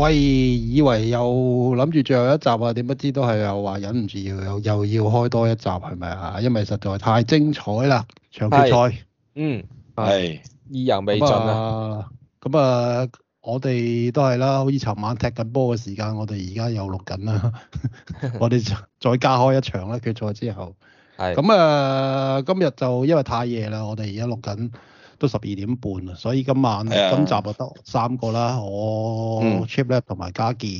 喂，以為又諗住最後一集啊？點不知都係又話忍唔住要又又要開多一集係咪啊？因為實在太精彩啦！場決賽，嗯，係意猶未盡啊！咁啊，啊，啊，啊，我哋都係啦。好似尋晚踢緊波嘅時間，我哋而家又錄緊啦。我 哋 再加開一場啦，決賽之後。係是。咁啊，今日就因為太夜啦，我哋而家錄緊。都十二點半啦，所以今晚、啊、今集就得三個啦。我 Chip 咧同埋加健，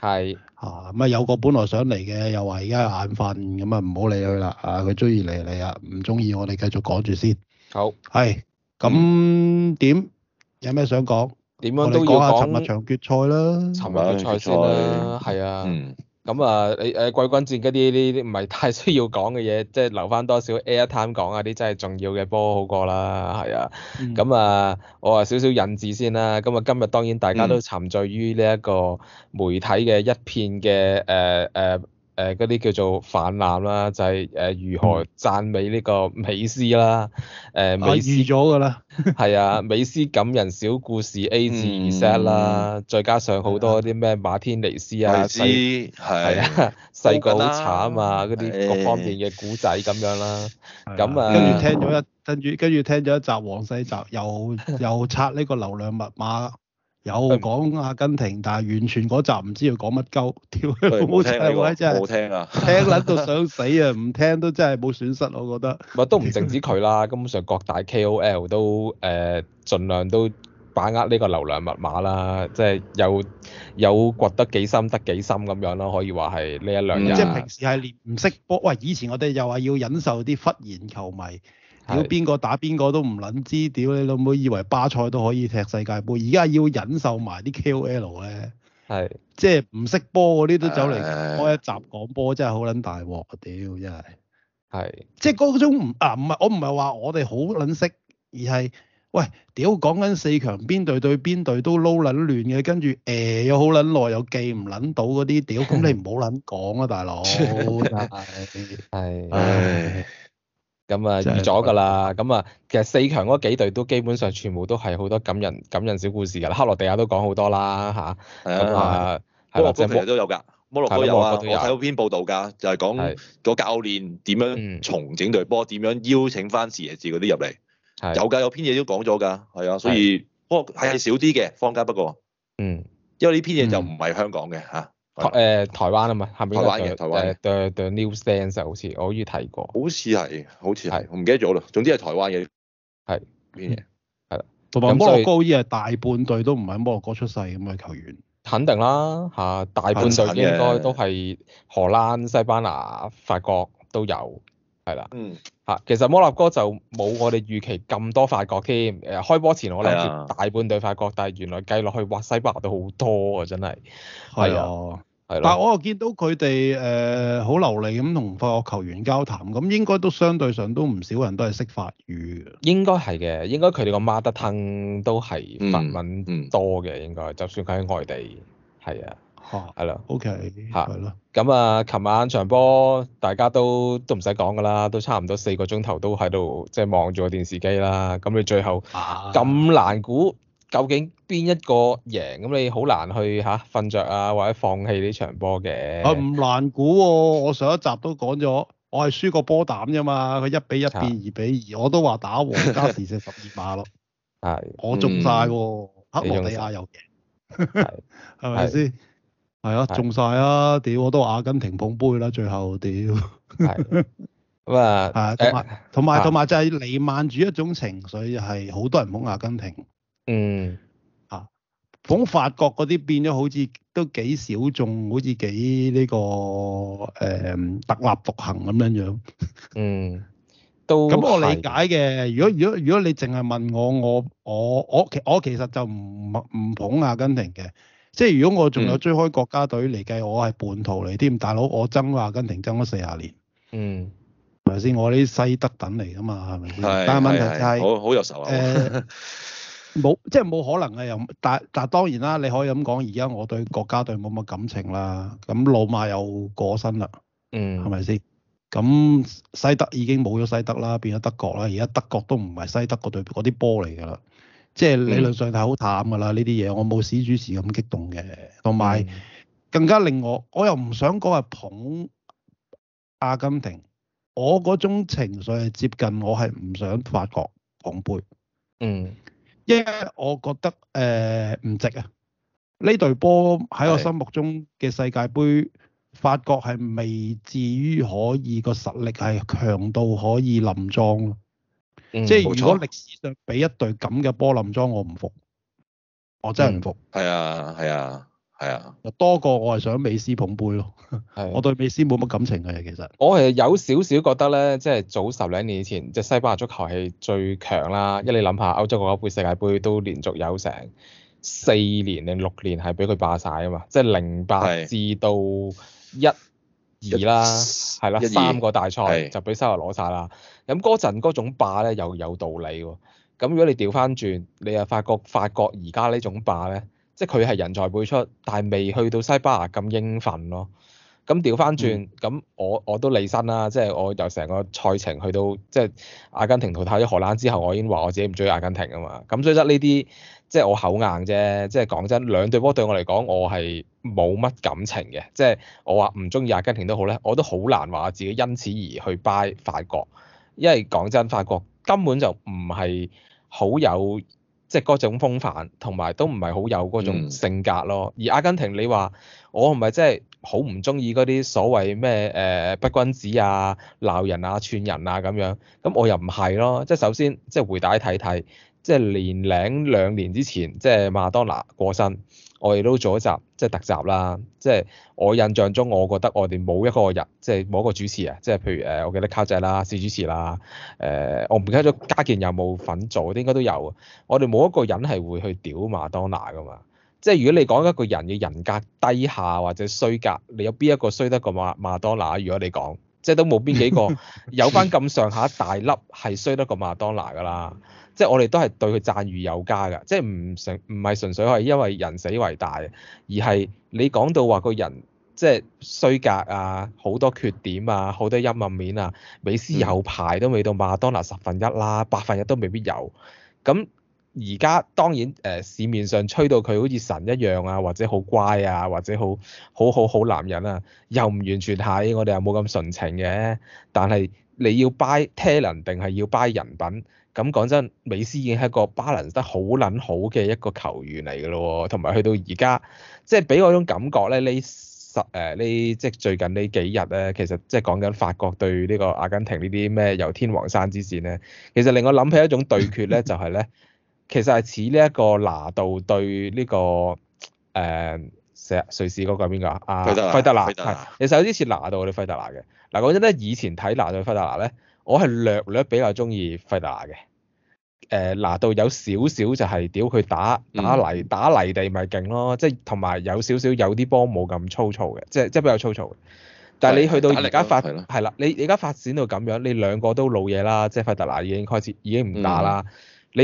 係嚇是，咪、啊、有個本來想嚟嘅，又話而家眼瞓，咁啊，唔好理佢啦。啊，佢中意嚟嚟啊，唔中意我哋繼續講住先。好，係咁點有咩想樣我講？點樣都要講。尋日長決賽啦，尋日決賽先啦，係啊。嗯。咁啊，你誒季軍戰嗰啲呢啲唔係太需要講嘅嘢，即係留翻多少 air time 講啊啲真係重要嘅波好過啦，係啊。嗯。咁啊，我話少少引子先啦。咁啊，今日當然大家都沉醉於呢一個媒體嘅一片嘅誒誒。呃呃誒嗰啲叫做泛濫啦，就係、是、誒、呃、如何讚美呢個美斯啦，誒、呃、美斯咗㗎啦，係啊， 啊，美斯感人小故事 A 字二 set 啦，嗯、再加上好多啲咩馬天尼斯啊，尼斯係啊，細個好慘啊，嗰啲各方面嘅古仔咁樣啦，咁啊，跟住聽咗一，跟住跟住聽咗一集黃世澤，又又，又拆呢個流量密碼。有講阿根廷，但係完全嗰集唔知佢講乜鳩，跳起冇聽喎、呢個， 真係好聽啊，聽撚到想死啊，唔 聽都真係冇損失，我覺得。咪都唔淨止佢啦，根本上各大 KOL 都誒、呃，盡量都把握呢個流量密碼啦，即係有有掘得幾深得幾深咁樣咯，可以話係呢一兩日、嗯。即係平時係唔識波，喂！以前我哋又話要忍受啲忽然球迷。屌邊個打邊個都唔撚知，屌你老母以為巴塞都可以踢世界盃，而家要忍受埋啲 KOL 咧，係即係唔識波嗰啲都走嚟開一集講波，真係好撚大鑊，屌真係係即係嗰種唔啊唔係我唔係話我哋好撚識，而係喂屌講緊四強邊隊對邊隊都撈撚亂嘅，跟住誒又好撚耐又記唔撚到嗰啲，屌咁你唔好撚講啊大佬係係。咁啊，預咗㗎啦。咁啊，其實四強嗰幾隊都基本上全部都係好多感人感人小故事㗎啦。克羅地亞都講好多啦，嚇。係啊。摩洛哥其實都有㗎，摩洛哥有啊。我睇到篇報導㗎，就係講個教練點樣重整隊波，點樣邀請翻施耶治嗰啲入嚟。係。有㗎，有篇嘢都講咗㗎。係啊，所以不過係少啲嘅，坊間不過。嗯。因為呢篇嘢就唔係香港嘅嚇。誒，台灣啊嘛，係咪？台灣嘅台灣嘅，對、呃、new s a n s 好似我好似睇過，好似係，好似係，是我唔記得咗咯。總之係台灣嘅，係是，係啦裡。咁所以高二係大半隊都唔係摩洛哥出世咁嘅球員，肯定啦吓，大半隊應該都係荷蘭、西班牙、法國都有。係啦，吓，其實摩納哥就冇我哋預期咁多法國添。誒、呃，開波前我諗住大半隊法國，的但係原來計落去，哇，西班牙都好多啊，真係。係啊，係咯的。的但係我又見到佢哋誒，好、呃、流利咁同法國球員交談，咁應該都相對上都唔少人都係識法語嘅。應該係嘅，應該佢哋個 mother tongue 都係法文，文多嘅，嗯嗯、應該。就算佢喺外地，係啊。嚇，係啦，OK，嚇，係咯。咁啊，琴晚場波大家都都唔使講噶啦，都差唔多四個鐘頭都喺度即係望住個電視機啦。咁你最後咁難估究竟邊一個贏，咁你好難去吓瞓着啊，或者放棄呢場波嘅。啊，唔難估喎，我上一集都講咗，我係輸個波膽啫嘛。佢一比一變二比二，我都話打完加時先十二碼咯。係，我中晒喎，克羅地亞又贏，係咪先？係啊，中晒啊！屌，我都話阿根廷捧杯啦，最後屌。咁啊，係同埋同埋同埋就係彌漫住一種情緒，係好多人捧阿根廷。嗯。啊，捧法國嗰啲變咗好似都幾小眾，好似幾呢、呢個誒、嗯、特立獨行咁樣樣。 嗯。都。咁我理解嘅，如果如果如果你淨係問我，我我我其我，我其實就唔唔捧阿根廷嘅。即係如果我仲有追開國家隊嚟、嗯、計我，我係半途嚟添，大佬我爭阿根廷爭咗四十年，嗯，係咪先？我啲西德等嚟噶嘛，係咪先？是但係問題係係好好有仇啊、呃。冇 即係冇可能嘅，又但但當然啦，你可以咁講，而家我對國家隊冇乜感情啦，咁老馬又過身啦，嗯，係咪先？咁西德已經冇咗西德啦，變咗德國啦，而家德國都唔係西德嗰隊嗰啲波嚟㗎啦。即係理論上係好淡㗎啦，呢啲嘢我冇史主持咁激動嘅，同埋更加令我我又唔想講係捧阿根廷，我嗰種情緒係接近我係唔想法國捧杯，嗯，因為我覺得誒唔、呃、值啊，呢隊波喺我心目中嘅世界盃，的法國係未至於可以、個實力係強到可以連莊。即係如果歷史上俾一隊咁嘅波冧莊，我唔服，我真係唔服。係、嗯、啊，係啊，係啊。多過我係想美斯捧杯咯。係、啊，我對美斯冇乜感情嘅其實。我係有少少覺得咧，即係早十兩年以前，即係西班牙足球係最強啦。因為你諗下，歐洲國家杯、世界盃都連續有成四年定六年係俾佢霸晒啊嘛！即係零八至到一二啦，係係係啦，三 12, 個大賽就俾西班牙攞晒啦。係咁嗰陣嗰種霸咧又有道理喎。咁如果你調翻轉，你又發覺法國而家呢種霸咧，即係佢係人才輩出，但係未去到西班牙咁英憤咯。咁調翻轉，咁、嗯、我我都離身啦。即係我由成個賽程去到，即係阿根廷淘，淘汰咗荷蘭之後，我已經話我自己唔中意阿根廷啊嘛。咁所以得呢啲，即係我口硬啫。即係講真，兩隊波對我嚟講，我係冇乜感情嘅。即係我話唔中意阿根廷都好咧，我都好難話我自己因此而去 buy 法國。因為講真，法國根本就唔係好有即係嗰種風範，同埋都唔係好有嗰種性格咯。嗯、而阿根廷你，你話我係咪真係好唔中意嗰啲所謂咩誒不君子啊、鬧人啊、串人啊咁樣？咁我又唔係咯。即係首先，即、就、係、是、回帶睇睇，即、就、係、是、年零兩年之前，即係馬當拿過身。我哋都做一集，即係特集啦。即係我印象中，我覺得我哋冇一個人，即係冇一個主持啊。即係譬如誒，我記得卡仔啦，係主持啦。誒、呃，我唔記得咗家健有冇份做，應該都有。我哋冇一個人係會去屌馬當娜㗎嘛。即係如果你講一個人嘅人格低下或者衰格，你有邊一個衰得過馬馬當娜？如果你講，即係都冇邊幾個 有翻咁上下大粒係衰得過馬當娜㗎啦。即係我哋都係對佢讚譽有加㗎，即係唔純唔係純粹係因為人死為大，而係你講到話個人即係衰格啊，好多缺點啊，好多陰暗面啊，美斯有排都未到馬拉多納十分一啦，百分一都未必有。咁而家當然誒、呃、市面上吹到佢好似神一樣啊，或者好乖啊，或者好好好好男人啊，又唔完全係，我哋又冇咁純情嘅、啊。但係你要 buy talent 定係要 buy 人品？咁講真，美斯已經係一個 balance 得好撚好嘅一個球員嚟嘅咯喎，同埋去到而家，即係俾我種感覺咧，呢十誒呢即係最近呢幾日咧，其實即係講緊法國對呢個阿根廷呢啲咩由天王山之戰咧，其實令我諗起一種對決咧、就是，就係咧，其實係似呢一個拿度對呢個誒瑞士嗰個邊個啊？費德費德拿其實有啲似拿度我哋費德拿嘅。嗱講真咧，以前睇拿度對費德拿咧。我係略略比較中意費達拿嘅，誒、呃、拿到有少少就係屌佢打打泥打泥地咪勁咯，即係同埋有少少有啲波冇咁粗糙嘅，即係即係比較粗糙。嘅。但係你去到而家發係啦，你而家發展到咁樣，你兩個都老嘢啦，即係費達拿已經開始已經唔打啦。嗯、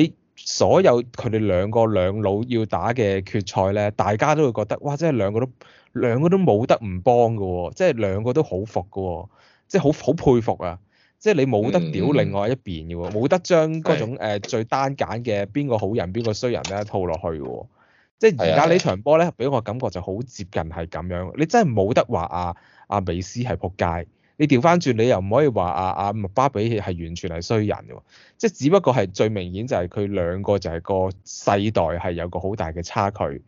你所有佢哋兩個兩老要打嘅決賽咧，大家都會覺得哇！真係兩個都兩個都冇得唔幫嘅喎、哦，即係兩個都好服嘅喎，即係好好佩服啊！即係你冇得屌另外一邊嘅喎，冇得將嗰種最單簡嘅邊個好人邊個衰人咧套落去喎。的即係而家呢場波咧，俾我感覺就好接近係咁樣。你真係冇得話啊啊美斯係撲街，你調翻轉你又唔可以話啊啊麥巴比係完全係衰人嘅喎。即係只不過係最明顯就係佢兩個就係個世代係有個好大嘅差距，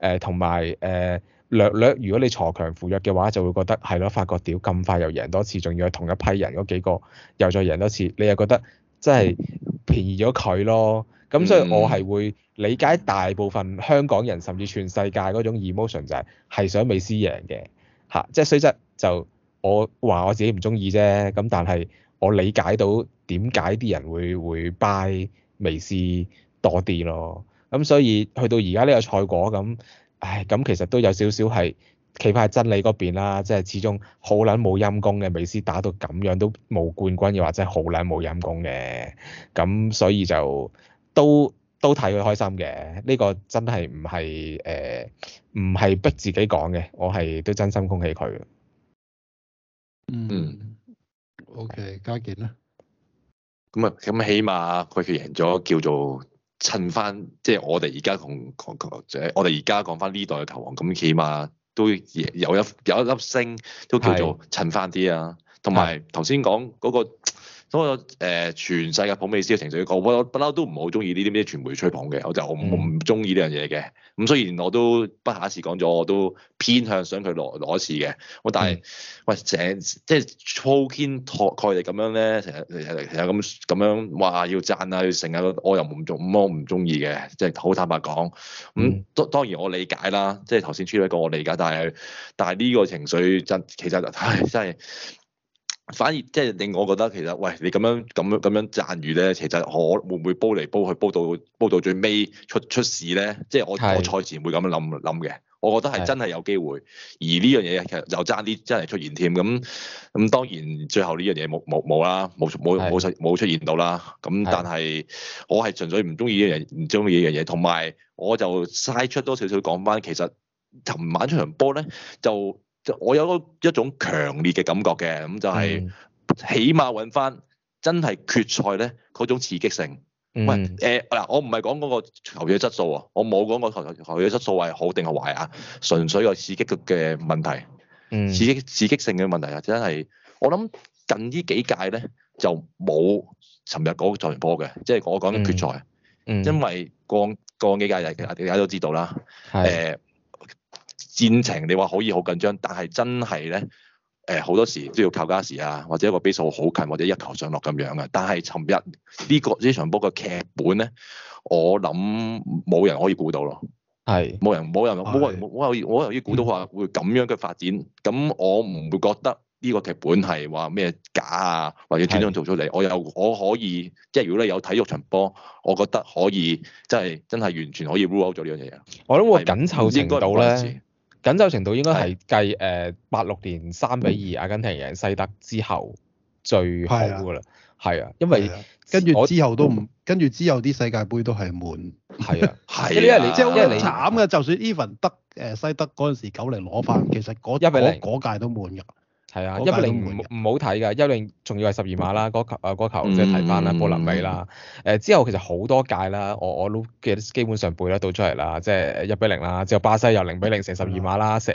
誒同埋誒。略略，如果你鋤強扶弱嘅話，就會覺得係咯，發覺屌咁快又贏多次，仲要係同一批人嗰幾個又再贏多次，你又覺得真係便宜咗佢咯。咁所以我係會理解大部分香港人甚至全世界嗰種 emotion 就係、係、係想美斯贏嘅嚇，即係雖則就我話我自己唔中意啫，咁但係我理解到點解啲人會會 buy 美斯多啲咯。咁所以去到而家呢個賽果咁。唉，咁其實都有少少係企喺真理嗰邊啦，即係始終好撚冇陰功嘅，美斯打到咁樣都冇冠軍，又或者好撚冇陰功嘅，咁所以就都都睇佢開心嘅，呢、這個真係唔係誒唔係逼自己講嘅，我係都真心恭喜佢嘅。嗯。O、okay, K. 加健啦。咁啊、嗯，咁起碼佢哋贏咗叫做。襯翻，即係我哋而家同講，即係我哋而家講翻呢代嘅球王，咁起碼都有一有一粒星都叫做襯翻啲啊。同埋頭先講嗰個。咁我誒全世界普美斯嘅情緒講，我不嬲都唔好中意呢啲咩傳媒吹捧嘅，我就我唔中意呢樣嘢嘅。咁雖然我都不下一次講咗，我都偏向想佢攞攞一次嘅、嗯。我但係喂成即係鋪天蓋蓋地咁樣咧，成日成日咁咁樣話要讚啊，要成日我又唔做，我唔中意嘅。即係好坦白講，咁、嗯、當當然我理解啦，即係頭先出呢個我理解，但係但係呢個情緒真其實唉真係。 反而即係令我覺得其實，喂，你咁樣咁樣咁樣讚譽咧，其實我會唔會煲嚟煲去煲到煲到最尾出出事咧？即係我是我賽前會咁樣諗諗嘅。我覺得係真係有機會。是而呢樣嘢其實又爭啲真係出現添。咁咁當然最後呢樣嘢冇冇冇啦，冇冇冇出冇出現到啦。咁是但係我係純粹唔中意呢樣唔中意呢樣嘢，同埋我就嘥出多少少講翻，其實尋晚出場波咧就。我有一種強烈嘅感覺嘅，咁就係、是、起碼揾翻真係決賽咧嗰種刺激性。喂、嗯，誒嗱、呃，我唔係講嗰個球嘅質素啊，我冇講個球球員質素係好定係壞啊，純粹有刺激嘅問題，嗯、刺激刺激性嘅問題啊、就是，真係我諗近呢幾屆咧就冇尋日嗰場波嘅，即係我講緊決賽，嗯嗯、因為剛剛幾屆大家都知道啦，誒、嗯。戰情，你話可以好緊張，但係真係咧誒，好多時都要靠加時啊，或者個比數好近，或者一球上落咁樣嘅。但係尋日呢個呢場波嘅劇本咧，我諗冇人可以估到咯，係冇人冇人冇人我我由於估到話會咁樣嘅發展，咁我唔會覺得呢個劇本係話咩假啊，或者專登做出嚟。我又我可以即係，如果你有體育場波，我覺得可以即係真係完全可以 rule out 咗呢樣嘢嘢。我諗個緊湊程度咧。緊湊程度應該係計，誒，八六年三比二阿根廷贏西德之後最好㗎啦，係啊，啊因為、啊、跟住之後都唔，跟住之後啲世界盃都係悶，係啊，係 啊。因為你因為你慘㗎，就算 even 得，誒西德嗰陣時九零攞翻，其實嗰嗰嗰屆都悶㗎。係啊，一比零唔唔好睇㗎，一零仲要係十二碼啦，嗰、嗯、球啊、嗰、球即係睇翻啦，波蘭尾啦，誒之後其實好多屆啦，我我都基基本上背得到出嚟啦，即係一比零啦，0，之後巴西又零比零成十二碼啦，成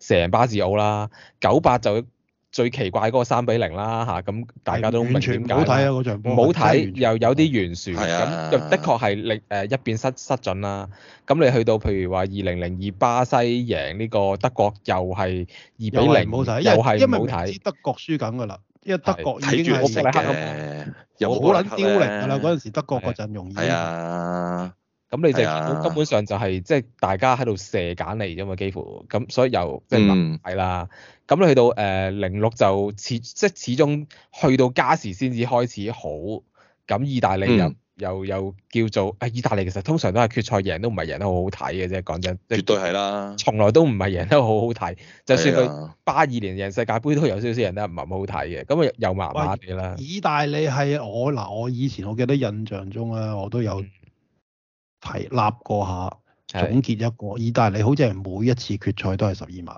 成巴治奧啦，九八就。最奇怪嗰個三比零啦嚇，咁大家都明點解。完全唔好睇啊！嗰場波唔好睇，又有啲懸殊，係啊。咁的確係你誒一邊失失準啦。咁你去到譬如話二零零二巴西贏呢個德國又係二比零，又係唔好睇。因為因為唔好睇，德國輸緊㗎啦，因為德國睇住係烏黑咁，又好撚凋零㗎啦。嗰陣時德國個陣容易。啊。咁你就根本上就係即係大家喺度射揀嚟啫嘛，幾乎咁，嗯、所以又即係係啦。咁、嗯、你去到誒零六就始即係始終去到加時先至開始好。咁意大利又、嗯、又，又叫做誒意大利其實通常都係決賽贏都唔係贏得好好睇嘅啫，講真。絕對係啦，從來都唔係贏得好好睇。就算佢八二年贏世界盃都有少少贏得唔係好好睇嘅，咁啊的又麻麻哋啦。意大利係我嗱，我以前我記得印象中咧，我都有。提立過下，總結一個。意大利好似係每一次決賽都係十二碼。誒、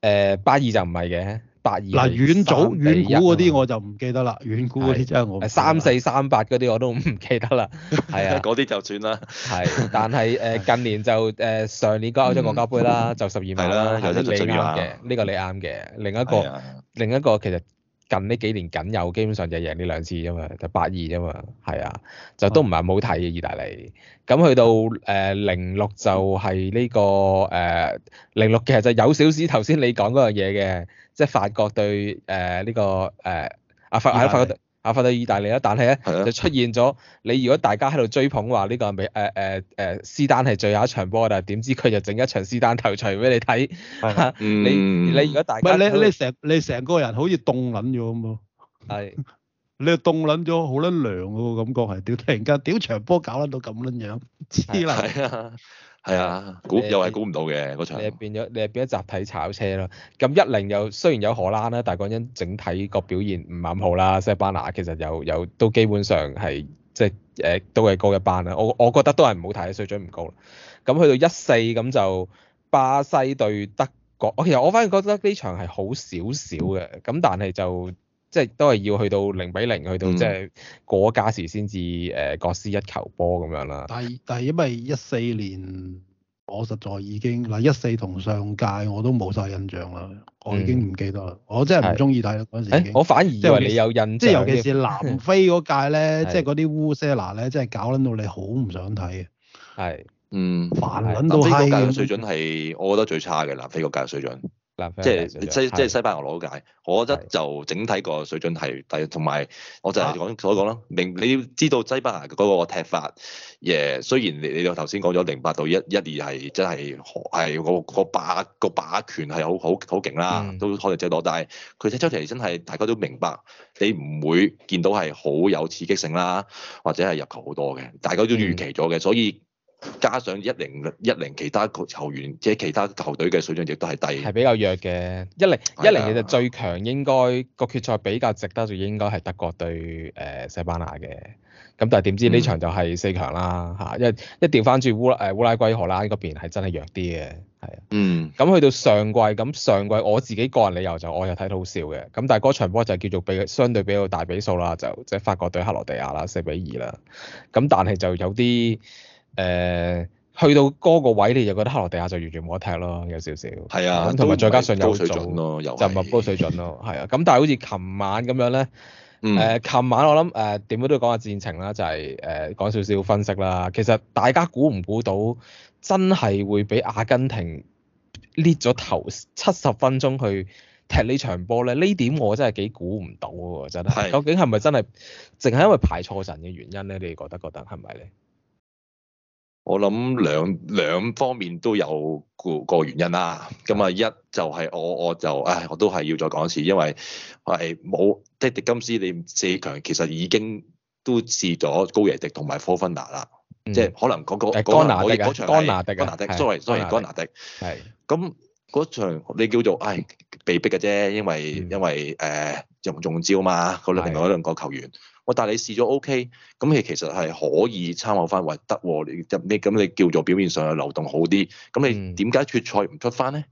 呃，八二就唔係嘅，八二。嗱，遠早遠古嗰啲我就唔記得啦，遠古嗰啲真係我三四三八嗰啲我都唔記得啦，係啊，嗰啲 就算啦。係， 但係誒近年就誒、呃、上年個歐洲國家杯啦，嗯、就十二碼啦，有啲、啊啊、你遠嘅。呢、啊、個你啱嘅，另一個、啊、另一個其實。近呢幾年僅有，基本上就贏呢兩次啫嘛，就八二啫嘛，係啊，就都唔係冇睇嘅意大利。咁去到誒零六就係呢個誒零六，呃、其實就有少少頭先你講嗰樣嘢嘅，即係法國對誒呢個誒啊法，係咯，法國。阿法到意大利啦，但係咧的就出現咗，你如果大家喺度追捧話呢、呢個美誒誒誒施丹係最後一場波，但係點知佢就整一場施丹頭槌俾你睇。你你如果大家，你你成你成個人好似凍撚咗咁喎。係、嗯。你又凍撚咗好撚涼喎，個感覺係，屌突然間屌場波搞撚到咁撚樣，黐撚。係啊，係啊，估你又係估唔到嘅嗰場。你係變咗，你係變咗集體炒車咯。咁一零又雖然有荷蘭啦，但係講真，整體個表現唔啱好啦。西班牙其實有有都基本上係即係誒都係高一班啦。我我覺得都係唔好睇，水準唔高。咁去到一四咁就巴西對德國，我其實我反而覺得呢場係好少少嘅。咁但係就即係都係要去到零比零，去到即係過咗加時先至誒各施一球波咁樣啦。但係但係因為一四年我實在已經嗱一四同上屆我都冇晒印象啦，嗯、我已經唔記得啦。我真係唔中意睇嗰陣時、欸。我反而即係你有印象，即係尤其是南非嗰屆咧，嗯、即係嗰啲烏塞拿咧，真係是搞撚到你好唔想睇嘅。係，嗯，煩撚到閪嘅。南非嗰屆水準係我覺得最差嘅，南非嗰屆水準。即係西即係西班牙攞解。是我覺得就整體個水準係低，同埋我就係講所講咯。明，是你要知道西班牙嗰個踢法，誒、yeah, 雖然你你頭先講咗零八到一一二係真係係個霸個霸權係好好好勁啦，都攞嚟最多，但係佢踢出嚟真係大家都明白，你唔會見到係好有刺激性啦，或者係入球好多嘅，大家都預期咗嘅，嗯、所以。加上一零一零，其他球員即係其他球隊嘅水準亦都係低，係比較弱嘅。一零一零其實最強應該個決賽比較值得住應該係德國對誒西、呃、班牙嘅，咁但係點知呢場就係四強啦吓，因為一調翻轉烏誒烏拉圭荷蘭嗰邊係真係弱啲嘅係嗯，咁、嗯、去到上季咁上季我自己個人理由就我又睇到好笑嘅，咁但係嗰場波就叫做比相對比較大比數啦，就即係、就是、法國對克羅地亞啦四比二啦，咁但係就有啲。誒、呃、去到嗰個位，你就覺得克羅地亞就完全冇得踢咯，有少少。係啊，同埋再加上有水準，就咪高水準咯，係啊。咁但係好似琴晚咁樣咧，誒琴、嗯呃、晚我諗誒點解都要講下戰情啦，就係、是、誒、呃、講少少分析啦。其實大家估唔估到真係會俾阿根廷捏咗頭七十分鐘去踢呢場波咧？呢點我真係幾估唔到喎，真係。是究竟係咪真係淨係因為排錯陣嘅原因咧？你哋覺得覺得係咪咧？我諗兩兩方面都有個個原因啦，咁啊一就係我我就唉，我都係要再講一次，因為係冇即迪金斯你四強其實已經都試咗高耶迪同埋科芬娜啦，即係可能嗰個嗰場我嗰場係戈納迪 sorry sorry 戈納迪係，咁嗰場你叫做唉被逼嘅啫，因為因為誒又中招嘛，嗰另外兩個球員。我但係你試咗 OK，咁你其實係可以參考翻，還得喎。咁，你叫做表面上嘅流動好啲，咁你點解決賽唔出翻咧？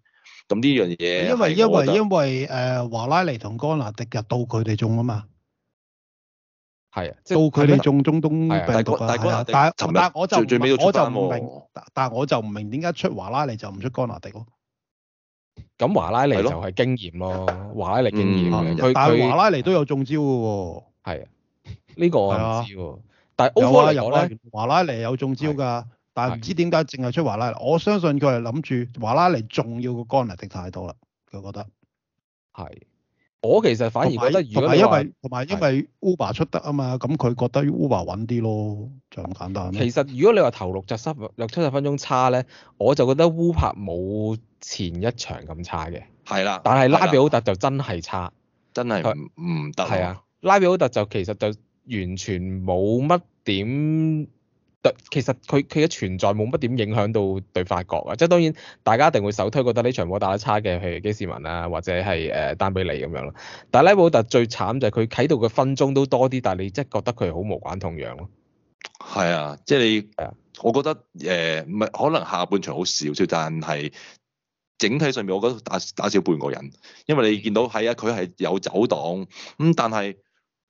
咁呢樣嘢，因為因為因為誒華拉尼同哥拿迪入到佢哋中啊嘛，係啊，即係到佢哋中中東病毒啊。但係、啊、我就最尾我就唔明，但係我就唔明點解出華拉尼就唔出哥拿迪咯？咁華拉尼就係經驗咯，華拉尼經驗。但係華拉尼都有中招嘅喎。啊。是啊呢個係啊，但係有啊，有啦，華拉尼有中招㗎，是啊、但係唔知點解淨係出華拉尼。我相信佢係諗住華拉尼重要個幹力定太多啦。佢覺得係、啊，我其實反而覺得如果同埋因為同埋因為 Uber 出得啊嘛，咁佢覺得 Uber 穩啲咯，就咁簡單。其實如果你話頭六集失六七十,十分鐘差咧，我就覺得 Uber 冇前一場咁差嘅。係啦、啊，但係拉比奧特就真係差，啊啊、真係佢唔得。係啊，拉比奧特就其實就。完全冇乜點特，其實佢佢嘅存在冇乜點影響到對法國啊！即係當然，大家一定會首推覺得呢場波打得差嘅係基士文啊，或者係誒、呃、丹比利咁樣咯。但係拉布特最慘就係佢喺度嘅分鐘都多啲，但係你即係覺得佢好無關痛癢咯。係啊，即、就、係、是、你，啊、我覺得誒，唔、呃、係可能下半場好少少，但係整體上面我覺得打打少半個人，因為你見到係啊，佢係有走檔咁，但係。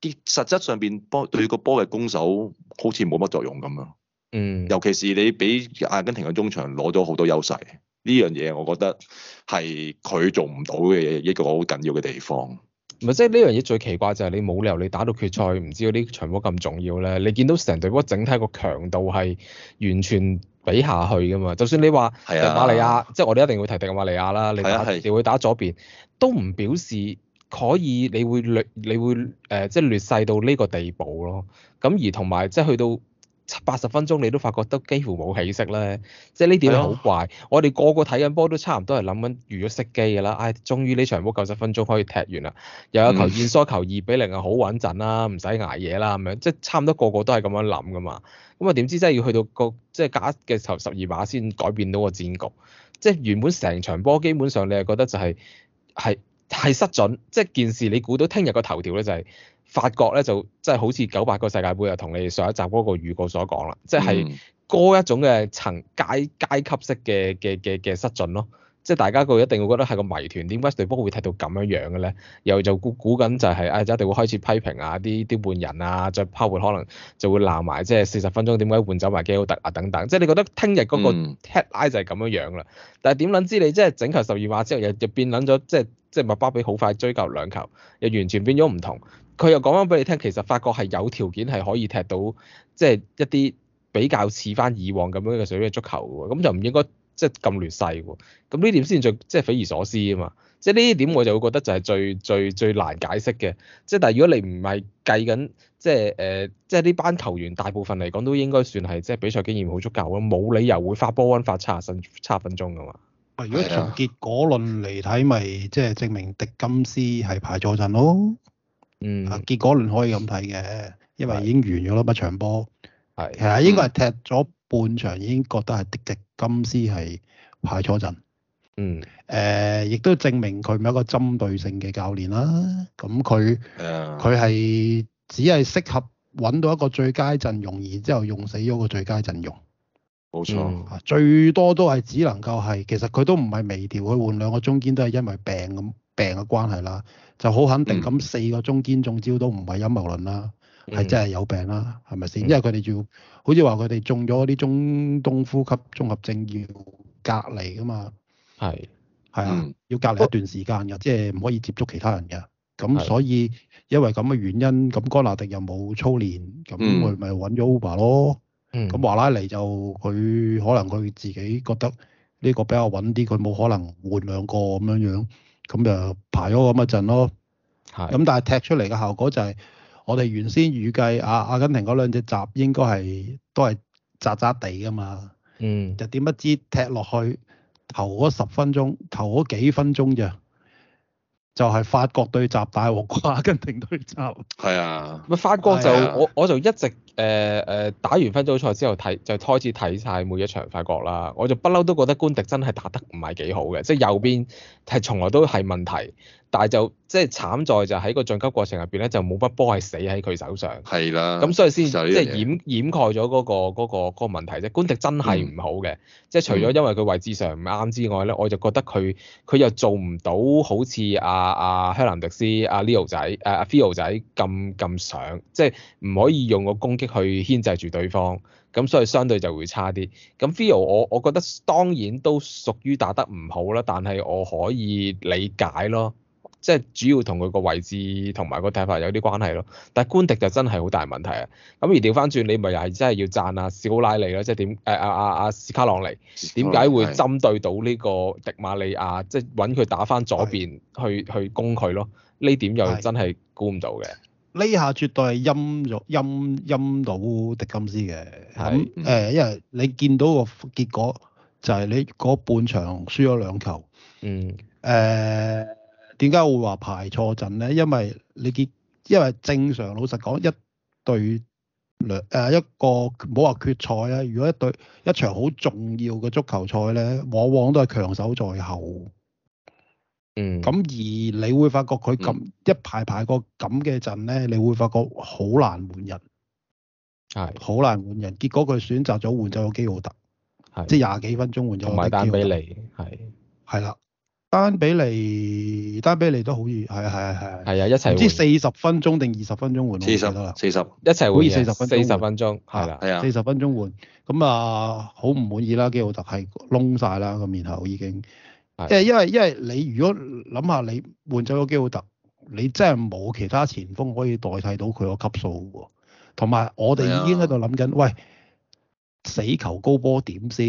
啲實質上邊波對個波嘅攻守好似冇乜作用咁啊，嗯，尤其是你俾阿根廷嘅中場攞咗好多優勢，呢樣嘢我覺得係佢做唔到嘅一個好緊要嘅地方。唔係、嗯，即係呢樣嘢最奇怪就係你冇理由你打到決賽，唔知道呢場波咁重要咧。你見到成隊波整體個強度係完全比下去噶嘛？就算你話、啊、迪馬利亞，即係我哋一定要提迪馬利亞啦，啊、你打你、啊、會打左邊，都唔表示。可以，你會略你會誒、呃，即係劣勢到呢個地步咯。咁而同埋，即係去到七八十分鐘，你都發覺都幾乎冇起色咧。即係呢點好怪，哎、呀我哋個個睇緊波都差唔多係諗緊，如果熄機㗎啦。唉、哎，終於呢場波九十分鐘可以踢完、啊、啦。又有一球燕梳球二比零啊，好穩陣啦，唔使捱嘢啦，咁樣即係差唔多個個都係咁樣諗噶嘛。咁啊點知真係要去到個即係加嘅時候十二碼先改變到個戰局。即係原本成場波基本上你係覺得就係、是、係。係失準，即、就、係、是、件事你估到聽日個頭條咧就係法國咧，就即係好似九八個世界盃，又同你上一集嗰個預告所講啦，即係嗰一種嘅層階階級式嘅嘅嘅嘅失準咯。即係大家個一定會覺得係個謎團，點解隊波會踢到咁樣樣嘅咧？又就估估緊就係啊，就一定會開始批評啊，啲啲換人啊，再拋換可能就會鬧埋，即係四十分鐘點解換走埋基奧特啊等等。即係你覺得聽日嗰個踢拉就係咁樣樣啦，但係點諗知你即係整球十二碼之後，又又變諗咗，即係即係麥巴比好快追夠兩球，又完全變咗唔同。佢又講翻俾你聽，其實法國係有條件係可以踢到，即係一啲比較似翻以往咁樣嘅水平足球喎，咁就唔應該。即係咁劣勢喎，咁呢點先最即係匪夷所思啊嘛！即係呢啲點我就會覺得就係最最最難解釋嘅。即係但係如果你唔係計緊，即係誒、呃，即係呢班球員大部分嚟講都應該算係即係比賽經驗好足夠咯，冇理由會發波温發差分差分鐘噶嘛。喂，如果從結果論嚟睇，咪即係證明迪金斯係排咗陣咯。嗯。啊，結果論可以咁睇嘅，因為已經完咗咯，一場波。係。係啊，應該係踢咗。半場已經覺得係迪迪金斯係排錯陣，嗯，誒、呃，亦都證明佢唔係一個針對性嘅教練啦、啊。咁佢佢係只係適合揾到一個最佳陣容，然之後用死咗個最佳陣容，冇錯、嗯。錯最多都係只能夠係，其實佢都唔係微調，佢換兩個中堅都係因為病咁病嘅關係啦，就好肯定咁四個中堅中招都唔係陰謀論啦。嗯嗯係真係有病啦，係咪先？嗯、因為佢哋要好似話佢哋中咗啲中東呼吸綜合症要隔離噶嘛。係是。係啊，嗯、要隔離一段時間嘅，即係唔可以接觸其他人嘅。咁所以是因為咁嘅原因，咁哥納迪又冇操練，咁佢咪揾咗奧巴咯。咁、嗯、華拉尼就佢可能佢自己覺得呢個比較穩啲，佢冇可能換兩個咁樣樣，咁就排咗咁一陣咯。係是。咁但係踢出嚟嘅效果就係、是。我哋原先預計啊，阿根廷嗰兩隻閘應該都係渣渣地㗎嘛。嗯。就點不知踢落去，頭嗰十分鐘，頭嗰幾分鐘咋，就係、是、法國對閘大和阿根廷對閘。係啊。咪翻過就、啊、我我就一直。誒誒打完分組賽之後，睇就開始睇晒每一場，法國啦，我就不嬲都覺得官迪真係打得唔係幾好嘅，即係右邊係從來都係問題，但係就即係慘在就喺個晉級過程入邊咧就冇乜波係死喺佢手上，係啦的，咁、嗯、所以先即係掩掩蓋咗嗰、那個嗰、那個嗰、那個、問題啫。官迪真係唔好嘅，嗯、即係除咗因為佢位置上唔啱之外咧，我就覺得佢佢又做唔到好似阿阿香蘭迪斯阿、啊、Leo 仔誒阿 Theo 仔咁咁想，即係唔可以用個攻。去牽制住對方，咁所以相對就會差啲。咁 Fior，我我覺得當然都屬於打得唔好啦，但係我可以理解咯，即係主要同佢個位置同埋個打法有啲關係咯。但係官迪就真係好大問題啊！咁而調翻轉，你咪又係真係要讚啊古？史高拉尼啦，即係點誒阿阿阿斯卡朗尼點解會針對到呢個迪馬利亞，即係揾佢打翻左邊去的去攻佢咯？呢點又真係估唔到嘅。呢下絕對係陰咗陰陰到迪金斯嘅，咁誒的、呃，因為你見到個結果就係、是、你嗰半場輸咗兩球，嗯，誒點解會話排錯陣咧？因為你結，因為正常老實講，一隊兩、呃、一個唔好話決賽啊，如果一隊一場好重要嘅足球賽咧，往往都係強手在後。嗯，咁而你會發覺佢咁一排排個咁嘅陣咧，你會發覺好難換人，係好難換人。結果佢選擇咗換咗個基奧特，係即係廿幾分鐘換咗。買單俾你，係係啦，單比你，單比你都好易，係啊，係啊，係啊，係啊，一齊換，唔知四十分鐘定二十分鐘換，四十，四十，一齊換，好似四十分，四十分鐘，係啦，係啊，四十分鐘換，咁啊，好唔滿意啦，基奧特係窿晒啦個面口已經。即係 因為因為你如果諗下你換走咗基奧特，你真係冇其他前鋒可以代替到佢個級數喎。同埋我哋已經喺度諗緊， 喂死球高波點先，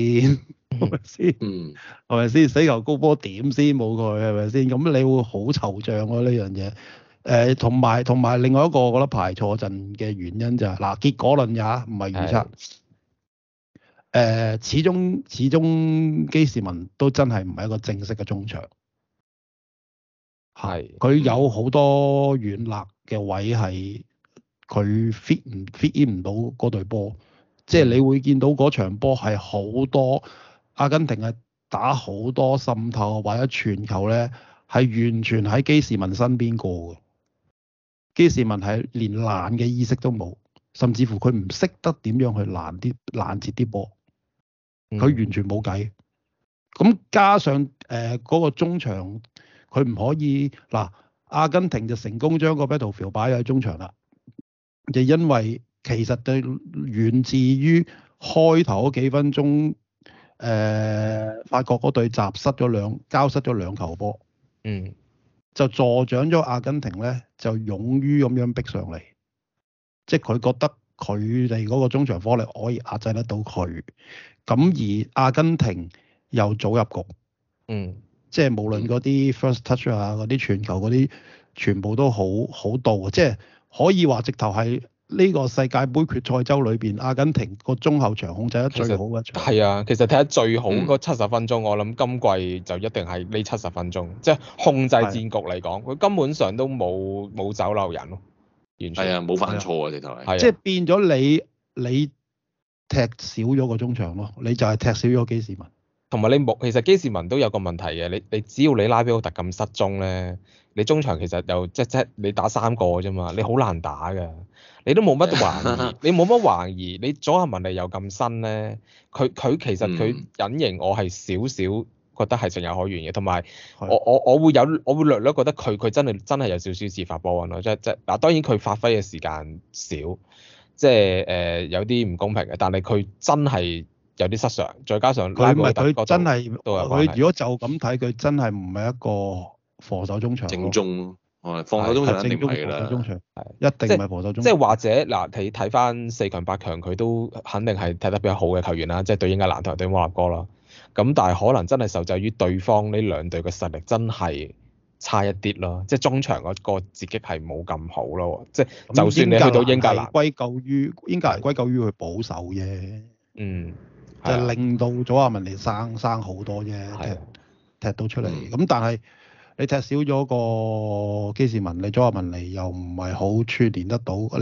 係咪先？係咪先？死球高波點先冇佢係咪先？咁 你會好惆悵咯呢樣嘢。誒同埋同埋另外一個我覺得排錯陣嘅原因就係、是、嗱，結果論也唔係預測。 誒、呃，始終始終基士文都真係唔係一個正式嘅中場，係佢是有好多軟肋嘅位，係佢 fit 唔 fit 唔到嗰隊波，即係你會見到嗰場波係好多阿根廷係打好多滲透或者全球咧，係完全喺基士文身邊過嘅。基士文係連攔嘅意識都冇，甚至乎佢唔識得點樣去攔啲攔截啲波。佢、嗯、完全冇計，咁加上誒嗰、呃那個中場，佢唔可以嗱，阿根廷就成功將個 battlefield 擺喺中場啦，就因為其實對源自於開頭幾分鐘誒、呃、法國隊集失咗兩交失咗兩球波，嗯，就助長咗阿根廷咧就勇於咁樣逼上嚟，即係佢覺得。佢哋嗰個中場火力可以壓制得到佢，咁而阿根廷又早入局，嗯，即係無論嗰啲 first touch 啊，嗰啲全球嗰啲，全部都好好到，即係可以話直頭係呢個世界盃決賽周裏邊，阿根廷個中後場控制得最好嗰場。係啊，其實睇下最好嗰七十分鐘，嗯、我諗今季就一定係呢七十分鐘，即係控制戰局嚟講，佢的根本上都冇冇走漏人咯。係啊，冇犯錯啊，直頭係，即係變咗你你踢少咗個中場咯，你就係踢少咗基士文，同埋你冇其實基士文都有個問題嘅，你你只要你拉比奧特咁失蹤咧，你中場其實又即即係你打三個啫嘛，你好難打噶，你都冇乜懷疑， 你冇乜懷疑，你左下文利又咁新咧，佢佢其實佢隱形我係少少。覺得係情有可原嘅，同埋我的我我會有，我會略略覺得佢佢真係真係有少少似發波音咯，即即嗱當然佢發揮嘅時間少，即係誒、呃、有啲唔公平嘅，但係佢真係有啲失常，再加上佢唔係佢真係，佢如果就咁睇佢真係唔係一個防守中場，正宗防守中場一定中場係一定唔係防守中場，就是、即，即或者嗱你睇翻四強八強，佢都肯定係睇得比較好嘅球員啦，即係對應嘅蘭特對摩納哥啦。咁但係可能真係受制於對方呢兩隊嘅實力真係差一啲咯，即係中場嗰個自擊係冇咁好咯，即係就算你去到英格蘭，歸咎於英格蘭歸咎於佢保守啫，嗯，就令到左亞文尼生生好多啫，踢的踢到出嚟，咁的、嗯、但係你踢少咗個基士文，你左亞文尼又唔係好處練得到嗰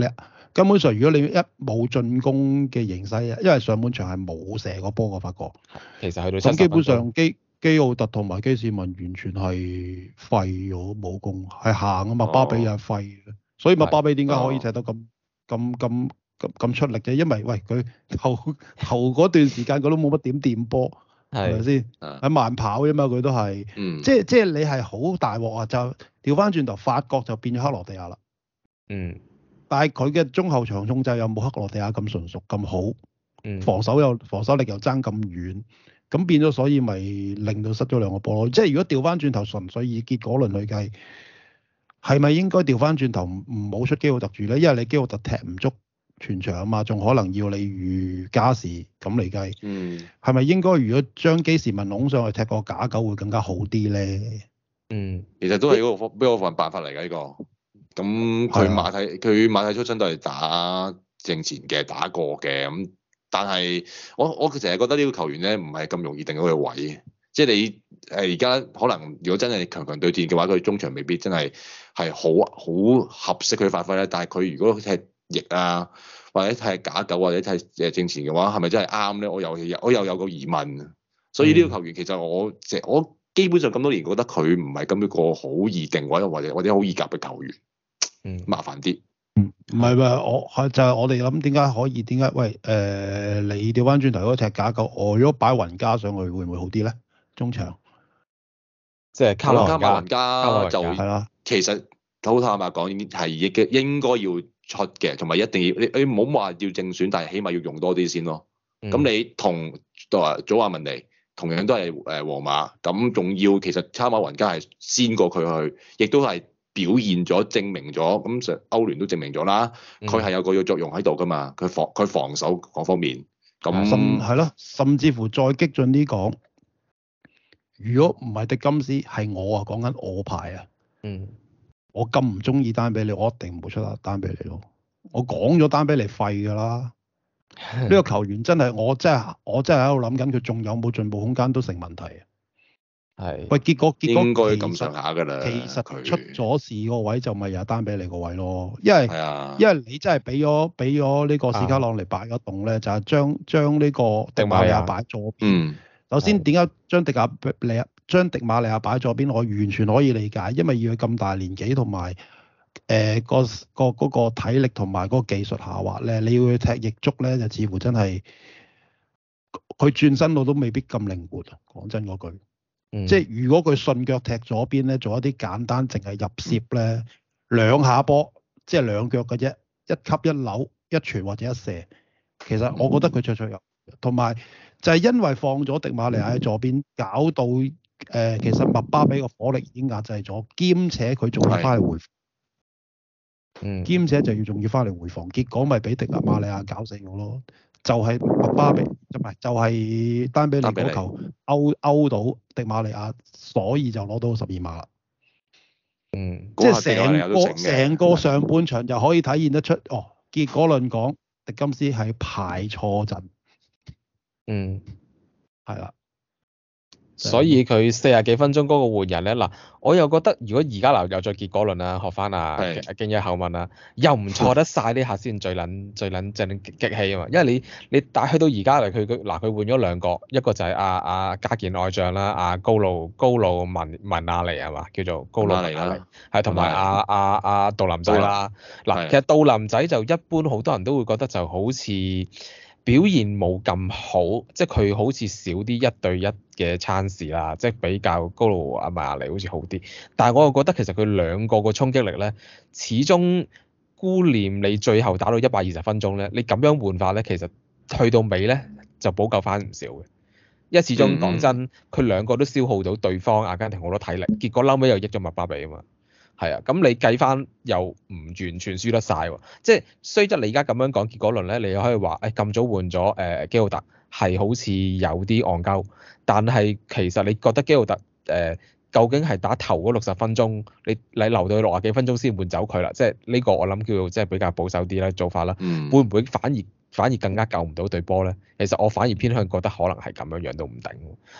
根本上，如果你一冇進攻嘅形勢啊，因為上半場係冇射過波嘅法國，其實去到咁基本上基基奧特同埋基士文完全係廢咗武功，係行啊嘛，巴比又廢，哦、所以麥巴比點解可以踢到咁咁咁咁出力嘅？因為喂佢頭頭嗰段時間佢都冇乜點掂波，係咪先？喺是慢跑啫嘛，佢都係、嗯，即即係你係好大鑊啊！就調翻轉頭，法國就變咗克羅地亞啦，嗯。但係佢嘅中後場控制有冇克羅地亞咁純熟咁好，防守又防守力又爭咁遠，咁變咗所以咪令到失咗兩個波咯。即係如果調翻轉頭，純粹以結果論去計，係咪應該調翻轉頭唔好出基奧特住咧？因為你基奧特踢唔足全場啊嘛，仲可能要你如加時咁嚟計，係咪應該如果將基士文攏上去踢個假九會更加好啲咧？嗯，其實都係嗰個方邊個方法嚟㗎呢個。咁佢馬體佢的馬體出身都係打正前嘅打過嘅咁，但係我我成日覺得呢個球員咧唔係咁容易定到佢位，即係你誒而家可能如果真係強強對戰嘅話，佢中場未必真係係好好合適佢發揮咧。但係佢如果踢翼啊，或者踢假九，啊，或者踢誒正前嘅話，係咪真係啱咧？我又我又有，有個疑問，所以呢個球員其實我即我基本上咁多年覺得佢唔係咁一個好易定位或者或者好易夾嘅球員。煩嗯，麻煩啲。嗯，唔係喂，我就係、是、我哋諗，點解可以？點解喂？誒、呃，你掉翻轉頭嗰隻架構，我如果擺雲加上去，會唔會好啲咧？中場即係卡、嗯、馬雲加就係啦。其實好坦白講，呢啲係亦嘅應該要出嘅，同埋一定要你你唔好話要正選，但係起碼要用多啲先咯。咁、嗯、你同祖華文尼同樣都係誒皇馬。咁仲要其實卡馬雲加係先過佢去，亦都係。表現咗，證明咗，咁成歐聯都證明咗啦。佢係有個要作用喺度㗎嘛，佢防佢防守嗰方面。咁係咯，甚至乎再激進啲講，如果唔係迪金斯，係我啊，講緊我牌啊。嗯，我咁唔中意丹比利，我一定唔會出啊丹比利咯。我講咗丹比利廢㗎啦。呢 個球員真係我真係我真係喺度諗緊，佢仲有冇進步空間都成問題啊。係喂，結果結果咁上下㗎喇，其實其實出咗事個位就咪又單俾你個位咯，因為、啊、因為你真係俾咗俾咗呢個史卡朗嚟擺咗洞咧，就係、是、將將呢個迪馬利亞擺咗邊。首先點解將迪亞你啊將迪馬利亞擺咗邊？我完全可以理解，因為要佢咁大年紀同埋誒個個嗰個體力同埋個技術下滑咧，你要去踢翼足咧，就似乎真係佢轉身路都未必咁靈活。講真嗰句。嗯、即係如果佢順腳踢左邊咧，做一啲簡單淨係入攝咧，兩下波，即係兩腳嘅啫，一吸一扭一傳或者一射，其實我覺得佢綽綽有。同埋就係因為放咗迪馬利亞喺左邊，搞到誒、呃、其實麥巴比個火力已經壓制咗，兼且佢仲要翻嚟回防，嗯，兼且就要仲要翻嚟回防，結果咪俾迪馬利亞搞死我咯。就係巴比，就唔係就係丹比尼嗰球勾勾到迪馬利亞，所以就攞到十二碼啦。嗯，即係成個成個上半場就可以體現得出。哦，結果論講，迪金斯係排錯陣。嗯，係啦。所以佢四廿幾分鐘嗰個換人咧，嗱，我又覺得如果而家留有再結果論啊，學翻啊阿京一口問啊，又唔錯得晒呢下先最撚 最撚正激氣啊嘛，因為你你但去到而家嚟佢佢嗱，佢換咗兩個，一個就係阿阿家健愛將啦，阿、啊、高露高露文文亞尼係嘛，叫做高露亞利係同埋阿阿阿杜林仔啦，嗱，其實杜林仔就一般好多人都會覺得就好似。表現冇咁好，即係佢好似少啲一,一對一嘅餐事啦，即係比較高路慕亞尼好似好啲。但係我又覺得其實佢兩個個衝擊力咧，始終孤念你最後打到一百二十分鐘咧，你咁樣換法咧，其實去到尾咧就補救翻唔少嘅，因為始終嗯嗯講真，佢兩個都消耗到對方阿根廷好多體力，結果嬲尾又益咗麥巴比啊嘛。係啊，咁你計翻又唔完全輸得晒喎，即係雖則你而家咁樣講結果論咧，你又可以話，誒、哎、咁早換咗誒基奧特係好似有啲戇鳩，但係其實你覺得基奧特誒？呃究竟係打頭嗰六十分鐘，你你留到六十幾分鐘先換走佢啦，即係呢個我諗叫做即係比較保守啲啦做法啦。嗯。會唔會反而反而更加救唔到對波咧？其實我反而偏向覺得可能係咁樣樣都唔定，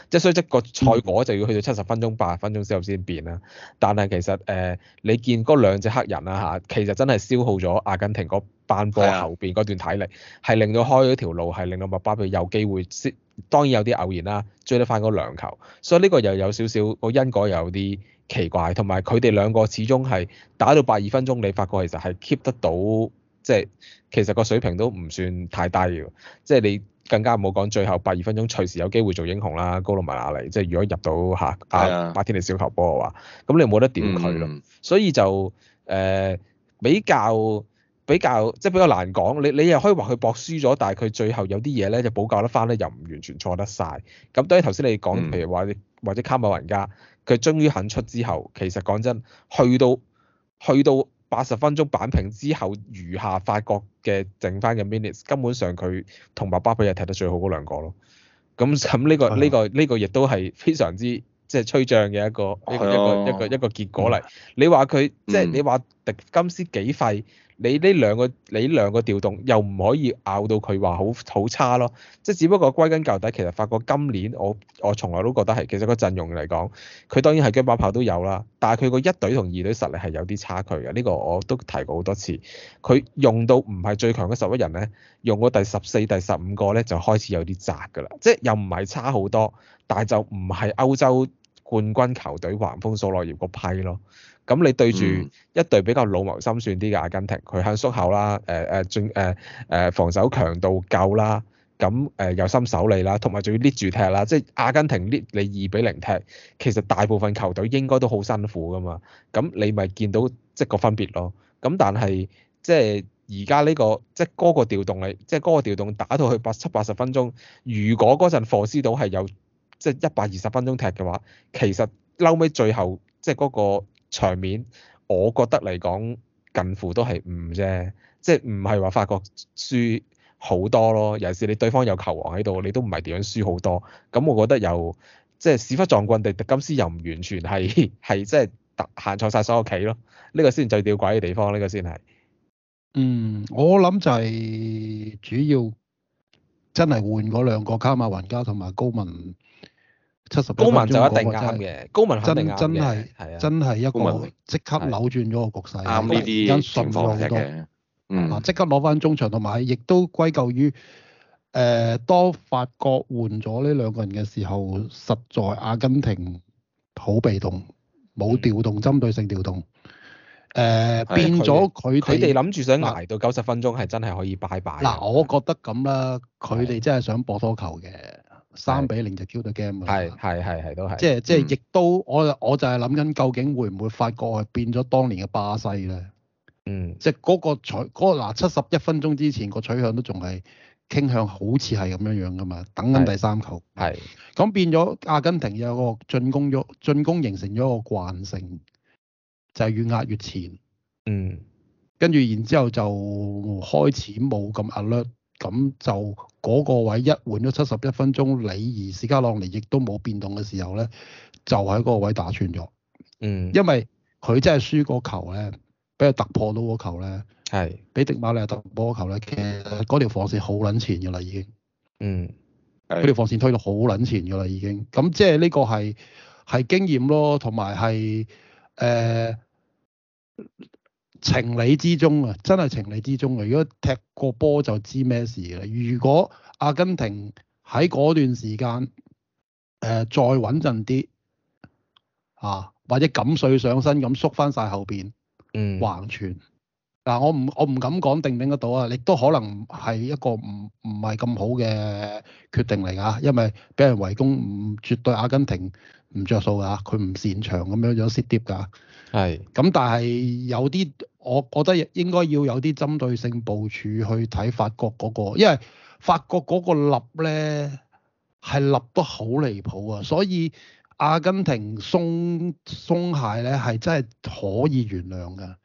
即係所以即個賽果就要去到七十分鐘、八十分鐘之後先變啦。但係其實誒、呃，你見嗰兩隻黑人啊嚇，其實真係消耗咗阿根廷嗰班波後邊嗰段體力，係的令到開咗條路係令到麥巴比有機會先。當然有啲偶然啦，追得翻個兩球，所以呢個又有少少個因果又有啲奇怪，同埋佢哋兩個始終係打到八二分鐘，你發覺其實係 keep 得到，即係其實個水平都唔算太低嘅，即係你更加唔好講最後八二分鐘隨時有機會做英雄啦，高路慕亞尼，即係如果入到嚇，啊，白是、啊、天地小球波嘅話，咁你冇得點佢咯，嗯、所以就誒、呃、比較。比較即係比較難講，你你又可以話佢博輸咗，但係佢最後有啲嘢咧就補救得翻咧，又唔完全錯得晒。咁，對於頭先你講，譬如話你或者卡馬雲加，佢終於肯出之後，其實講真，去到去到八十分鐘板平之後，餘下法國嘅剩翻嘅 minutes，根本上佢同埋巴比又踢得最好嗰兩個咯。咁咁呢個呢的個呢個亦都係非常之即係吹漲嘅一個一個的一個一個一個,一個結果嚟。的嗯、你話佢即係你話迪金斯幾廢？多麼 你呢兩個你兩個調動又唔可以拗到佢話好好差咯，即係只不過歸根究底，其實發覺今年我我從來都覺得係其實個陣容嚟講，佢當然係車馬炮都有啦，但係佢個一隊同二隊實力係有啲差距嘅，呢個我都提過好多次。佢用到唔係最強嘅十一人咧，用到第十四、第十五個咧就開始有啲窄㗎啦，即係又唔係差好多，但係就唔係歐洲冠軍球隊橫風掃落葉個批咯。咁你對住一隊比較老謀深算啲嘅阿根廷，佢肯縮後啦，誒、呃、誒進誒誒、呃、防守強度夠啦，咁誒有心守你啦，同埋仲要捏住踢啦，即、就、係、是、阿根廷捏你二比零踢，其實大部分球隊應該都好辛苦噶嘛。咁你咪見到即係個分別咯。咁但係即係而家呢個即係嗰個調動係，即係嗰個調動打到去八七八十分鐘，如果嗰陣霍斯島係有即係一百二十分鐘踢嘅話，其實嬲尾最後即係嗰個。場面，我覺得嚟講近乎都係唔啫，即係唔係話法國輸好多咯。尤其是你對方有球王喺度，你都唔係點樣輸好多。咁我覺得又即係屎忽撞棍地，特金斯又唔完全係係即係特行錯曬所有棋咯。呢、這個先最吊詭嘅地方，呢、這個先係。嗯，我諗就係主要真係換嗰兩個卡馬雲加同埋高文。七十 71 高門就一定啱嘅，高門真真係係啊，的真係一個即刻扭轉咗個局勢。啱呢啲情況嘅，嗯，嗱即刻攞翻中場，同埋亦都歸咎於誒當、呃、法國換咗呢兩個人嘅時候，實在阿根廷好被動，冇調動針、嗯、對性調動，誒、呃、變咗佢。佢哋諗住想挨到九十分鐘係真係可以拜拜。嗱，我覺得咁啦，佢哋真係想搏多球嘅。三比零就叫到 game 啊！係係係係都係，即係即係，亦都我我就係諗緊，究竟會唔會發覺係變咗當年嘅巴西咧？嗯，即係嗰個取嗰個嗱七十一分鐘之前個取向都仲係傾向，好似係咁樣樣噶嘛，等緊第三球。係，咁變咗阿根廷有個進攻咗，進攻形成咗個慣性，就係、是、越壓越前。嗯，跟住然之後就開始冇咁壓力。咁就嗰個位一換咗七十一分鐘裏，里爾史加朗尼亦都冇變動嘅時候咧，就喺嗰個位打穿咗。嗯，因為佢真係輸個球咧，俾佢突破到個球咧，係俾是迪馬利亞突破個球咧，其實嗰條防線好撚前㗎啦，嗯，已經。嗯，佢條防線推到好撚前㗎啦，已經。咁即係呢個係係經驗咯，同埋係誒。呃情理之中啊，真係情理之中啊！如果踢過波就知咩事啦。如果阿根廷喺嗰段時間誒、呃、再穩陣啲啊，或者錦水上身咁縮翻晒後邊，嗯，橫傳。嗱、啊，我唔我唔敢講定定得到啊。亦都可能係一個唔唔係咁好嘅決定嚟啊，因為俾人圍攻唔絕對，阿根廷唔着數㗎，佢唔擅長咁樣咗 sit deep 㗎。係是。咁但係有啲。我覺得應該要有啲針對性部署去睇法國嗰個，因為法國嗰個立咧係立得好離譜啊，所以阿根廷鬆鬆懈咧係真係可以原諒噶。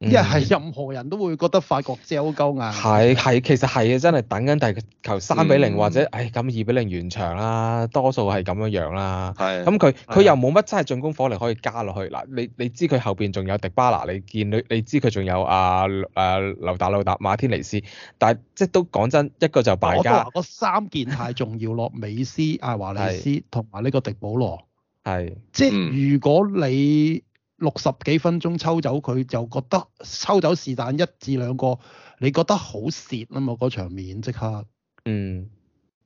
因為係任何人都會覺得法國焦夠硬，係係其實係啊，真係等緊，但係求三比零或者，唉咁二比零完場啦，多數係咁樣樣啦。係咁佢佢又冇乜真係進攻火力可以加落去嗱，你你知佢後邊仲有迪巴拿，你見到你知佢仲有啊啊劉達劉達馬天尼斯，但係即係都講真一個就敗家。嗰三件太重要，落美斯、阿、啊、華雷斯同埋呢個迪保羅。係是即係如果你。六十幾分鐘抽走佢就覺得抽走是但一至兩個，你覺得好蝕啊嘛！嗰場面即刻嗯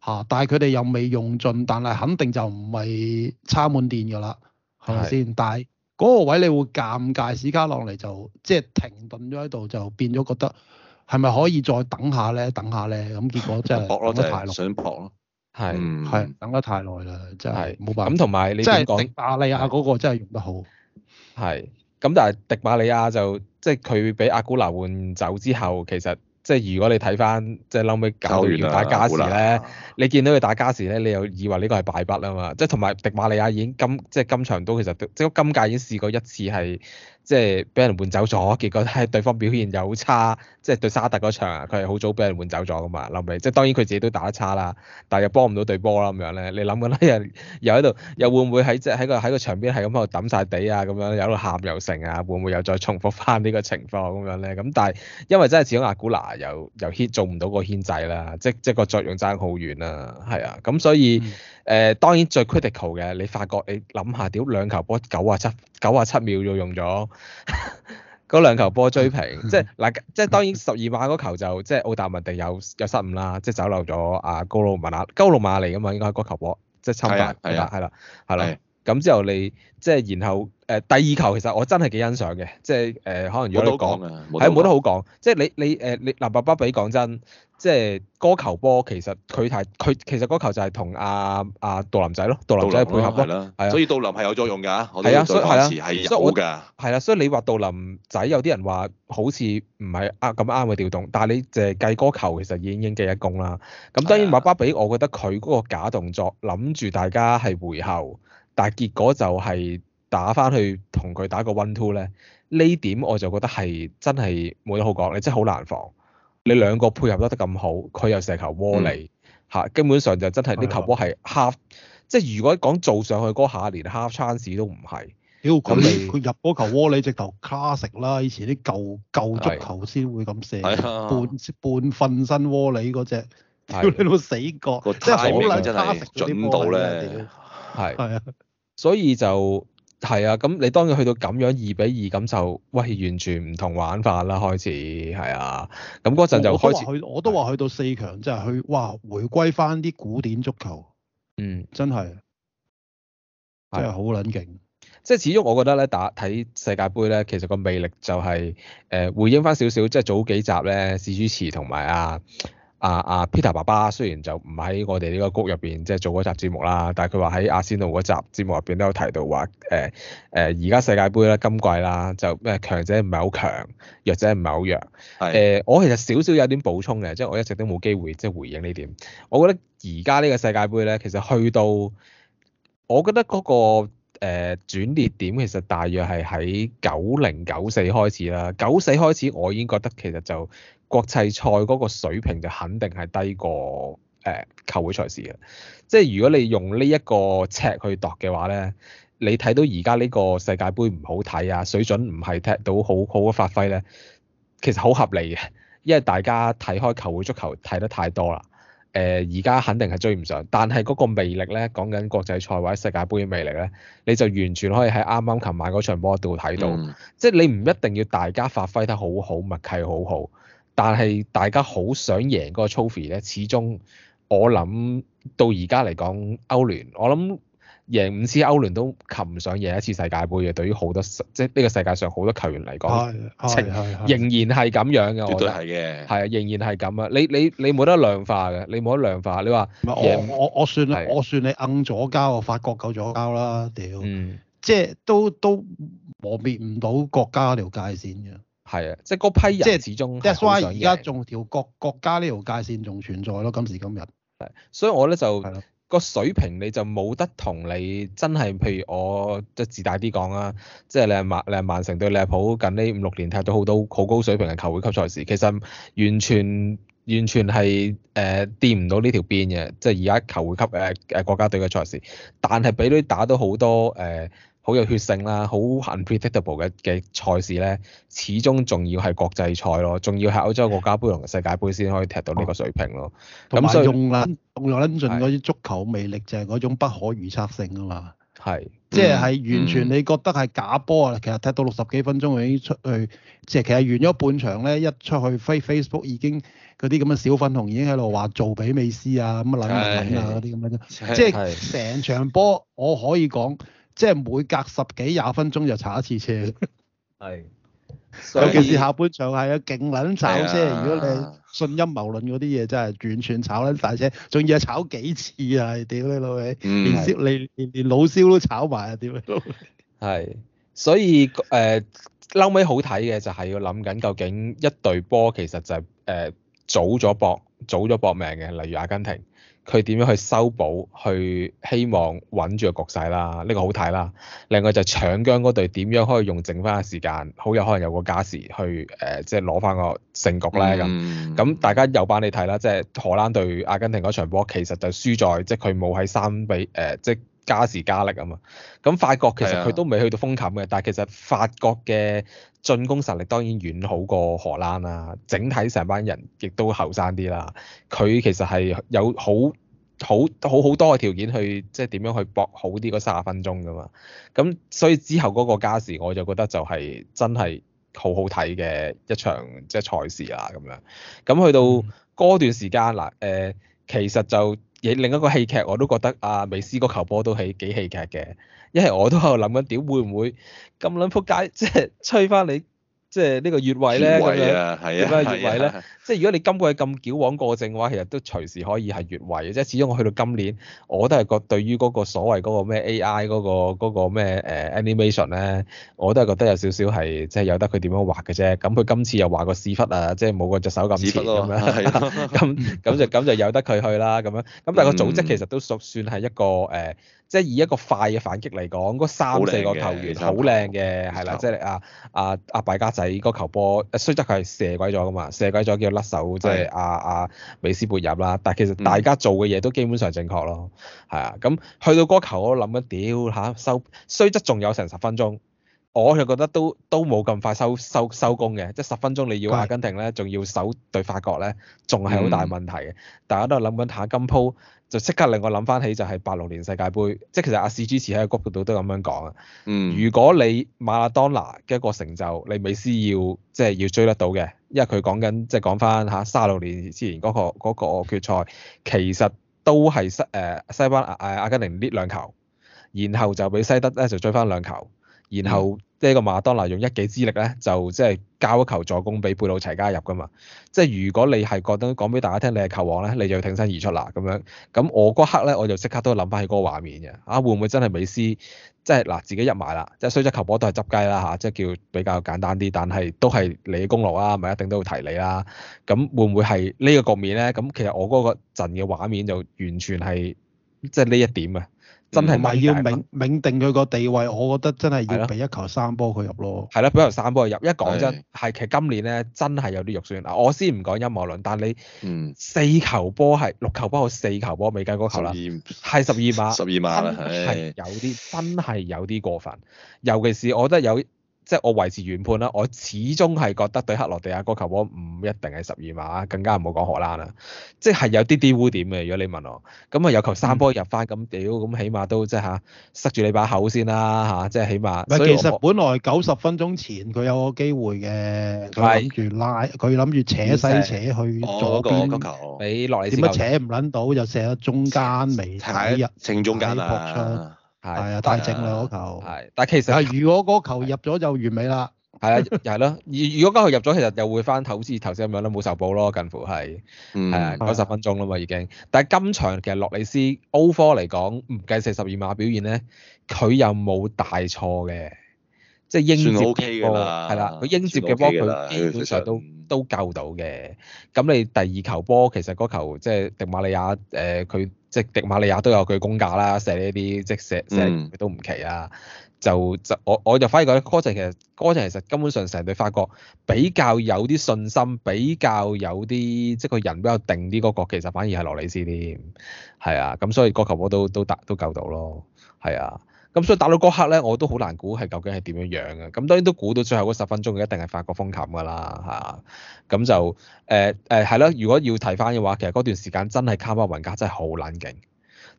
嚇、啊，但係佢哋又未用盡，但係肯定就唔係叉滿電㗎喇，係咪先？但係嗰個位你會尷尬，史價落嚟就即、是、係停頓咗喺度，就變咗覺得係咪可以再等下咧？等下咧咁、嗯、結果真係搏咯，就係想搏咯，係係等得太耐啦，真係冇辦法。咁同埋你點講？亞利亞嗰個真係用得好。係，咁但係迪馬利亞就即係佢俾阿古拿換走之後，其實即係如果你睇翻即係諗起搞完打加時咧，你見到佢打加時咧，嗯、你又以為呢個係敗筆啊嘛？即係同埋迪馬利亞已經今即係今場都其實即係今屆已經試過一次係。即係俾人換走咗，結果咧對方表現又好差。即係對沙特嗰場啊，佢係好早俾人換走咗噶嘛。諗唔係，即係當然佢自己都打得差啦，但係又幫唔到隊波啦咁樣咧。你諗緊咧又又喺度，又會唔會喺即係喺、個喺個場邊係咁喺度抌晒地啊咁樣，又喺度喊又成啊，會唔會又再重複翻呢個情況咁樣咧？咁但係因為真係始終阿古娜又又牽做唔到個牽制啦，即即係個作用爭好遠啊，係啊。咁所以誒、嗯呃，當然最 critical 嘅，你發覺你諗下，屌兩球波九啊七九啊七秒就用咗。嗰 兩球波追平， 即係嗱，即係當然十二碼嗰球就即係奧達文地有有失誤啦，即係走漏咗阿高盧馬，高盧馬嚟㗎嘛，應該嗰球波即係侵犯係啦，係啦、 啊，係啦。咁之後你即係然後誒第二球其實我真係幾欣賞嘅，即係誒可能如果你講係冇得好講，即係你你誒你嗱麥巴比講真，即係嗰球波其實佢係佢其實嗰球就係同阿阿杜林仔咯，杜林仔配合咯，係啦，所以杜林係有作用㗎，係啊，所以係啦，所以所以你話杜林仔有啲人話好似唔係啱咁啱嘅調動，但係你淨係計嗰球其實已經應記一功啦。咁當然麥巴比，我覺得佢嗰個假動作諗住大家係回後。但係結果就係打翻去同佢打個 one two 咧，呢點我就覺得係真係冇得好講，你真係好難防。你兩個配合得得咁好，佢又射球窩你，嚇，基本上就真係呢球波係 half，即係如果講做上去嗰下連 half chance 都唔係。屌佢，佢入嗰球窩你隻球卡食啦！以前啲舊舊足球先會咁射，半半瞓身窩你嗰隻，屌你老死角，真係好難卡食準度咧。係，係啊，啊所以就係啊，咁你當然去到咁樣二比二咁就，喂，完全唔同玩法啦，開始係啊，咁嗰陣就開始，我，我都話去，我都話去到四強即係去，哇，回歸翻啲古典足球，嗯，真係，真係好撚勁，即係、啊就是、始終我覺得咧打睇世界杯咧，其實個魅力就係、是，誒、呃，回應翻少少，即、就、係、是、早幾集咧，史主持同埋啊。啊啊，Peter 爸爸雖然就唔喺我哋呢個谷入邊即係做嗰集節目啦，但係佢話喺亞仙奴嗰集節目入邊都有提到話誒誒，而家世界盃啦，今季啦，就咩強者唔係好強，弱者唔係好弱。係，誒，我其實少少有啲補充嘅，即係我一直都冇機會即係回應呢點。我覺得而家呢個世界盃咧，其實去到我覺得嗰個誒轉捩點，其實大約係喺九零九四開始啦。九四開始，我已經覺得其實就國際賽嗰個水平就肯定係低過誒、呃、球會賽事嘅，即係如果你用呢一個尺去度嘅話咧，你睇到而家呢個世界盃唔好睇啊，水準唔係踢到好好嘅發揮咧，其實好合理嘅，因為大家睇開球會足球睇得太多啦，誒而家肯定係追唔上，但係嗰個魅力咧，講緊國際賽或者世界盃嘅魅力咧，你就完全可以喺啱啱琴晚嗰場波度睇到，嗯、即係你唔一定要大家發揮得好好，默契好好。但係大家好想贏嗰個 trophy 咧，始終我諗到而家嚟講歐聯，我諗贏五次歐聯都擒唔上贏一次世界盃嘅。對於好多即係呢個世界上好多球員嚟講，仍然係咁樣嘅。我絕得係嘅，係啊，仍然係咁啊。你你你冇得量化嘅，你冇得量化。你話我我我算的我算你硬咗交啊，法國夠咗交啦，屌、嗯！即係都都磨滅唔到國家嗰條界線嘅。係啊，即係嗰批人，即係始終。t h a s w 而家仲條國國家呢條界線仲存在咯，今時今日。係，所以我咧就個的水平，你就冇得同你真係，譬如我即係自大啲講啦，即係你阿曼你阿曼城對利阿普近呢五六年踢咗好多好高水平嘅球會級賽事，其實完全完全係誒掂唔到呢條邊嘅，即係而家球會級誒誒、呃、國家隊嘅賽事，但係俾你打到好多誒。呃呃呃好有血性啦，好 unpredictable 嘅嘅賽事咧，始終仲要係國際賽咯，仲要係歐洲國家杯同世界杯先可以踢到呢個水平咯。咁所以用撚用撚盡嗰啲足球魅力就係嗰種不可預測性啊嘛。係的，即係係完全你覺得係假波啊，嗯、其實踢到六十幾分鐘已經出去，即係其實完咗半場咧，一出去飛 Facebook 已經嗰啲咁嘅小粉紅已經喺度話做俾美斯啊，咁啊禮物嚟啊嗰啲咁樣啫。即係成場波我可以講。即係每隔十幾廿分鐘就炒一次車，係，尤其是下半場係啊，勁撚炒車。 如果你信陰謀論嗰啲嘢，真係完全炒撚大車，仲要係炒幾次啊！屌你老味，連燒是、連連老蕭都炒埋啊！屌你老味，係，所以誒，嬲、呃、尾好睇嘅就係要諗緊，究竟一隊波其實就係誒早咗搏、早咗搏命嘅，例如阿根廷。佢點樣去修補，去希望穩住個局勢啦？呢個好睇啦。另外就搶姜嗰隊點樣可以用剩翻嘅時間，好有可能有個加時去誒、呃，即係攞翻個勝局咧咁。咁大家有版你睇啦，即係荷蘭對阿根廷嗰場波，其實就輸在即係佢冇喺三比誒、呃、即。加時加力啊嘛！咁法國其實佢都未去到封冚嘅，的但係其實法國嘅進攻實力當然遠好過荷蘭啦。整體成班人亦都後生啲啦，佢其實係有好好好好，好多嘅條件去即係點樣去搏好啲嗰三十分鐘㗎嘛。咁所以之後嗰個加時我就覺得就係真係好好睇嘅一場即係、就是、賽事啦咁樣。咁去到嗰段時間嗱，誒、嗯、其實就～另一個戲劇，我都覺得啊，美斯個球波都係幾戲劇嘅，因為我都喺度諗緊，屌會唔會咁撚撲街，即係吹翻你。即係呢個越位咧、啊、咁樣，點解啊，越位咧？啊、即係如果你今季咁矯枉過正嘅話，其實都隨時可以係越位嘅。即係始終我去到今年，我都係覺對於嗰個所謂嗰個咩 A.I. 嗰、嗰個咩誒、嗰個 uh, animation 咧，我都係覺得有少少係即係有得佢點樣畫嘅啫。咁佢今次又畫個屎忽啊！即係冇個隻手咁前咁 樣，咁就咁 就由得佢去啦。咁樣咁但係個組織其實都屬算係一個誒。嗯即係以一個快嘅反擊嚟講，嗰三四個球員好靚嘅，係啦的，即係阿阿阿敗家仔個球波，雖則佢係射鬼咗㗎嘛，射鬼咗叫甩手，即係阿阿美斯撥入啦。但係其實大家做嘅嘢都基本上正確咯，係啊。咁去到嗰球我都諗緊，屌嚇收，雖則仲有成十分鐘。我就覺得都都冇咁快收收收工嘅，即係十分鐘你要阿根廷咧，仲 要守對法國咧，仲係好大問題嘅。嗯、大家都係諗緊下今鋪，就即刻令我諗翻起就係八六年世界盃，即係其實阿史主廚喺個 group 度都咁樣講啊。嗯，如果你馬拉當拿嘅一個成就，你美斯要即係、就是、要追得到嘅，因為佢、就是、講緊即係講翻嚇三六年之前嗰、那個嗰、那個決賽，其實都係西誒西班牙誒阿根廷呢 lead 兩球，然後就俾西德咧就追翻兩球。然後呢個馬當娜用一己之力咧，就即係交一球助攻俾貝魯齊加入噶嘛。即係如果你係覺得講俾大家聽你係球王咧，你就要挺身而出啦咁樣。咁我嗰刻咧，我就即刻都諗翻起嗰個畫面嘅。啊，會唔會真係美斯？即係嗱自己入埋啦？即係雖則球波都係執雞啦吓，即係叫比較簡單啲，但係都係你嘅功勞啦，咪一定都要提你啦。咁會唔會係呢個局面咧？咁其實我嗰個陣嘅畫面就完全係即係呢一點啊。真係唔係要銘銘定佢個地位，我覺得真係要俾一球三波佢入咯。係咯，俾一球三波佢入。一講真係，的其實今年咧真係有啲肉酸啊。我先唔講陰謀論，但你四球波係、嗯、六球波，我四球波未計嗰球啦，係十二碼。十二碼啦，係的有啲真係有啲過分，尤其是我覺得有。即係我維持原判啦，我始終係覺得對克羅地亞嗰球波唔一定係十二碼，更加唔好講荷蘭啦，即係有啲啲污點嘅。如果你問我，咁啊有球三波入返，咁屌、嗯，咁起碼都即係吓塞住你把口先啦嚇、啊，即係起碼。唔係其實本來九十分鐘前佢有個機會嘅，佢諗住拉，佢諗住扯西扯去左邊個球，點解扯唔撚到，又射咗中間未？喺入，喺中間啦。入係，係啊，太正啦嗰球。係，但係其實係，如果嗰球入咗就完美啦。係啊，又係咯，如果嗰球入咗，其實又會翻頭好似頭先咁樣咯，冇受補咯，近乎係。嗯。係啊，九十分鐘啦嘛，已經。但係今場其實洛里斯奧科嚟講，唔計四十二碼表現咧，佢又冇大錯嘅，即係應接嘅波係啦。佢應、OK、接嘅波，佢、OK、基本上都的都夠到嘅。咁你第二球波，其實嗰球即係、就是、迪瑪利亞誒，佢、呃。呃即係迪馬利亞都有佢功架啦，射呢啲即係射射都唔奇啊！就就我我就反而覺得科齊其實科齊其實根本上成隊法國比較有啲信心，比較有啲即係佢人比較定啲嗰、那個，其實反而係羅里斯添，係啊，咁所以個球波都都達都救到咯，係啊。咁所以打到嗰刻咧，我都好難估係究竟係點樣樣啊！咁當然都估到最後嗰十分鐘，佢一定係發個風琴噶啦，嚇、啊！咁就誒誒係咯。如果要睇翻嘅話，其實嗰段時間真係卡馬雲加真係好冷靜。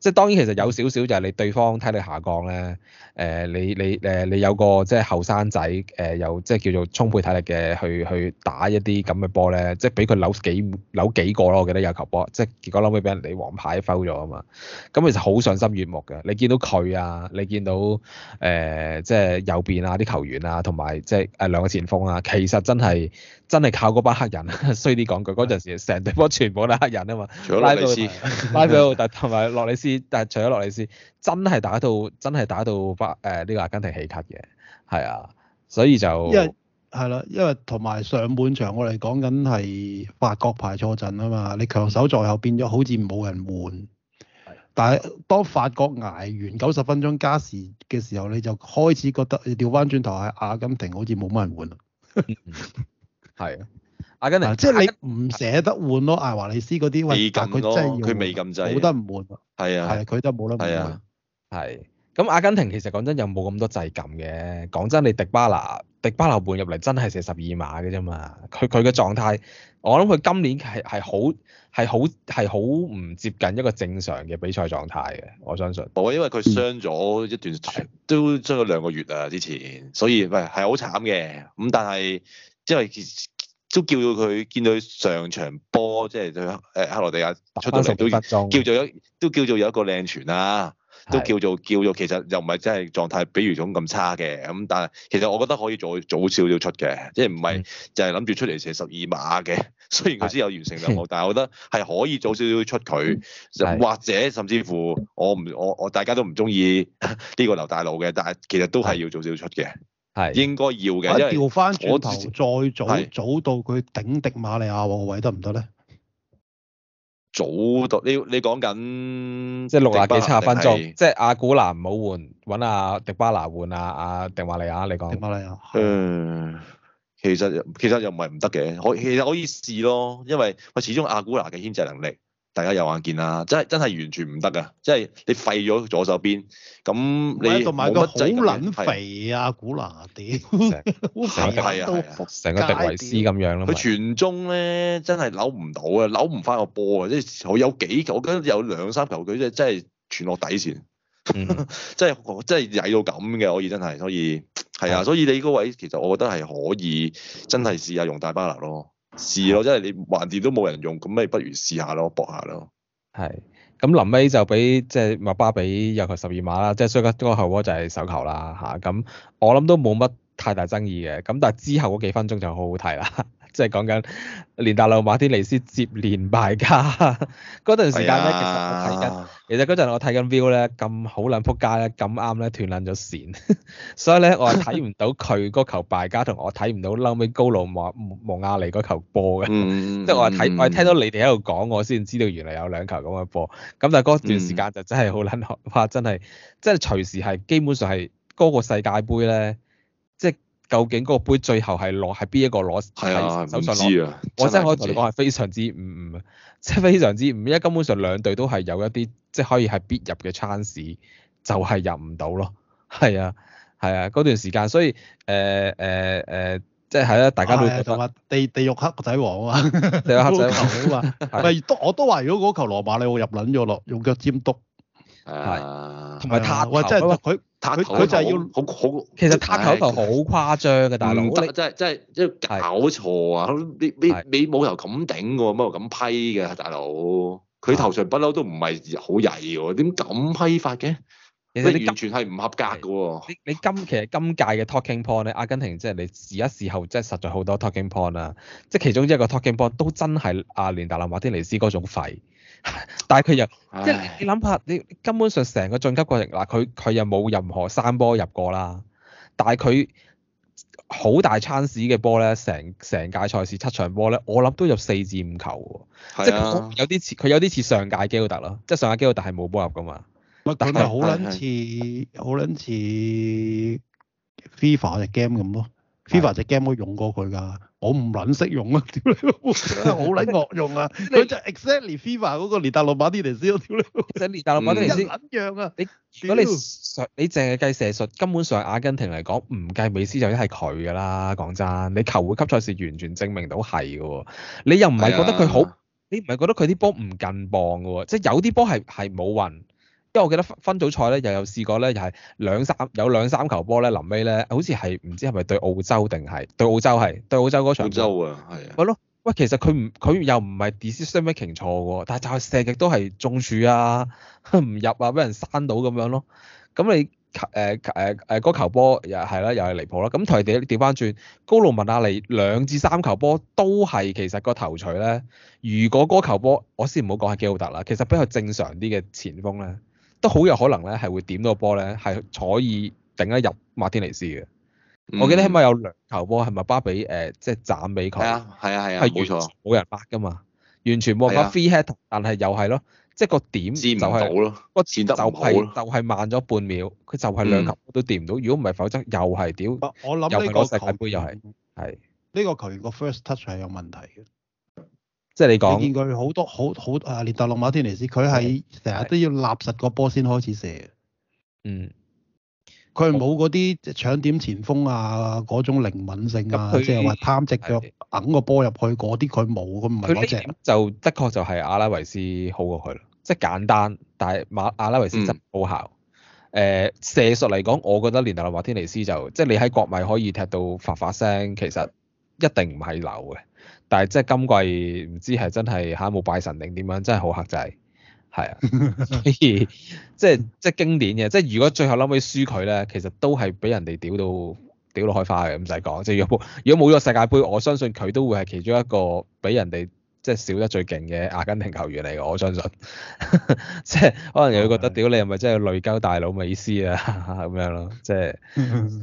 即係當然，其實有少少就係你對方體力下降咧。誒、呃，你你誒你有個即係後生仔誒，又即係叫做充沛體力嘅去去打一啲咁嘅波咧，即係俾佢扭幾扭幾個咯。我記得有球波，即、就、係、是、結果後尾俾人哋黃牌摟咗啊嘛。咁其實好賞心悅目嘅。你見到佢啊，你見到誒即係右邊啊啲球員啊，同埋即係誒兩個前鋒啊，其實真係～真係靠嗰班黑人，衰啲講句，嗰陣時成隊波全部都黑人啊嘛。除咗洛里斯、拉比奧特同埋洛里斯，但係除咗洛里斯，真係打到真係打到法誒呢個阿根廷起卡嘅，係啊，所以就因為係啦，因為同埋上半場我哋講緊係法國排錯陣啊嘛，你強手在後變咗好似冇人換， 但係當法國捱完九十分鐘加時嘅時候，你就開始覺得調翻轉頭係阿根廷好似冇乜人換 係啊，阿根廷、啊、即係你唔捨得換咯，艾華利斯啲位，佢真係要佢未撳制，冇得唔換啊？啊，係佢就冇得唔換啊。係、啊，咁、啊、阿根廷其實講真又冇咁多制撳嘅。講真，你迪巴拿、迪巴拿換入嚟真係射十二碼嘅啫嘛。佢佢嘅狀態，我諗佢今年係係好係好係好唔接近一個正常嘅比賽狀態嘅。我相信，我因為佢傷咗一段，嗯、都傷咗兩個月啊，之前，所以喂係好慘嘅。咁但係。即為其實都叫到佢見到上場波，即係對誒克羅地亞出到嚟都叫做有，都叫做有一個靚傳啦。是的 都叫做叫做其實又唔係真係狀態比餘總咁差嘅咁，但係其實我覺得可以做早，早少少出嘅，即係唔係就係諗住出嚟射十二碼嘅。雖然佢先有完成任務，是的 但係我覺得係可以早少少出佢，是的 或者甚至乎我唔我我，我大家都唔中意呢個留大路嘅，但係其實都係要早少少出嘅。係應該要嘅，調翻轉頭再早是早到佢頂迪馬利亞個位得唔得咧？早到你你講緊即係六廿幾七十分鐘，是即係阿古拿唔好換，搵阿迪巴拿換啊阿迪馬利亞，你講迪馬利亞？嗯、呃，其實其實又唔係唔得嘅，可其實可以試咯，因為我始終阿古拿嘅牽制能力。大家有眼見啦，真係真係完全唔得㗎，即係你廢咗左手邊，咁你同埋個好卵肥啊，古拿屌，成個迪維斯咁樣咯，佢傳中咧真係扭唔到啊，扭唔返個波啊，即係佢有幾球，我覺得有兩三球佢真係真係傳落底線，即係即係曳到咁嘅，可以真係所以，係啊、嗯，所以你嗰位其實我覺得係可以真係試下用大巴拿咯。試咯，即係你橫掂都冇人用，咁咪不如試下咯，搏下咯。係，咁臨尾就俾即係麥巴比右球十二碼啦，即係所以嗰個後果就係手球啦吓，咁、啊、我諗都冇乜太大爭議嘅，咁但係之後嗰幾分鐘就好好睇啦。即係講緊連達魯馬天尼斯接連敗家嗰段 時間咧，其實我睇緊，其實嗰陣我睇緊 Viu 咧，咁好撚撲街咧，咁啱咧斷撚咗線， 所以咧我係睇唔到佢嗰球敗家，同我睇唔到後尾高盧蒙蒙亞尼嗰球波嘅， 即係我係睇、嗯、我係聽到你哋喺度講，我先知道原嚟有兩球咁嘅波。咁但係嗰段時間就真係好撚哇！真係即係隨時係基本上係嗰個世界盃咧，即係。究竟嗰個杯最後係攞係邊一個攞係啊，手上攞？我真係我自己係非常之唔唔、嗯嗯，即係非常之唔，因為根本上兩隊都係有一啲即係可以係必入嘅 chance 就係、係、入唔到咯。係啊係啊，嗰、啊、段時間，所以誒誒誒，即係係啦，大家都就話、啊、地地獄黑仔王啊嘛，地獄黑仔王啊嘛，咪 都我都話，如果嗰球羅馬你會入撚咗落，用腳尖篤。係，同埋塔，頭、哎，即佢佢就係要好投好。好其實塔頭頭好誇張嘅，大佬哥真係真係，即搞錯啊！是你你你冇由咁頂喎，乜咁批嘅大佬？佢頭上不嬲都唔係好曳喎，點咁批法嘅？你完全係唔合格嘅喎。你今其實今，今屆嘅 Talking Point 咧，阿根廷即係你時一時後，即係實在好多 Talking Point 啦。即係其中一個 Talking Point 都真係阿連達林馬天尼斯嗰種廢。但係佢又，即係唉你諗下，你根本上成個晉級過程嗱，佢佢又冇任何散波入過啦。但係佢好大餐 h 嘅波咧，成成屆賽事七場波咧，我諗都有四至五球喎。即係、啊、有啲似，佢有啲似上屆基奧特啦，即、就、係、是、上屆基奧特係冇波入噶嘛。但咪好卵似，好卵似 FIFA 隻 game 咁咯。FIFA 隻 game 都勇過佢噶。我唔撚識用啊！屌你老母！我撚惡用啊！你就 Excel fever 嗰個列達洛馬蒂尼斯咯！列達洛馬蒂尼斯一撚樣啊！你如果你術你淨係計射術，根本上阿根廷嚟講，唔計美斯就已經係佢㗎啦！講真，你球會級賽事完全證明到係㗎喎！你又唔係覺得佢好？是啊、你唔係覺得佢啲波唔近磅㗎喎？即係有啲波係係冇運。因為我記得分分組賽咧，又有試過咧，又係兩三有兩三球波咧，臨尾咧，好似係唔知係咪對澳洲定係對澳洲係對澳洲嗰場。澳洲啊，係。係咯，喂，其實佢唔佢又唔係 decision making 錯喎，但係就係射極都係中柱啊，唔入啊，俾人刪到咁樣咯。咁你、呃呃呃、球誒誒嗰球波又係啦，又係離譜啦。咁、嗯、同你調調返轉，高路文亞尼兩至三球波都係其實個頭槌咧。如果嗰球波我先唔好講係基奧特啦，其實比較正常啲嘅前鋒咧。都好有可能咧，係會點到個波咧，係可以頂得入馬天尼斯嘅。我記得起碼、嗯、有兩球波係咪巴比誒、呃、即係斬俾佢？係啊係啊係啊冇錯，冇人抹㗎嘛，完全冇個 free header，但係又係咯，即係個點就係個前得好就係就係慢咗半秒，佢就係兩球，球都掂唔到。如果唔係，否則又係屌，我諗又係個世界盃、就是，又係係呢個球，如果 first touch 係有問題嘅。即係你講，你見佢好多好好啊！列度洛馬天尼斯，佢係成日都要立實個波先開始射。嗯，佢冇嗰啲搶點前鋒啊嗰種靈敏性啊，即係話貪直腳揞個波入去嗰啲，佢冇咁，唔係攞，就的確就係阿拉維斯好過佢，即係簡單，但係馬阿拉維斯真好效。誒、嗯呃、射術嚟講，我覺得列度洛馬天尼斯就即係、就是、你喺國米可以踢到發發聲，其實一定唔係流嘅。但係即係今季唔知係真係嚇冇拜神定點樣，真係好黑仔，係啊。所以即係即係經典嘅，即係如果最後諗起輸佢咧，其實都係俾人哋屌到屌到開花嘅，唔使講。即係如果如果冇咗世界盃，我相信佢都會係其中一個俾人哋即係笑得最勁嘅阿根廷球員嚟嘅，我相信。 即係可能有人覺得屌 你係咪真係累鳩大佬美斯啊咁樣咯，即係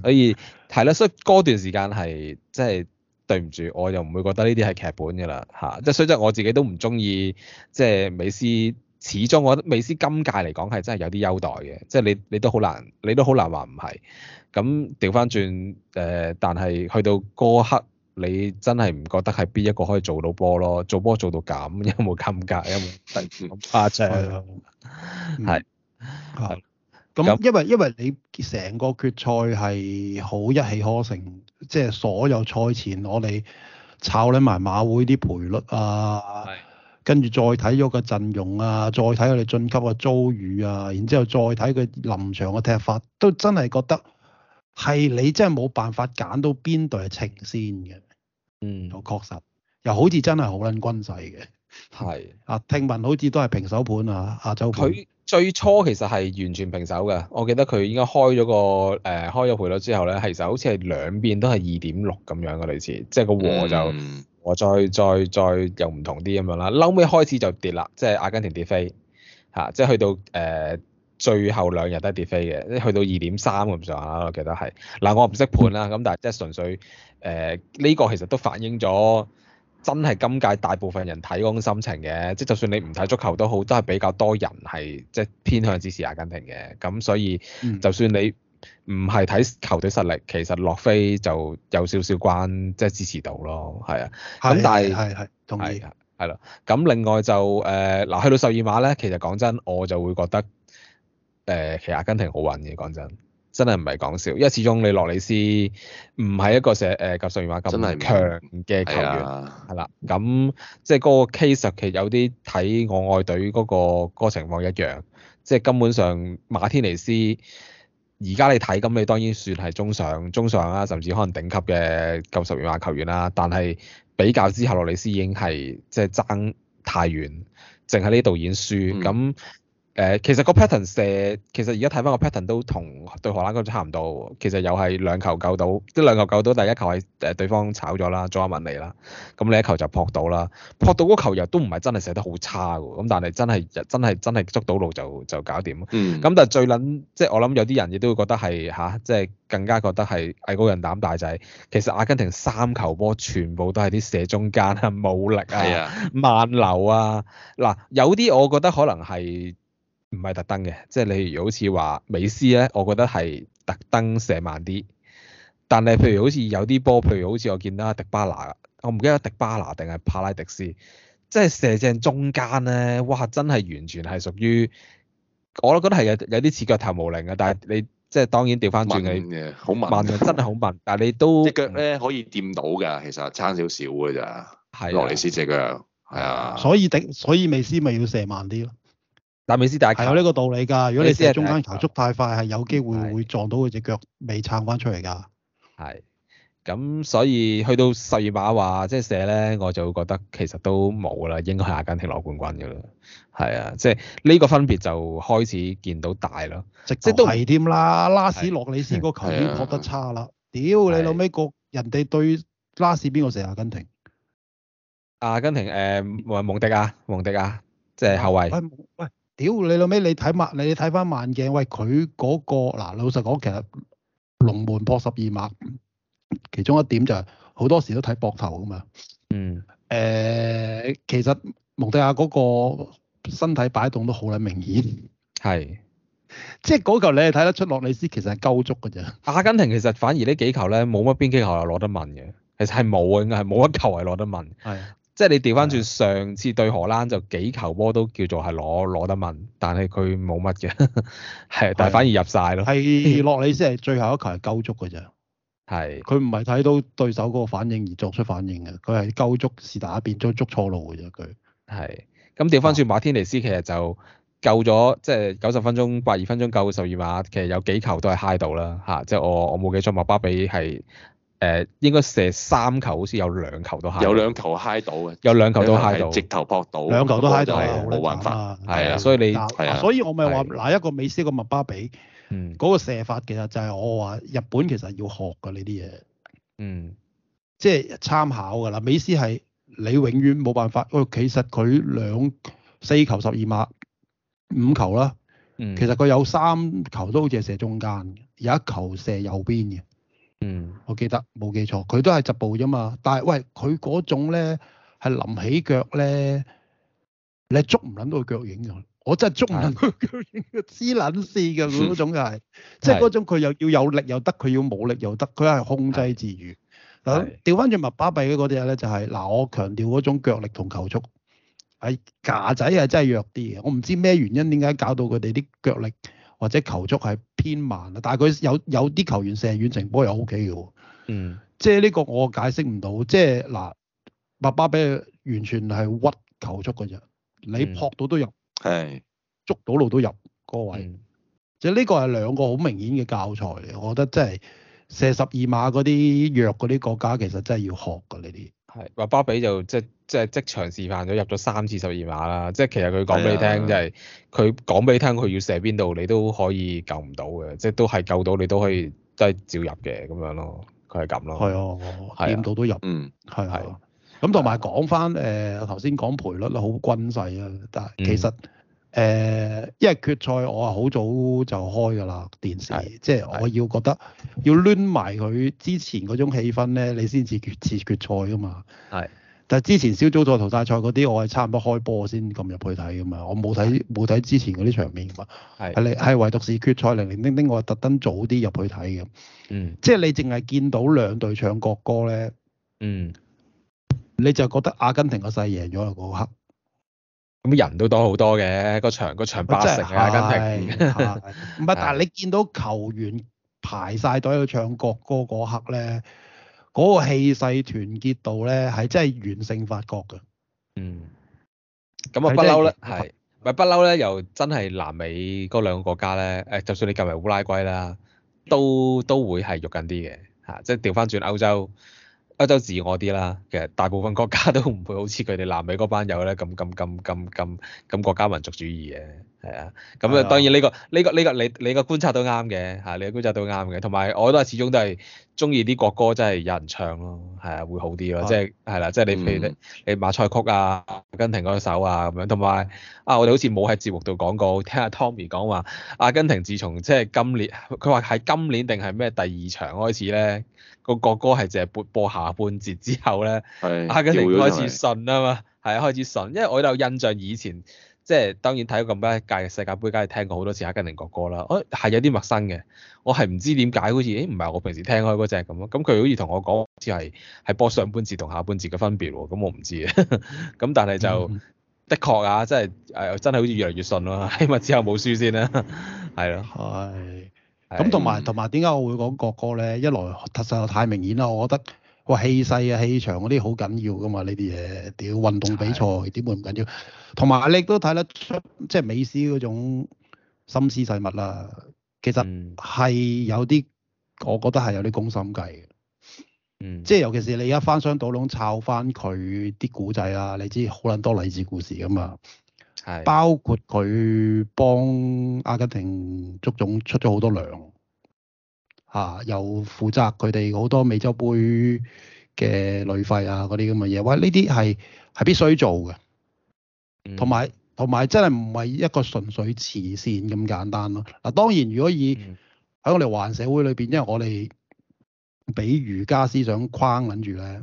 所以係啦，所以嗰、嗯、段時間係即係。對唔住，我又唔會覺得呢啲係劇本嘅啦，吓，即係所以我自己都唔中意，即係美斯，始終我覺得美斯今屆嚟講係真係有啲優待嘅，即係你你都好難，你都好難話唔係。咁調翻轉，誒、呃，但係去到嗰刻，你真係唔覺得係邊一個可以做到波咯？做波做到咁有冇襟格，有冇第咁誇張咯？係。咁，因為因為你成個決賽係好一氣呵成，即係所有賽前我哋炒你埋馬會啲賠率啊，是的 跟住再睇咗個陣容啊，再睇佢哋進級嘅遭遇啊，然之後再睇佢臨場嘅踢法，都真係覺得係你真係冇辦法揀到邊隊係情先嘅。嗯，我確實，又好似真係好撚均勢嘅。係啊，聽聞好似都係平手盤啊，亞洲盤。最初其實係完全平手嘅，我記得佢應該開咗個誒、呃、開咗賠率之後咧，其實好似係兩邊都係二點六咁樣嘅類似，即係個和就、嗯、我再再再又唔同啲咁樣啦。嬲尾開始就跌啦，即係阿根廷跌飛嚇、啊，即係去到誒、呃、最後兩日都係跌飛嘅，即係去到二點三咁上下，我記得係嗱、啊，我唔識判啦，咁但係即係純粹誒呢、呃呢個其實都反映咗。真係今屆大部分人睇嗰種心情嘅，即係就算你唔睇足球都好，都係比較多人係即係偏向支持阿根廷嘅。咁所以就算你唔係睇球隊實力，其實洛非就有少少關即係支持度咯，係啊。咁但係係係同意啊，係啦、啊。咁、啊啊、另外就誒嗱、呃，去到十二碼咧，其實講真，我就會覺得誒、呃、其實阿根廷好運嘅講真。真係唔係講笑，因為始終你洛里斯唔係一個寫誒救十二碼咁強嘅球員，係啦。咁、啊、即係嗰個 case 其實有啲睇我愛隊嗰、嗰個嗰個情況一樣，即係根本上馬天尼斯而家你睇，咁你當然算係中上、中上啦、啊，甚至可能頂級嘅救十二碼球員啦、啊。但係比較之下，洛里斯已經係即係爭太遠，淨係呢導演輸咁。嗯誒，其實個 pattern 射，其實而家睇翻個 pattern 都同對荷蘭嗰陣差唔多，其實又係兩球救到，即兩球救到，第一球係誒對方炒咗啦，左阿文尼啦，咁你一球就撲到啦，撲到嗰球又都唔係真係射得好差喎，咁但係真係，真係真係捉到路就就搞掂咁、嗯、但係最撚，即、就、係、是、我諗有啲人亦都會覺得係嚇，即、啊、係、就是、更加覺得係藝高人膽大仔、就是。其實阿根廷三球波全部都係啲射中間啊，冇力啊，啊，啊，慢流啊，嗱，有啲我覺得可能係。唔係特登嘅，即係你如好似話美斯咧，我覺得係特登射慢啲。但係譬如好似有啲波，譬如好似我見到阿迪巴拿，我唔記得迪巴拿定係帕拉迪斯，即係射正中間咧，哇！真係完全係屬於，我都覺得係有有啲似腳頭無靈嘅。但係你即係當然掉翻轉嘅，好慢嘅，真係好慢。但係你都隻腳咧可以掂到噶，其實差少少嘅咋，羅里斯隻腳，係啊所。所以迪，所以美斯咪要射慢啲咯。但美斯大球係有呢個道理㗎。如果你射中間球速太快，係有機會會撞到佢隻腳未撐翻出嚟㗎。係，咁所以去到十二碼話，即係射咧，我就會覺得其實都冇啦，應該係阿根廷攞冠軍㗎啦。係啊，即係呢個分別就開始見到大咯。即到都係添啦，拉斯洛里斯個球已經覺得差啦？屌你老尾個人哋對拉斯邊個射阿根廷？阿根廷誒，蒙迪啊，蒙迪啊，即係後衞。喂喂！屌你老尾，你睇埋，你睇翻慢鏡，喂，佢嗰個嗱，老實講其實龍門破十二碼，其中一點就係好多時都睇膊頭噶嘛。嗯。誒，其實蒙蒂亞嗰個身體擺動都好撚明顯係。是即係嗰球你係睇得出洛里斯其實係勾足嘅啫。阿根廷其實反而呢幾球咧冇乜邊幾球又攞得問嘅，其實係冇啊，應該係冇一球係攞得問。係。即係你調翻轉上次對荷蘭就幾球波都叫做係攞攞得問，但係佢冇乜嘅，係 但係反而入晒。咯。係落你先係最後一球係救足嘅啫。係佢唔係睇到對手嗰個反應而作出反應嘅，佢係救足是打變咗捉錯路嘅啫。佢係咁調翻轉馬天尼斯其實就救咗，即係九十分鐘八二分鐘救十二碼，其實有幾球都係嗨到啦嚇、啊，即係我我冇記錯嘛，麥巴比係。誒應該射三球，好似有兩球都 high，有兩球 high 到嘅，有兩球都 high 到，直頭撲到，兩球都 high 到啊！冇辦法，係啊，所以你，所以我咪話嗱，一個美斯一個麥巴比，嗯，嗰個射法其實就係我話日本其實要學嘅呢啲嘢，嗯，即係參考㗎啦。美斯係你永遠冇辦法，因為其實佢兩四球十二碼五球啦，嗯，其實佢有三球都好似係射中間嘅，有一球射右邊嘅。嗯，我記得冇記錯，佢都係疾步啫嘛。但係喂，佢嗰種咧係臨起腳咧，你捉唔撚到個腳影㗎。我真係捉唔撚個腳影，黐撚線㗎嗰種係、就係， 即係嗰種佢又要有力又得，佢要冇力又得，佢係控制自如。調翻轉麥巴蒂嗰啲嘢咧，就係、係、嗱，我強調嗰種腳力同球速係、哎、架仔係真係弱啲嘅。我唔知咩原因，點解搞到佢哋啲腳力或者球速係？偏慢啦，但係佢有有啲球員射遠程波又 OK 嘅喎。嗯。即係呢個我解釋唔到，即係嗱，爸爸比完全係屈球速嘅啫，你撲到都入，係、嗯，捉到路都入個位。嗯、即係呢個係兩個好明顯嘅教材嚟，我覺得真係射十二碼嗰啲弱嗰啲國家其實真係要學嘅呢啲。係，爸爸比就即係。即係即場示範咗入咗三次十二碼啦，即係其實佢講俾你聽、啊、就係，佢講俾你聽佢要射邊度，你都可以救唔到嘅，即係都係救到你都可以都係照入嘅咁樣咯，佢係咁咯。係啊，點到都入。嗯，係係、啊。咁同埋講翻誒，我頭先講賠率啦，好均勢啊，但係其實誒、嗯呃，因為決賽我係好早就開㗎啦，電視即係我要覺得是是要攣埋佢之前嗰種氣氛咧，你先至決至決賽㗎嘛。係。但係之前小組賽淘汰賽嗰啲，我係差唔多開波先咁入去睇㗎嘛，我冇睇冇睇之前嗰啲場面㗎。係係，你係唯獨是決賽零零丁丁，我係特登早啲入去睇嘅。嗯。即係你淨係見到兩隊唱國歌咧，嗯，你就覺得阿根廷個勢贏咗啦嗰刻。咁人都多好多嘅，個場個場八成係阿根廷。唔係，但係你見到球員排曬隊去唱國歌嗰刻咧。嗰個氣勢團結度咧，係真係完勝法國嘅。嗯，咁啊不嬲咧，係是，唔係不嬲咧，又真係南美嗰兩個國家咧，誒，就算你計埋烏拉圭啦，都都會係肉緊啲嘅嚇，即係調翻轉歐洲，歐洲自我啲啦。其實大部分國家都唔會好似佢哋南美嗰班友咧咁咁咁咁咁咁國家民族主義嘅。係啊，咁、這個、啊，當然呢個呢個呢個你你個觀察都啱嘅吓，你嘅觀察都啱嘅，同埋我都係始終都係中意啲國歌真係有人唱咯，係啊，會好啲咯、啊啊，即係係啦，即係你譬如你你馬賽曲啊，阿根廷嗰首啊咁樣，同埋啊，我哋好似冇喺節目度講過，聽阿 Tommy 講話，阿、啊、根廷自從即係今年，佢話係今年定係咩第二場開始咧，個國歌係淨係播播下半節之後咧，係、啊，阿根、啊、廷開始順啊嘛，係啊，開始順，因為我有印象以前。即係當然睇到咁多一屆嘅世界盃，梗係聽過好多次阿根廷國歌啦。我係有啲陌生嘅，我係唔知點解好似，誒唔係我平時聽開嗰隻咁咯。咁佢好似同我講，好似係係播上半節同下半節嘅分別喎。咁我唔知嘅。咁但係就、嗯、的確啊，即係誒真係好似越嚟越信啦。希望之後冇輸先啦。係咯。係是。咁同埋同埋點解我會講國歌咧？一來實在太明顯啦，我覺得。個氣勢啊，氣場嗰啲好緊要噶嘛，呢啲嘢屌運動比賽點的會唔緊要？同埋阿力都睇得出，即係美斯嗰種心思細密啦、啊。其實係有啲，嗯、我覺得係有啲攻心計嘅。嗯，即係尤其是你而家翻箱倒籠抄返佢啲古仔啊。你知好撚多勵志故事噶嘛？係的包括佢幫阿根廷足總出咗好多糧。啊！又負責佢哋好多美洲杯嘅旅費啊，嗰啲咁嘅嘢，喂，呢啲係係必須做嘅，同埋同埋真係唔係一個純粹慈善咁簡單咯。嗱、啊，當然如果以喺我哋華人社會裏邊，因為我哋俾儒家思想框緊住咧，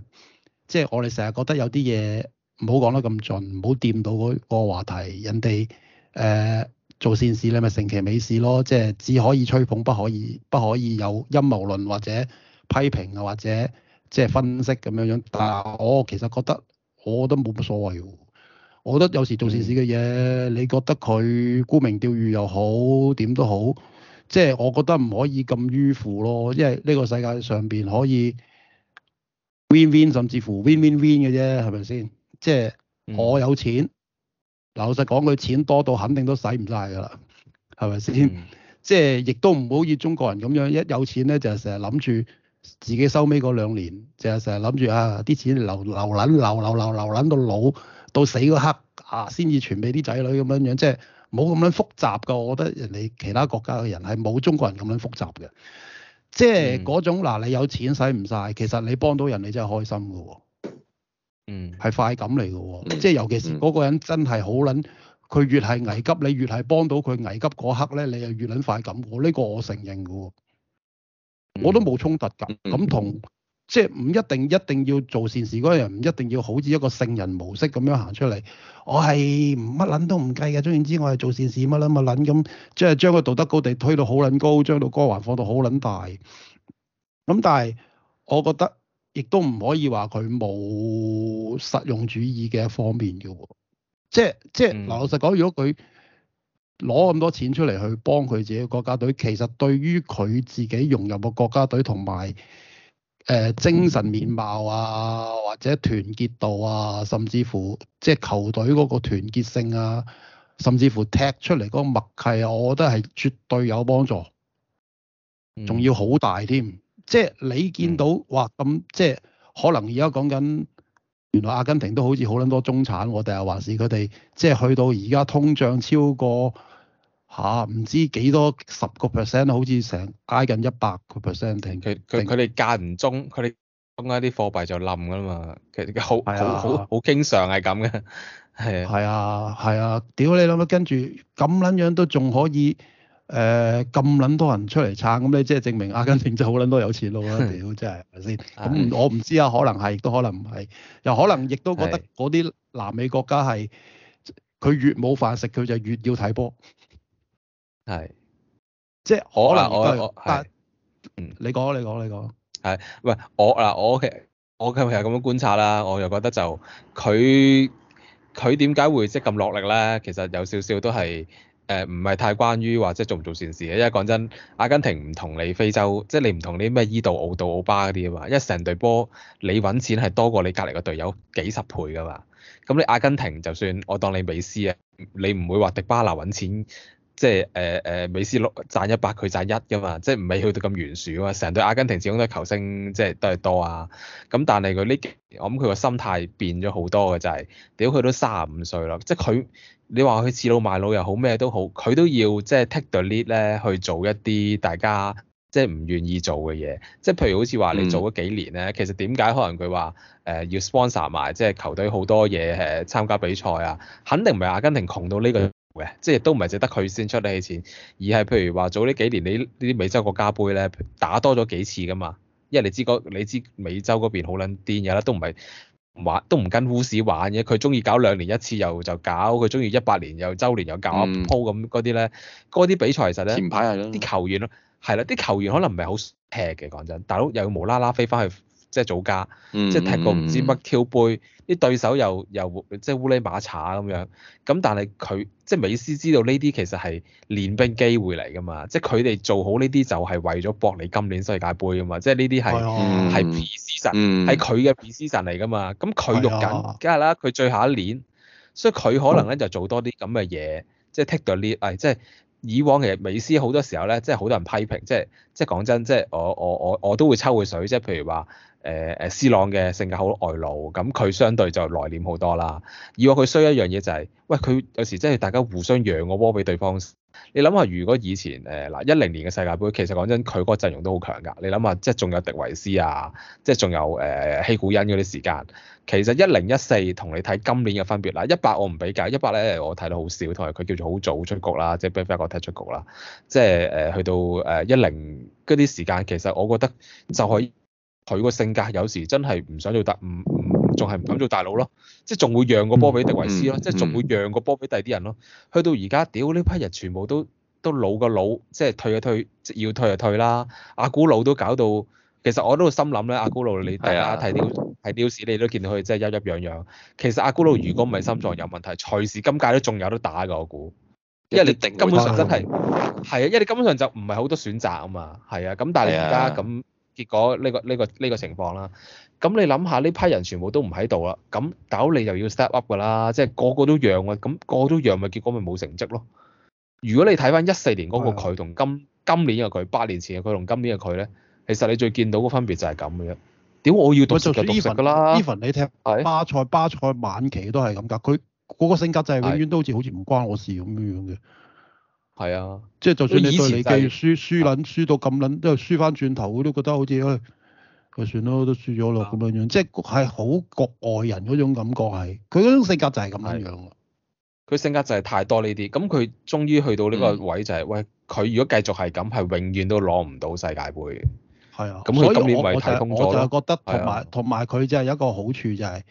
即係我哋成日覺得有啲嘢唔好講得咁盡，唔好掂到嗰個話題，人哋誒。呃做善事你咪成其美事咯，即係只可以吹捧，不可以不可以有陰謀論或者批評啊，或者即係分析咁樣樣。但係我其實覺得，我都冇乜所謂。我覺得有時做善事嘅嘢，你覺得佢沽名釣譽又好，點都好，即係我覺得唔可以咁迂腐咯。因為呢個世界上邊可以 win win 甚至乎 win win win 嘅啫，係咪先？即係我有錢。嗯老實講，佢錢多到肯定都使唔晒㗎啦，係咪先？嗯、即係亦都唔好似中國人咁樣，一有錢咧就係成日諗住自己收尾嗰兩年，就係成日諗住啊啲錢留留撚留留留留撚到老，到死嗰刻啊先至傳俾啲仔女咁樣樣，即係冇咁樣複雜噶。我覺得人哋其他國家嘅人係冇中國人咁樣複雜嘅，即係嗰、嗯、種嗱，你有錢使唔晒，其實你幫到人，你真係開心噶喎。嗯，係快感嚟嘅喎，即係尤其是嗰個人真係好撚，佢越係危急，你越係幫到佢危急嗰刻咧，你又越撚快感，我呢個我承認嘅喎，我都冇衝突㗎。咁同即係唔一定一定要做善事嗰個人，唔一定要好似一個聖人模式咁樣行出嚟。我係乜撚都唔計嘅，總然之我係做善事，乜撚乜撚咁，即係將個道德高地推到好撚高，將到歌環放到好撚大。咁但係我覺得。亦都唔可以話佢冇實用主義嘅一方面嘅喎，哦，即係即係嗱，嗯，老實講，如果佢攞咁多錢出嚟去幫佢自己國家隊，其實對於佢自己融入個國家隊同埋誒精神面貌啊，或者團結度啊，甚至乎即係球隊嗰個團結性啊，甚至乎踢出嚟嗰個默契啊，我覺得係絕對有幫助，仲要好大添。即係你見到哇咁，即係、嗯、可能而家講緊，原來阿根廷都好似好撚多中產我哋係還是佢哋即係去到而家通脹超過吓唔、啊、知幾多十個 percent，好似成挨近一百個 percent 定佢佢佢哋間唔中，佢哋中間啲貨幣就冧㗎嘛，其實好、啊、好好好經常係咁嘅，係啊，係啊，係啊，屌你諗下，跟住咁撚樣都仲可以。誒咁撚多人出嚟撐，咁、嗯、咧即係證明阿根廷就好撚多有錢佬啦！屌 真係，係咪、嗯、先？咁我唔知啊，可能係，亦都可能唔係，又可能亦都覺得嗰啲南美國家係佢的越冇飯食，佢就越要睇波，係的，即係可能、就是、我、啊、我你講，你講，你講，係，喂，我嗱，我其實我其實咁樣觀察啦，我又覺得就佢佢點解會識咁落力咧？其實有少少都係。誒唔係太關於或者做唔做善事嘅，因為講真，阿根廷唔同你非洲，即係你唔同啲咩伊度奧杜奧巴嗰啲啊嘛，一成隊波你揾錢係多過你隔離個隊友幾十倍噶嘛，咁你阿根廷就算我當你美斯啊，你唔會話迪巴拿揾錢。即係誒誒，美斯攞賺一百，佢賺一㗎嘛，即係唔係去到咁懸殊啊嘛？成隊阿根廷始終都係球星，即係都係多啊。咁但係佢呢幾，我諗佢個心態變咗好多嘅，就係屌佢都三十五歲啦。即係佢，你話佢恃老賣老又好咩都好，佢都要即係 take the lead 咧去做一啲大家即係唔願意做嘅嘢。即係譬如好似話你做咗幾年咧，嗯、其實點解可能佢話誒要 sponsor 埋即係球隊好多嘢誒參加比賽啊？肯定唔係阿根廷窮到呢、呢個。即係都唔係值得佢先出得起錢，而係譬如話早呢幾年你呢啲美洲國家杯咧打多咗幾次噶嘛，因為你知你知美洲嗰邊好撚癲嘅啦，都唔係玩都唔跟烏市玩嘅，佢中意搞兩年一次又就搞，佢中意一百年又周年又搞一鋪咁嗰啲咧，嗰啲比賽其實咧前排係啲球員咯，係啦，啲球員可能唔係好 hea 嘅，講真，大佬又要無啦啦飛翻去。即係早家，即係踢過唔知乜 Q 杯，啲、mm hmm。對手又又即係烏嚟馬查咁樣。咁但係佢即係美斯知道呢啲其實係練兵機會嚟㗎嘛，即係佢哋做好呢啲就係為咗搏你今年世界盃㗎嘛，即係呢啲係係 P C 神，係佢嘅 P C 神嚟㗎嘛。咁佢用緊，梗係啦，佢最後一年，所以佢可能咧就做多啲咁嘅嘢，即係踢多啲。誒，即係以往其實美斯好多時候咧，即係好多人批評，即係即係講真，即係我我我我都會抽佢水，即係譬如話。誒誒，C 朗嘅性格好外露，咁佢相對就內斂好多啦。以往佢衰一樣嘢就係，喂佢有時真係大家互相讓個窩俾對方。你諗下，如果以前誒嗱一零年嘅世界盃，其實講真佢嗰個陣容都好強㗎。你諗下，即係仲有迪維斯啊，即係仲有誒希古恩嗰啲時間。其實一零一四同你睇今年嘅分別嗱，一八我唔比較，一八咧我睇到好少，同埋佢叫做好早出局啦，即係比法國踢出局啦，即係誒去到誒一零嗰啲時間，其實我覺得就可以。佢個性格有時真係唔想做大，唔唔仲係唔敢做大佬咯，即係仲會讓個波俾迪維斯咯，嗯嗯、即係仲會讓個波俾第二啲人咯。去到而家，屌呢批人全部都都老個老，即係退啊退，即要退啊退啦。阿古路都搞到，其實我都心諗咧，阿古路你大家睇啲睇啲事，啊、你都見到佢真係一樣樣。其實阿古路如果唔係心臟有問題，隨時今屆都仲有得打噶，我估，因為你根本上真係係啊，因為你根本上就唔係好多選擇啊嘛，係啊，咁但係而家咁。結果呢、這個呢、這個呢、這個情況啦，咁你諗下呢批人全部都唔喺度啦，咁搞你又要 step up 㗎啦，即係個個都讓喎，咁個，個都讓咪結果咪冇成績咯。如果你睇翻一四年嗰、那個佢同今今年嘅佢，八年前嘅佢同今年嘅佢咧，其實你最見到個分別就係咁嘅啫。屌我要到就到㗎啦，Even 你踢巴塞巴塞晚期都係咁㗎，佢嗰個性格就係、是、永遠都好似好似唔關我事咁樣嘅。係啊，即係就算你對你繼輸，就是，輸撚，輸到咁撚，都係輸翻轉頭，我都覺得好似，唉，哎，佢算咯，都輸咗咯咁樣樣。即係係好局外人嗰種感覺係，佢嗰種性格就係咁樣樣。佢性格就係太多呢啲，咁佢終於去到呢個位就係，是，嗯，喂，佢如果繼續係咁，係永遠都攞唔到世界盃。係啊，咁佢今年咪睇通咗咯。係啊，同埋同埋佢就係一個好處就係，是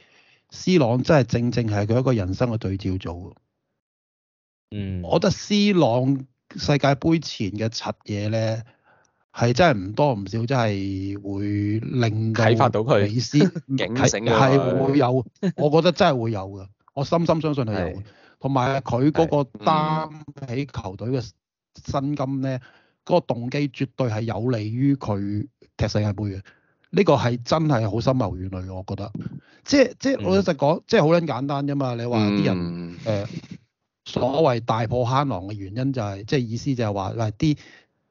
，C 朗真係正正係佢一個人生嘅對照組。嗯，我覺得 C 朗世界杯前嘅柒嘢咧，係真係唔多唔少，真係會令到啟發到佢意思警醒係的會有， 我覺得真係會有嘅，我深深相信係有，同埋佢嗰個擔起球隊嘅薪金咧，嗰、嗯、個動機絕對係有利於佢踢世界杯嘅，呢、這個係真係好深謀遠慮嘅，我覺得，即係即係老實講，即係好簡單啫嘛，你話啲人誒。嗯嗯嗯所謂大破慳囊嘅原因就係、是，即係意思就係話，喂，啲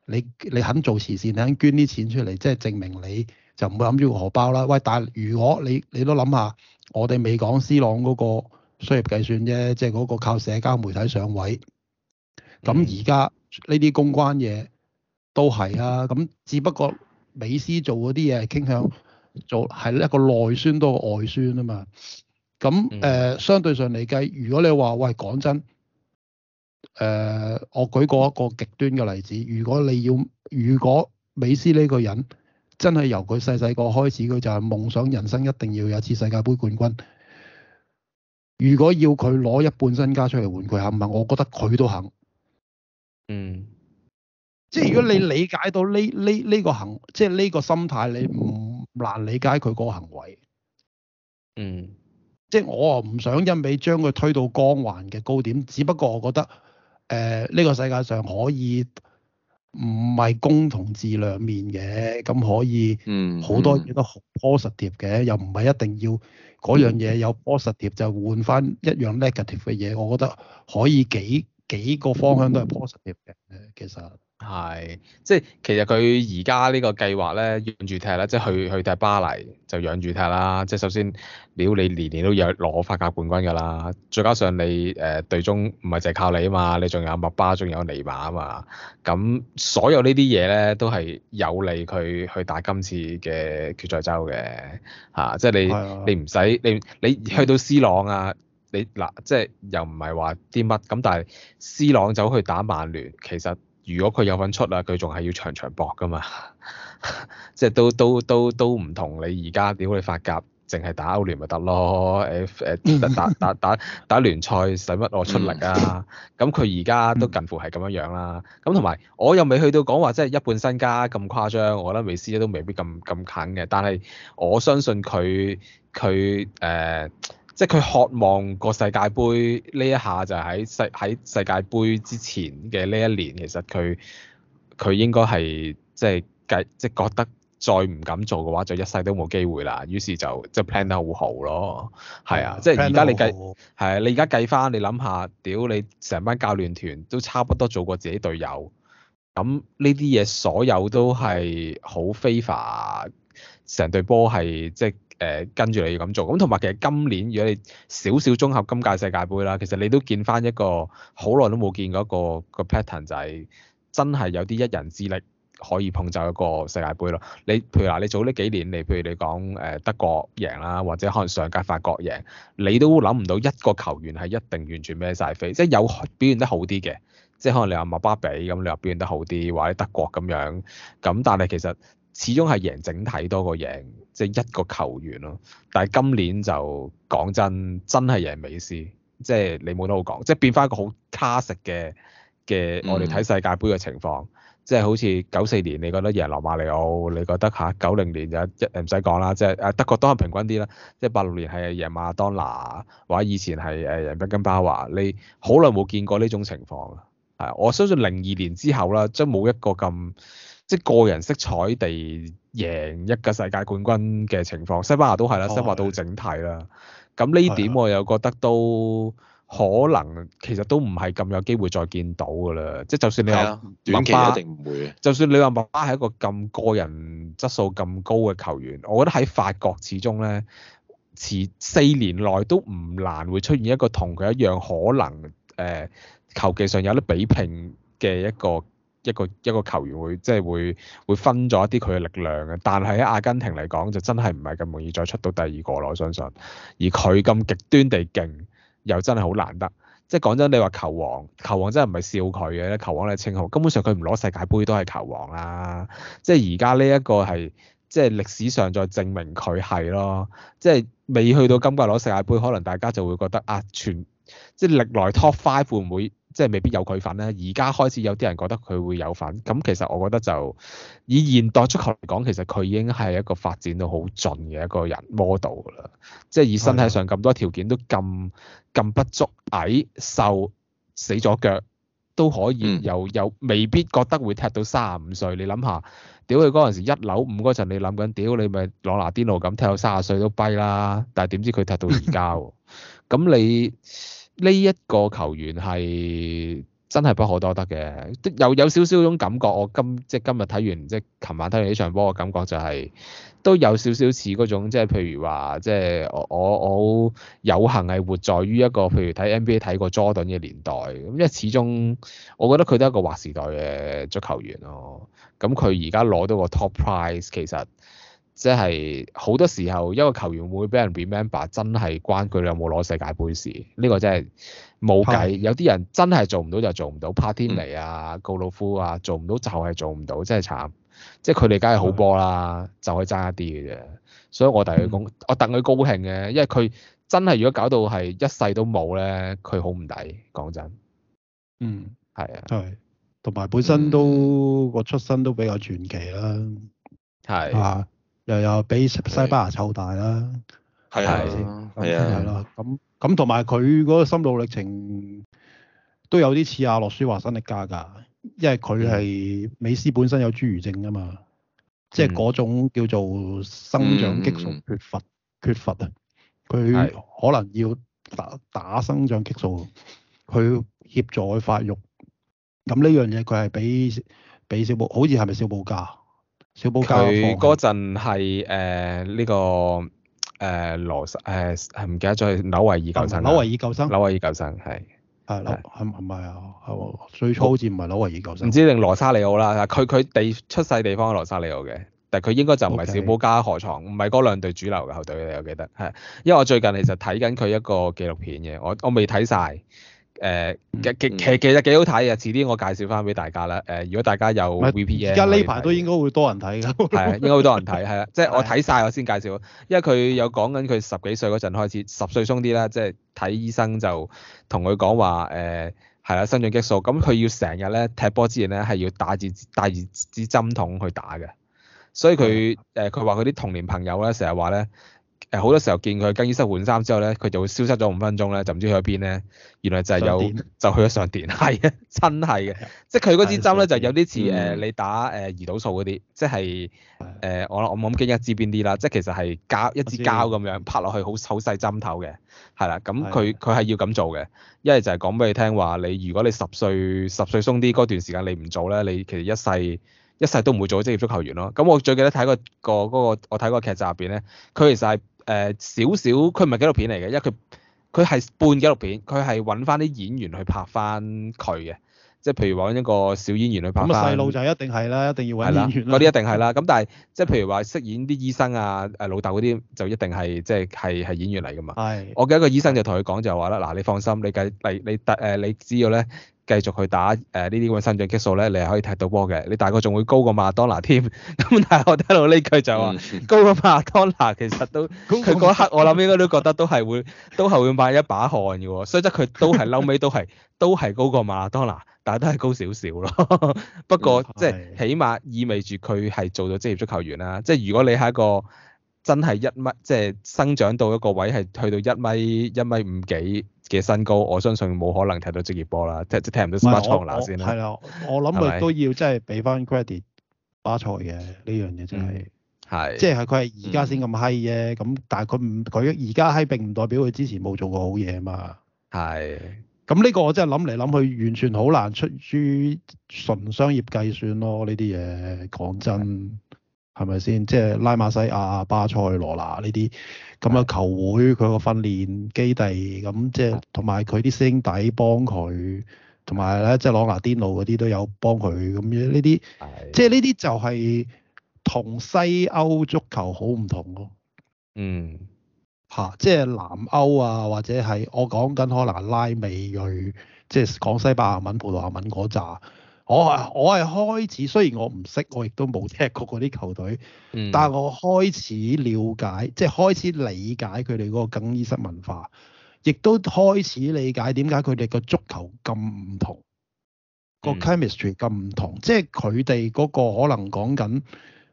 你你肯做慈善，你肯捐啲錢出嚟，即係證明你就唔會諗住個荷包啦。喂，但係如果你你都諗下，我哋未講斯朗嗰個商業計算啫，即係嗰個靠社交媒體上位，咁而家呢啲公關嘢都係啊。咁只不過美斯做嗰啲嘢係傾向做係一個內宣多過外宣啊嘛。咁誒、呃，相對上嚟計，如果你話喂講真，誒、呃，我舉過一個極端嘅例子。如果你要，如果美斯呢個人真係由佢細細個開始，佢就係夢想人生一定要有次世界盃冠軍。如果要佢攞一半身家出嚟換佢肯唔肯，我覺得佢都肯。嗯，即係如果你理解到呢呢呢個行，即係呢個心態，你唔難理解佢嗰個行為。嗯，即係我啊唔想一味將佢推到光環嘅高點，只不過我覺得。誒呢、呃這個世界上可以唔係公同治兩面嘅，咁可以好多嘢都好 positive 嘅，又唔係一定要嗰樣嘢有 positive 就換翻一樣 negative 嘅嘢。我覺得可以幾幾個方向都係 positive 嘅嘅嘢嘅。其實係，即係其實佢而家呢個計劃咧，養住踢啦，即係去去踢巴黎就養住踢啦。即係首先，如果你年年都有攞法甲冠軍噶啦，再加上你誒隊、呃、中唔係淨係靠你啊嘛，你仲有麥巴，仲有尼馬啊嘛，咁所有呢啲嘢咧都係有利佢去，去打今次嘅決賽周嘅吓，即係你、啊、你唔使你你去到 C 朗啊，你嗱即係又唔係話啲乜，咁但係 C 朗走去打曼聯，其實。如果佢有份出啦，佢仲係要場場搏噶嘛，即 係都都都都唔同你而家屌你法甲淨係打歐聯咪得咯，誒誒 打打打打聯賽使乜我出力啊？咁佢而家都近乎係咁樣樣啦、啊。咁同埋我又未去到講話即係一半身家咁誇張，我覺得美斯都未必咁咁近嘅。但係我相信佢佢誒。即係佢渴望個世界盃呢一下就喺世喺世界盃之前嘅呢一年，其實佢佢應該係即係計即係覺得再唔敢做嘅話，就一世都冇機會啦。於是就即係 plan 得好好咯，係啊、嗯，即係而家你計係啊，你而家計翻你諗下，屌你成班教練團都差不多做過自己隊友，咁呢啲嘢所有都係好非凡，成隊波係即係。誒跟住你要咁做，咁同埋其實今年如果你少少綜合今屆世界盃啦，其實你都見翻一個好耐都冇見過一個 pattern 就係真係有啲一人之力可以捧走一個世界盃咯。你譬如嗱，你早呢幾年，你譬如你講誒德國贏啦，或者可能上屆法國贏，你都諗唔到一個球員係一定完全孭晒飛，即係有表現得好啲嘅，即係可能你話麥巴比咁你話表現得好啲，或者德國咁樣，咁但係其實始終係贏整體多過贏。即係一個球員咯，但係今年就講真，真係贏美斯，即係你冇得好講，即係變翻一個好 classic 嘅嘅。我哋睇世界盃嘅情況，嗯、即係好似九四年，你覺得贏羅馬尼奧，你覺得嚇九零年就一唔使講啦，即係啊德國當時平均啲啦。即係八六年係贏馬當拿，或者以前係誒贏北金巴華，你好耐冇見過呢種情況啊！我相信零二年之後啦，將冇一個咁即係個人色彩地。贏一個世界冠軍嘅情況，西班牙都係啦，哎、呀西班牙都好整體啦。咁呢點我又覺得都可能，其實都唔係咁有機會再見到㗎啦。即係就算你話馬巴短期一定唔會，就算你話馬巴係一個咁個人質素咁高嘅球員，我覺得喺法國始終咧，遲四年內都唔難會出現一個同佢一樣可能誒、呃、球技上有得比拼嘅一個。一個一個球員會即係會會分咗一啲佢嘅力量嘅，但係喺阿根廷嚟講就真係唔係咁容易再出到第二個咯，我相信。而佢咁極端地勁，又真係好難得。即係講真，你話球王，球王真係唔係笑佢嘅咧，球王呢個稱號，根本上佢唔攞世界盃都係球王啊。即係而家呢一個係即係歷史上再證明佢係咯。即係未去到今季攞世界盃，可能大家就會覺得啊，全即係歷來 Top Five 會唔會？即係未必有佢份咧、啊，而家開始有啲人覺得佢會有份，咁其實我覺得就以現代足球嚟講，其實佢已經係一個發展到好盡嘅一個人 model 啦。即係以身體上咁多條件都咁咁、哎、呀不足，矮瘦死咗腳，都可以又又未必覺得會踢到三十五歲。嗯、你諗下，屌佢嗰陣時一九五嗰陣，你諗緊屌你咪朗拿甸奴咁踢到三十歲都跛啦。但係點知佢踢到而家喎？咁 你？呢一個球員係真係不可多得嘅，又有，有少少嗰種感覺。我今即係今日睇完，即係琴晚睇完呢場波嘅感覺就係、係、都有少少似嗰種，即係譬如話，即係我我我有幸係活在於一個譬如睇 NBA 睇過 Jordan 嘅年代咁，因為始終我覺得佢都係一個劃時代嘅足球員咯。咁佢而家攞到個 Top Prize，其實。即係好多時候，一個球員會俾人 remember，真係關佢哋有冇攞世界盃事。呢、呢個真係冇計。的有啲人真係做唔到就做唔到，柏天尼啊、高路、嗯、夫啊，做唔到就係做唔到，真係慘。即係佢哋梗係好波啦，的就係爭一啲嘅啫。所以我戥佢高，嗯、我戥佢高興嘅，因為佢真係如果搞到係一世都冇咧，佢好唔抵。講真，嗯，係啊的，係，同埋本身都個出身都比較傳奇啦，係啊。的又又比西班牙湊大啦，係係係啊，咁咁同埋佢嗰個心路歷程都有啲似阿諾舒華辛力加噶，因為佢係、嗯、美斯本身有侏儒症噶嘛，即係嗰種叫做生長激素缺乏、嗯、缺乏啊，佢可能要打打生長激素，去協助佢發育，咁呢樣嘢佢係比比小寶好似係咪小寶價？小保加佢嗰陣係呢個誒、呃、羅誒係唔記得咗係紐維爾舊生。紐維爾舊生，紐維爾舊生，係係係唔係啊？係、啊、最初好似唔係紐維爾舊生，唔知定羅沙利奧啦。佢佢地出世地方係羅沙利奧嘅，但係佢應該就唔係小保加河床，唔係嗰兩隊主流嘅球隊你我記得係。因為我最近其實睇緊佢一個紀錄片嘅，我我未睇晒。誒其其其其實幾好睇嘅，遲啲我介紹翻俾大家啦。誒、呃，如果大家有，VPN，而家呢排都應該會多人睇㗎。係 啊，應該會多人睇。係啦，即係我睇晒，我先介紹，因為佢有講緊佢十幾歲嗰陣開始，十歲鬆啲啦，即係睇醫生就同佢講話誒，係、呃、啦，生長激素。咁佢要成日咧踢波之前咧係要帶住帶住支針筒去打嘅，所以佢誒佢話佢啲童年朋友咧成日話咧。誒好多時候見佢更衣室換衫之後咧，佢就會消失咗五分鐘咧，就唔知去咗邊咧。原來就係有天就去咗上電，係啊，真係嘅。即係佢嗰支針咧，就有啲似誒你打誒胰島素嗰啲，即係誒我我冇諗緊一支邊啲啦。即係其實係膠一支膠咁樣拍落去，好好細針頭嘅，係啦。咁佢佢係要咁做嘅，一係就係講俾你聽話，你如果你十歲十歲鬆啲嗰段時間你唔做咧，你其實一世一世，一世都唔會做職業足球員咯。咁我最記得睇、嗰個、嗰個我睇個劇集入邊咧，佢其實係。誒少少，佢唔係紀錄片嚟嘅，因為佢佢係半紀錄片，佢係揾翻啲演員去拍翻佢嘅，即係譬如揾一個小演員去拍翻。咁細路就一定係啦，一定要揾演員啦。嗰啲一定係啦，咁但係即係譬如話飾演啲醫生啊、誒老豆嗰啲，就一定係即係係係演員嚟噶嘛。係的。我嘅一個醫生就同佢講就話啦，嗱、啊、你放心，你計嚟你特誒、呃，你知道咧。繼續去打誒呢啲咁嘅生長激素咧，你係可以踢到波嘅。你大個仲會高過馬當拿添。咁但係我聽到呢句就話、嗯、高過馬當拿，其實都佢嗰、嗯、一刻我諗應該都覺得都係會都係會買一把汗嘅喎。所以即係佢都係嬲尾都係都係高過馬當拿，但係都係高少少咯。不過即係、嗯、起碼意味住佢係做到職業足球員啦。即、就、係、是、如果你係一個真係一米，即、就、係、是、生長到一個位係去到一米一米五幾。嘅身高，我相信冇可能睇到職業波啦，即係即係睇唔到巴塞拿先啦。係啦，我諗佢先吧 都要即係俾翻 credit 巴塞嘅呢樣嘢，真係、嗯。係。即係佢係而家先咁閪嘅，咁但係佢唔佢而家閪並唔代表佢之前冇做過好嘢嘛。係是。咁呢個我真係諗嚟諗去，完全好難出於純商業計算咯，呢啲嘢講真。係咪先？即係拉馬西亞、巴塞羅那呢啲咁嘅球會，佢個訓練基地咁，即係同埋佢啲師兄弟幫佢，同埋咧即係朗拿甸奴嗰啲都有幫佢咁樣呢啲，的即係呢啲就係同西歐足球好唔同咯。嗯，吓、啊，即係南歐啊，或者係我講緊可能拉美裔，即係講西班牙文、葡萄牙文嗰扎。我啊，我係開始，雖然我唔識，我亦都冇踢過嗰啲球隊，嗯、但係我開始了解，即係開始理解佢哋個更衣室文化，亦都開始理解點解佢哋個足球咁唔同，嗯、個 chemistry 咁唔同，即係佢哋嗰個可能講緊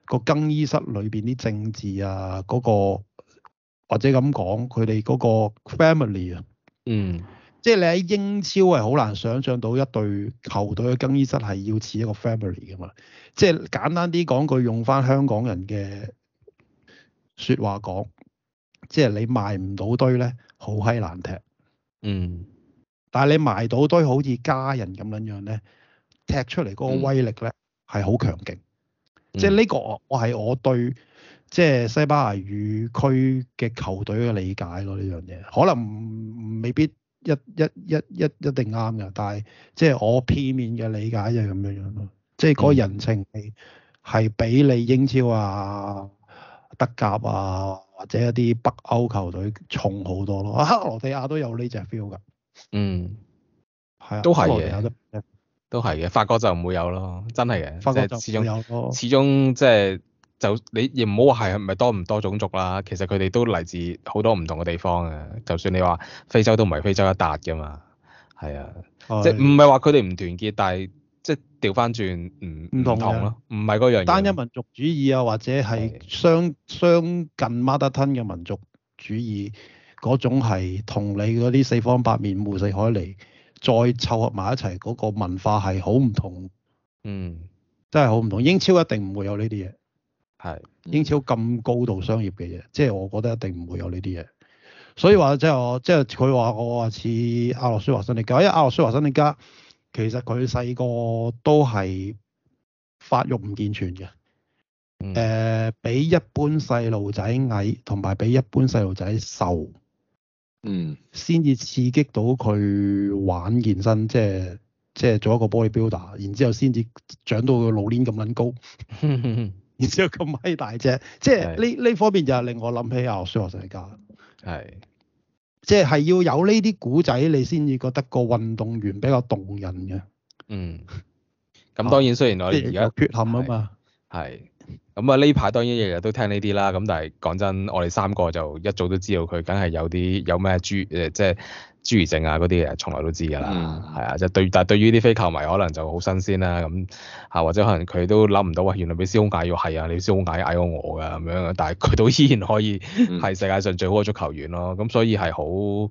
個更衣室裏邊啲政治啊，嗰、嗰個或者咁講，佢哋嗰個 family 啊，嗯。即係你喺英超係好難想象到一隊球隊嘅更衣室係要似一個 family 㗎嘛？即係簡單啲講句，用翻香港人嘅説話講，即係你埋唔到堆咧，好閪難踢。嗯。但係你埋到堆，好似家人咁樣樣咧，踢出嚟嗰個威力咧係好強勁。即係呢個我我係我對即係西班牙語區嘅球隊嘅理解咯，呢樣嘢可能未必。一一一一一定啱㗎，但係即係我片面嘅理解就係咁樣樣咯。即係嗰個人情係係比你英超啊、德甲啊或者一啲北歐球隊重好多咯。啊，克羅地亞都有呢隻 feel 㗎。嗯，係啊的，都係嘅，都係嘅。法國就唔會有咯，真係嘅。法哥國就始終就有始終即係。就你亦唔好話係唔係多唔多種族啦。其實佢哋都嚟自好多唔同嘅地方啊。就算你話非洲都唔係非洲一笪嘅嘛，係啊，的即係唔係話佢哋唔團結，但係即係調翻轉唔唔同咯，唔係嗰樣嘢單一民族主義啊，或者係相相近馬德吞嘅民族主義嗰種係同你嗰啲四方八面、五湖四海再湊合埋一齊嗰個文化係好唔同，嗯，真係好唔同。英超一定唔會有呢啲嘢。係、嗯、英超咁高度商業嘅嘢，即、就、係、是、我覺得一定唔會有呢啲嘢。所以話即係我即係佢話我話似阿諾舒華辛力加，因為阿諾舒華辛力加其實佢細個都係發育唔健全嘅，誒、嗯呃，比一般細路仔矮，同埋比一般細路仔瘦，嗯，先至刺激到佢玩健身，即係即係做一個 body builder，然之後先至長到佢老年咁撚高。嗯嗯嗯。然之後咁閪大隻，即係呢呢方面就係令我諗起阿孫學世嘉。係是，即係係要有呢啲古仔，你先至覺得個運動員比較動人嘅。嗯，咁當然雖然我哋而家有缺陷啊嘛。係，咁啊呢排當然日日都聽呢啲啦。咁但係講真，我哋三個就一早都知道佢梗係有啲有咩豬誒即係，就是侏儒症啊嗰啲嘢，從來都知㗎啦，係、嗯、啊，就對，但係對於啲非球迷可能就好新鮮啦、啊，咁、嗯、嚇或者可能佢都諗唔到，哇、呃，原來比斯康雅要係啊，你比斯康嗌矮過我㗎咁、啊、樣，但係佢都依然可以係世界上最好嘅足球員咯、啊，咁、嗯、所以係好誒誒，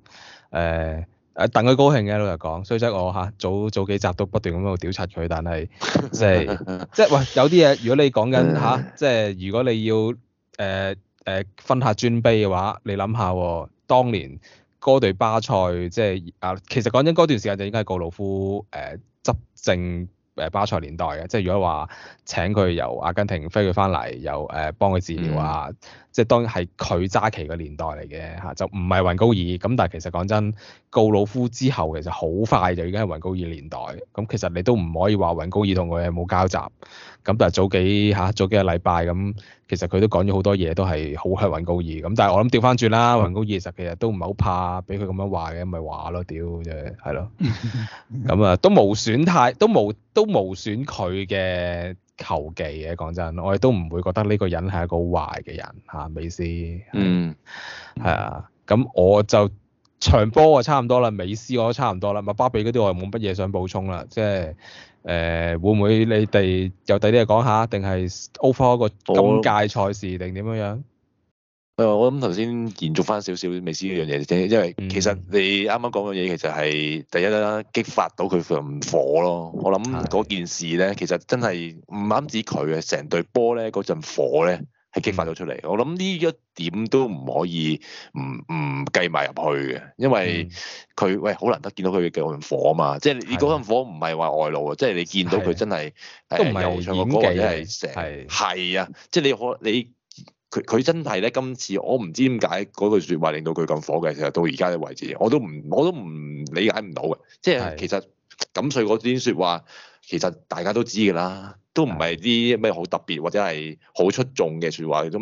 戥、呃、佢高興嘅。老實講，雖則我嚇早早幾集都不斷咁喺度調查佢，但係即係即係喂，有啲嘢如果你講緊嚇，即、啊、係、就是、如果你要誒誒、呃呃呃、分下尊卑嘅話，你諗下當年。當年哥對巴塞即係啊，其實講真，嗰段時間就應該係告魯夫誒執政誒巴塞年代嘅，即係如果話請佢由阿根廷飛佢翻嚟，又誒幫佢治療啊，嗯、即係當然係佢揸旗嘅年代嚟嘅嚇，就唔係雲高爾咁。但係其實講真，告魯夫之後其實好快就已經係雲高爾年代，咁其實你都唔可以話雲高爾同佢係冇交集。咁但係早幾嚇早、啊、幾個禮拜咁，其實佢都講咗好多嘢，都係好黑雲高爾咁。但係我諗調翻轉啦，雲高爾實其實都唔係好怕俾佢咁樣話嘅，咪話咯，屌就係、是、咯。咁啊， 嗯嗯、都無損太，都無都無損佢嘅球技嘅。講真，我哋都唔會覺得呢個人係一個壞嘅人嚇，美斯。嗯，係啊。咁我就場波啊，差唔多啦。美斯我都差唔多啦。麥巴比嗰啲，我又冇乜嘢想補充啦。即係。誒、呃、會唔會你哋有第啲嘢講下，定係 over 個今屆賽事定點樣樣？誒，我諗頭先延續翻少少未先呢樣嘢先，因為其實你啱啱講嘅嘢其實係第一啦，激發到佢份火咯。我諗嗰件事咧，是的 其實真係唔啱止佢嘅，成隊波咧嗰陣火咧。係激發咗出嚟，我諗呢一點都唔可以唔唔計埋入去嘅。因為佢喂好難得見到佢嘅咁火啊嘛，即係你嗰種火唔係話外露啊，即係你見到佢真係誒悠長嘅歌真係成係啊，即係你可你佢佢真係咧，今次我唔知點解嗰句説話令到佢咁火嘅，其實到而家嘅為止我都唔我都唔理解唔到嘅，即係其實咁碎嗰啲説話。其實大家都知㗎啦，都唔係啲咩好特別或者係好出眾嘅説話。咁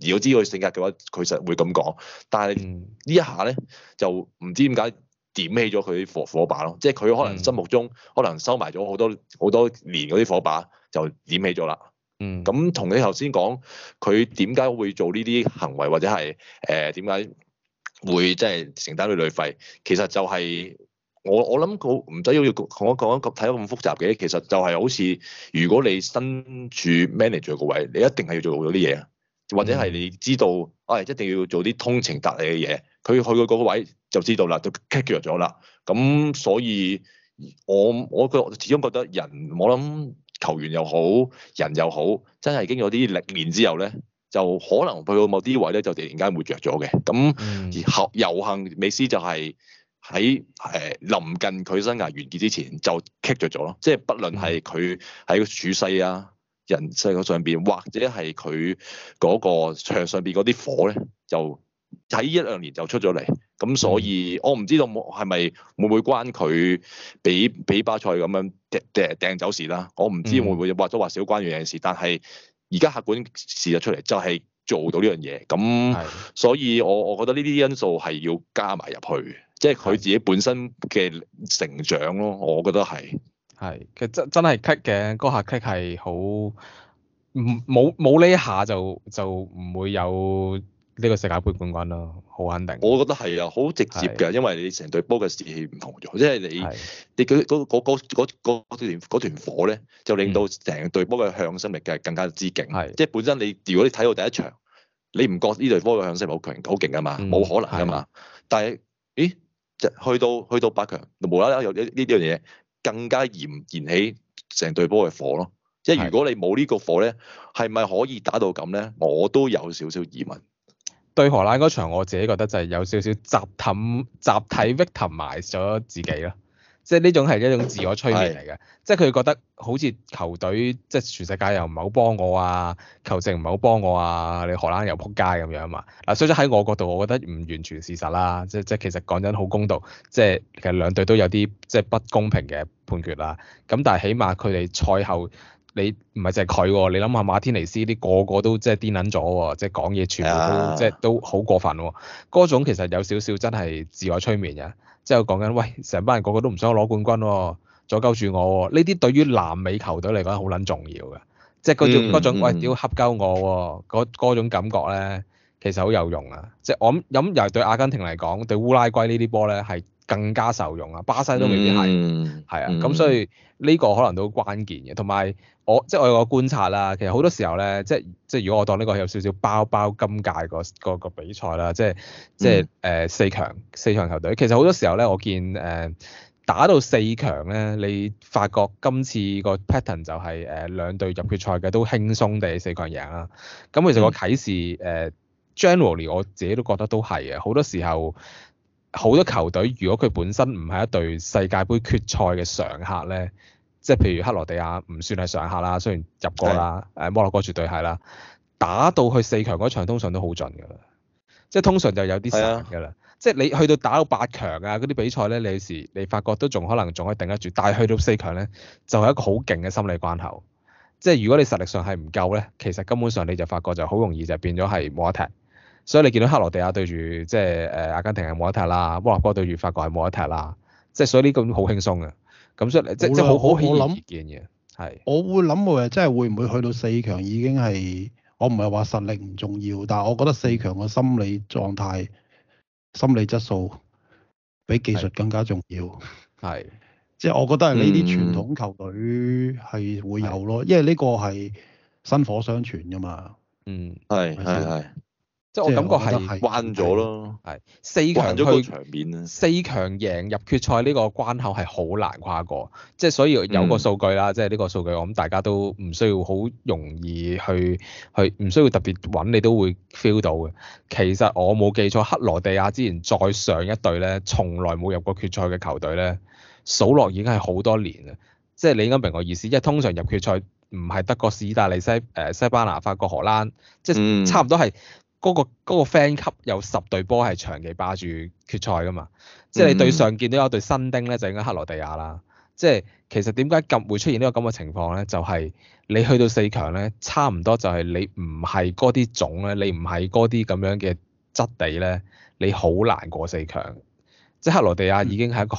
如果知佢性格嘅話，佢實會咁講。但係呢一下咧，就唔知點解點起咗佢火火把咯。即係佢可能心目中、嗯、可能收埋咗好多好多年嗰啲火把，就點起咗啦。嗯。咁同你頭先講，佢點解會做呢啲行為，或者係誒點解會即係承擔佢旅費，其實就係、是。我我諗個唔使要要講講講睇得咁複雜嘅，其實就係好似如果你身處 manager 個位，你一定係要做到啲嘢啊，或者係你知道，哎，一定要做啲通情達理嘅嘢。佢去到嗰個位就知道啦，就 kick 弱咗啦。咁所以我我覺始終覺得人，我諗球員又好，人又好，真係已經有啲歷練之後咧，就可能去到某啲位咧，就突然間活躍咗嘅。咁而合游行，美斯就係、是。喺誒臨近佢生涯完結之前就棘着咗咗咯，即係不論係佢喺個處世啊、人世上邊，或者係佢嗰個場上邊嗰啲火咧，就喺一兩年就出咗嚟。咁所以我唔知道冇係咪會唔會關佢俾俾巴塞咁樣掟掟掟走事啦？我唔知會唔會、嗯、或多或少關呢樣事。但係而家客觀事實出嚟，就係做到呢樣嘢。咁所以我我覺得呢啲因素係要加埋入去。即係佢自己本身嘅成長咯，我覺得係。係，其實真真係 cut 嘅，嗰下 cut 係好，冇冇呢下就就唔會有呢個世界盃冠軍咯，好肯定。我覺得係啊，好直接嘅，是因為你成隊波嘅士氣唔同咗，即係你是你佢嗰嗰團火咧，就令到成隊波嘅向心力係更加之勁。係是，即係本身你如果你睇到第一場，你唔覺呢隊波嘅向心力好強好勁啊嘛，冇可能啊嘛。嗎但係，咦？去到去到八強，無啦啦有呢呢樣嘢，更加燃燃起成隊波嘅火咯。即係如果你冇呢個火咧，係咪可以打到咁咧？我都有少少疑問。對荷蘭嗰場，我自己覺得就係有少少集體 victim 埋咗自己啦。即係呢種係一種自我催眠嚟嘅，是即係佢覺得好似球隊即係全世界又唔係好幫我啊，球證唔係好幫我啊，你荷蘭又撲街咁樣嘛。嗱，所以喺我角度，我覺得唔完全事實啦。即係即係其實講真好公道，即係其實兩隊都有啲即係不公平嘅判決啦。咁但係起碼佢哋賽後，你唔係淨係佢喎，你諗下馬天尼斯啲個個都即係癲撚咗，即係講嘢全部都 Yeah. 即係都好過分喎。嗰種其實有少少真係自我催眠嘅。即係講緊，喂，成班人個個都唔想攞冠軍喎、哦，阻鳩住我喎、哦，呢啲對於南美球隊嚟講好撚重要嘅，即係嗰種嗰、mm hmm. 種，喂，屌、哦，恰鳩我喎，嗰種感覺咧，其實好有用啊，即、就、係、是、我諗，咁尤其對阿根廷嚟講，對烏拉圭呢啲波咧係。更加受用啊！巴西都未必係，係啊，咁所以呢個可能都關鍵嘅。同埋我即係我有個觀察啦，其實好多時候咧，即係即係如果我當呢個有少少包包今屆個個比賽啦，嗯、即係即係誒四強四強球隊。其實好多時候咧，我見誒、呃、打到四強咧，你發覺今次個 pattern 就係、是、誒、呃、兩隊入決賽嘅都輕鬆地四強贏啦。咁、嗯嗯、其實個啟示誒、呃、generally 我自己都覺得都係嘅。好多時候。好多球隊，如果佢本身唔係一隊世界盃決賽嘅常客咧，即係譬如克羅地亞唔算係常客啦，雖然入過啦，誒的摩洛哥絕對係啦，打到去四強嗰場通常都好盡㗎啦，即係通常就有啲散㗎啦，的即係你去到打到八強啊嗰啲比賽咧，你有時你發覺都仲可能仲可以頂得住，但係去到四強咧就係、是、一個好勁嘅心理關口，即係如果你實力上係唔夠咧，其實根本上你就發覺就好容易就變咗係冇得踢。所以你見到克羅地亞對住即係誒阿根廷係冇得踢啦，摩洛哥對住法國係冇得踢啦，即、就、係、是、所以呢個好輕鬆嘅。咁所以即即好好諗一件嘢。係想。我會諗會即係會唔會去到四強已經係我唔係話實力唔重要，但係我覺得四強嘅心理狀態、心理質素比技術更加重要。係的。即係 我覺得係呢啲傳統球隊係會有咯，嗯、因為呢個係薪火相傳㗎嘛。嗯，係係係。即係我感覺係關咗咯，係四強去四強贏入決賽呢個關口係好難跨過，即係所以有個數據啦，即係呢個數據我諗大家都唔需要好容易去去唔需要特別揾你都會 feel 到嘅。其實我冇記錯，克羅地亞之前再上一隊咧，從來冇入過決賽嘅球隊咧，數落已經係好多年啦。即係你應該明白我意思，即係通常入決賽唔係德國、意大利、西、誒西班牙、法國、荷蘭，即係差唔多係。嗰、那個嗰、那個 fan 級有十隊波係長期霸住決賽噶嘛，即係你對上見到有一隊新丁咧，就應該克羅地亞啦。即係其實點解咁會出現呢個咁嘅情況咧？就係、是、你去到四強咧，差唔多就係你唔係嗰啲種咧，你唔係嗰啲咁樣嘅質地咧，你好難過四強。即係克羅地亞已經係一個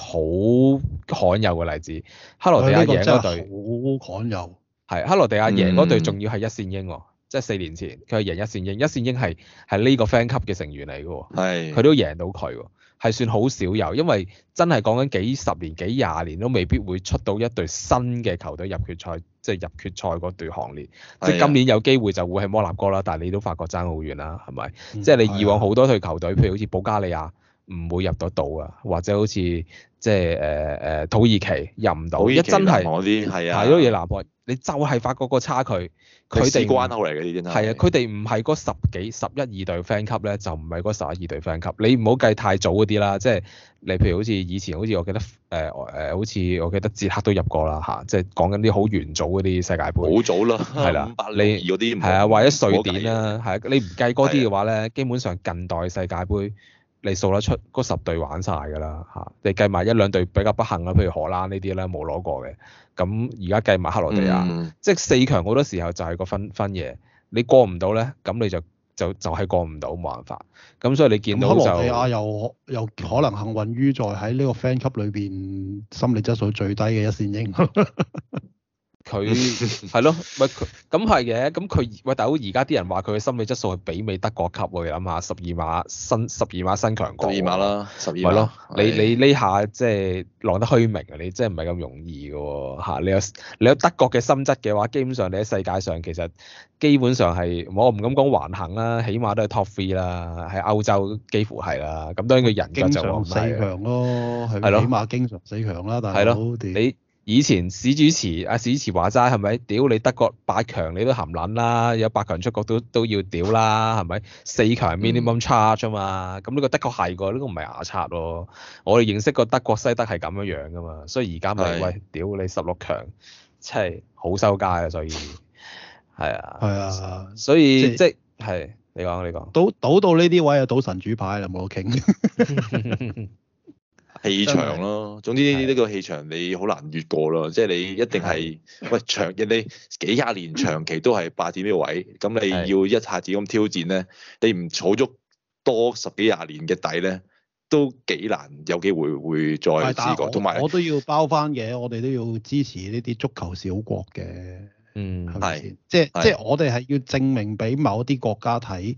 好罕有嘅例子。克羅地亞贏嗰隊好罕有。係克、嗯、羅地亞贏嗰隊，仲要係一線英喎、哦。即係四年前，佢係贏一線英，一線英係係呢個 friend 級嘅成員嚟嘅喎，佢的都贏到佢喎，係算好少有，因為真係講緊幾十年、幾廿年都未必會出到一隊新嘅球隊入決賽，即係入決賽嗰隊行列。的即係今年有機會就會係摩納哥啦，但係你都發覺爭好遠啦，係咪？即係你以往好多隊球隊，譬的如好似保加利亞。唔會入到到啊，或者好似即係誒誒土耳其入唔到，一真係嗰啲係啊，係咯，而南韓你就係發覺個差距，佢哋關口嚟嘅已經係啊，佢哋唔係嗰十幾十一二隊 f r i e n d 級咧，就唔係嗰十一二隊 f r i e n d 級。你唔好計太早嗰啲啦，即係你譬如好似以前好似我記得誒誒，好似我記得捷克都入過啦嚇，即係講緊啲好元祖嗰啲世界盃，好早啦，係啦，你嗰啲係啊，或者瑞典啦，係啊，你唔計嗰啲嘅話咧，基本上近代世界盃。你數得出嗰十隊玩晒㗎啦嚇，你計埋一兩隊比較不幸嘅，譬如荷蘭呢啲咧冇攞過嘅，咁而家計埋克羅地亞，即係四強好多時候就係個分分野，你過唔到咧，咁你就就就係、就是、過唔到冇辦法，咁所以你見到就克羅地亞又又可能幸運於在喺呢個 friend 級裏邊心理質素最低嘅一線英。 佢係咯，喂咁係嘅，咁佢喂大佬而家啲人話佢嘅心理質素係媲美德國級喎，你諗下十二碼新十二碼新強國十二碼啦，十二碼，了的你你呢下即係浪得虛名啊！你真係唔係咁容易嘅喎，你有你有德國嘅心質嘅話，基本上你喺世界上其實基本上係我唔敢講橫行啦，起碼都係 top three 啦，喺歐洲幾乎係啦。咁當然個人就經常四強咯，係起碼經常四強啦，大佬你。以前史主持阿史持話齋係咪？屌你德國八強你都含撚啦，有八強出國都都要屌啦，係咪？四強 minimum charge 嘛？咁呢個的確係個，呢個唔係牙刷咯。我哋認識個德國西德係咁樣樣噶嘛，所以而家咪喂屌你十六強，真係好收街啊！所以係啊，係啊，所以，所以即係你講你講，賭賭到呢啲位啊，賭神主牌啊，冇得傾。 氣場咯，總之呢個氣場你好難越過咯，即係你一定係的喂長嘅，你幾廿年長期都係霸佔呢個位，咁你要一下子咁挑戰咧，你唔儲足，足多十幾廿年嘅底咧，都幾難有機會會再試過。同埋我，我都要包翻嘅，我哋都要支持呢啲足球小國嘅，嗯係，即係即係我哋係要證明俾某啲國家睇，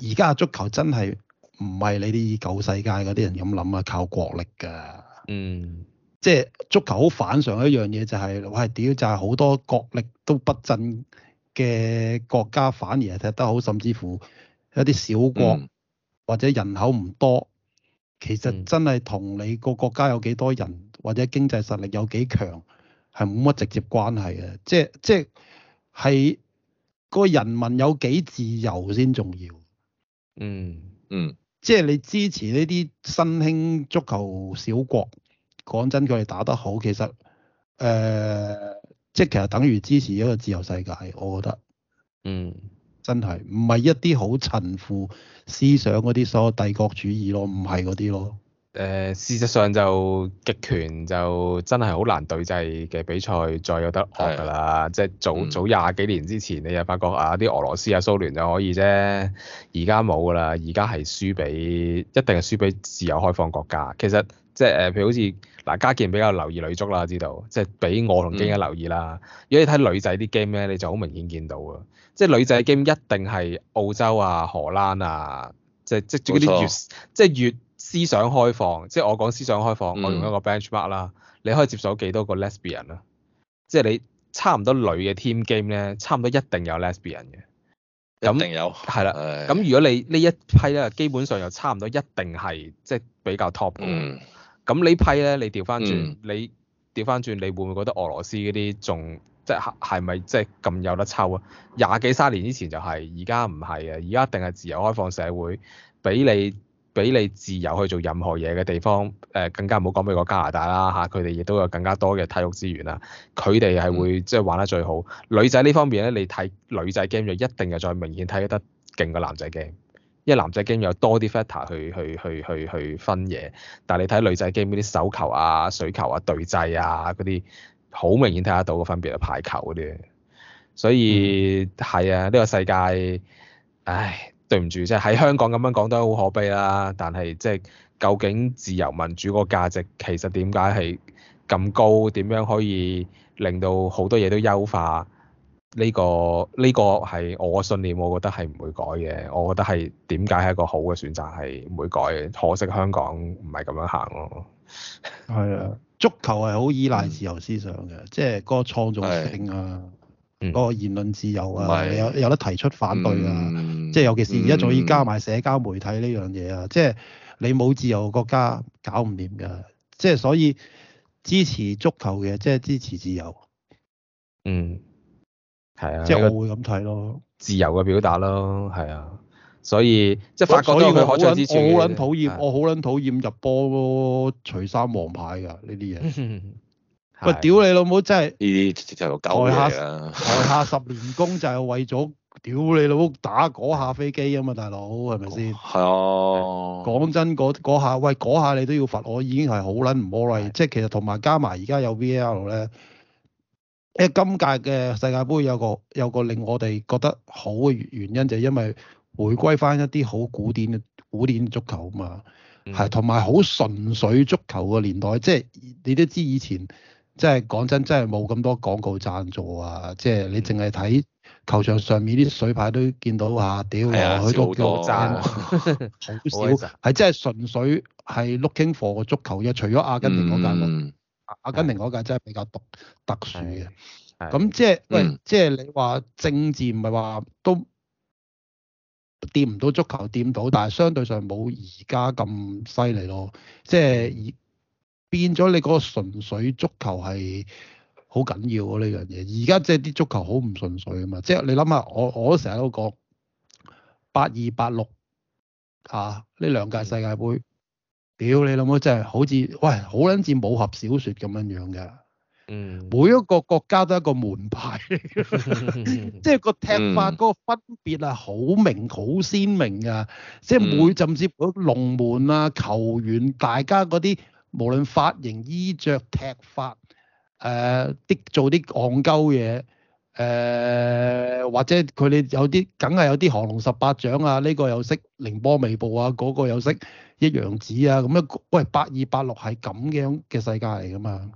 而家嘅足球真係。的唔係你啲舊世界嗰啲人咁諗啊，靠國力㗎。嗯。即係足球好反常一樣嘢、就係，就係我係屌！就係好多國力都不振嘅國家，反而係踢得好，甚至乎一啲小國、嗯、或者人口唔多，其實真係同你個國家有幾多人、嗯、或者經濟實力有幾強係冇乜直接關係嘅。即即係個人民有幾自由先重要。嗯。嗯。即係你支持呢啲新興足球小國，講真佢哋打得好，其實誒、呃，即係其實等於支持一個自由世界，我覺得，嗯，真係唔係一啲好陳腐思想嗰啲所謂帝國主義咯，唔係嗰啲咯。誒、呃，事實上就極權就真係好難對制嘅比賽，再有得學㗎啦。的即係早早廿幾年之前，你又發覺啊，啲俄羅斯啊、蘇聯就可以啫。而家冇㗎啦，而家係輸俾一定係輸俾自由開放國家。其實即係誒，譬、呃、如好似嗱、啊，家健比較留意女足啦，知道？即係俾我同京一留意啦。嗯、如果你睇女仔啲 game 咧，你就好明顯見到㗎。即係女仔 game 一定係澳洲啊、荷蘭啊，即係即係啲越即係越。思想開放，即係我講思想開放，嗯、我用一個 bench mark 啦。你可以接受到幾多個 lesbian 啊？即係你差唔多女嘅 team game 咧，差唔多一定有 lesbian 嘅。一定有。係啦的。咁的如果你呢一批咧，基本上又差唔多一定係即係比較 top 咁、嗯、呢批咧，你調翻轉，你調翻轉，你會唔會覺得俄羅斯嗰啲仲即係係咪即係咁有得抽啊？廿幾三年之前就係、係，而家唔係啊，而家一定係自由開放社會，俾你。嗯俾你自由去做任何嘢嘅地方，誒、呃、更加唔好講美國加拿大啦嚇，佢哋亦都有更加多嘅體育資源啦，佢哋係會即係玩得最好。嗯、女仔呢方面咧，你睇女仔 game 就一定又再明顯睇得勁過男仔 game，因為男仔 game 有多啲 factor 去去去去去分嘢，但係你睇女仔 game 啲手球啊、水球啊、對制啊嗰啲，好明顯睇得到個分別啊，排球嗰啲。所以係、嗯、啊，呢、呢個世界，唉。對唔住，即係喺香港咁樣講都好可悲啦。但係即係究竟自由民主個價值其實點解係咁高？點樣可以令到好多嘢都優化？呢個呢個係我嘅信念，我覺得係唔會改嘅。我覺得係點解係一個好嘅選擇，係唔會改嘅。可惜香港唔係咁樣行咯。係啊，足球係好依賴自由思想嘅，嗯、即係嗰個創造性啊，嗯、嗰個言論自由啊，是有有得提出反對啊。嗯。即係尤其是而家仲要加埋社交媒體呢樣嘢啊！嗯、即係你冇自由，國家搞唔掂㗎。即係所以支持足球嘅，即係支持自由。嗯，係啊。即係我會咁睇咯。自由嘅表達咯，係啊。所以即係法國都係可恥之處。我好撚討厭，啊、我好撚討厭入波除衫黃牌㗎呢啲嘢。喂，屌你老母！真係呢啲就係舊嘢啦。台下十年功就係為咗。屌你老母打嗰下飛機啊嘛，大佬係咪先？係啊。講、oh. 真嗰下，喂嗰下你都要罰我，已經係好撚唔好力。的即係其實同埋加埋而家有 V L 咧，因為今屆嘅世界盃有個有個令我哋覺得好嘅原因，就係、是、因為回歸翻一啲好古典嘅古典足球啊嘛。係同埋好純粹足球嘅年代，即係你都知以前，即係講真真係冇咁多廣告贊助啊，即係你淨係睇。球場上面啲水牌都見到啊！屌、哎，佢都好渣，好少係 小 真係純粹係 looking for 個足球嘅。除咗阿根廷嗰間，嗯、阿根廷嗰間真係比較特特殊嘅。咁即係，喂，即係你話政治唔係話都掂唔到足球掂到，但係相對上冇而家咁犀利咯。即係而變咗你嗰個純粹足球係。好緊要啊！呢樣嘢而家即係啲足球好唔純粹啊嘛！即係你諗下，我我成日都講八二八六啊，呢兩屆世界盃，屌你諗下，真係好似喂，好撚似武俠小説咁樣樣嘅。嗯，每一個國家都係一個門派， 即係個踢法嗰個分別係好明、好鮮明嘅。即係每甚至到龍門啊，球員大家嗰啲無論髮型、衣着、踢法。誒，啲、呃、做啲戇鳩嘢，誒、呃，或者佢哋有啲，梗係有啲降龍十八掌啊，呢、這個又識凌波微步啊，嗰、這個又識一陽指啊，咁樣，喂，八二八六係咁樣嘅世界嚟㗎嘛，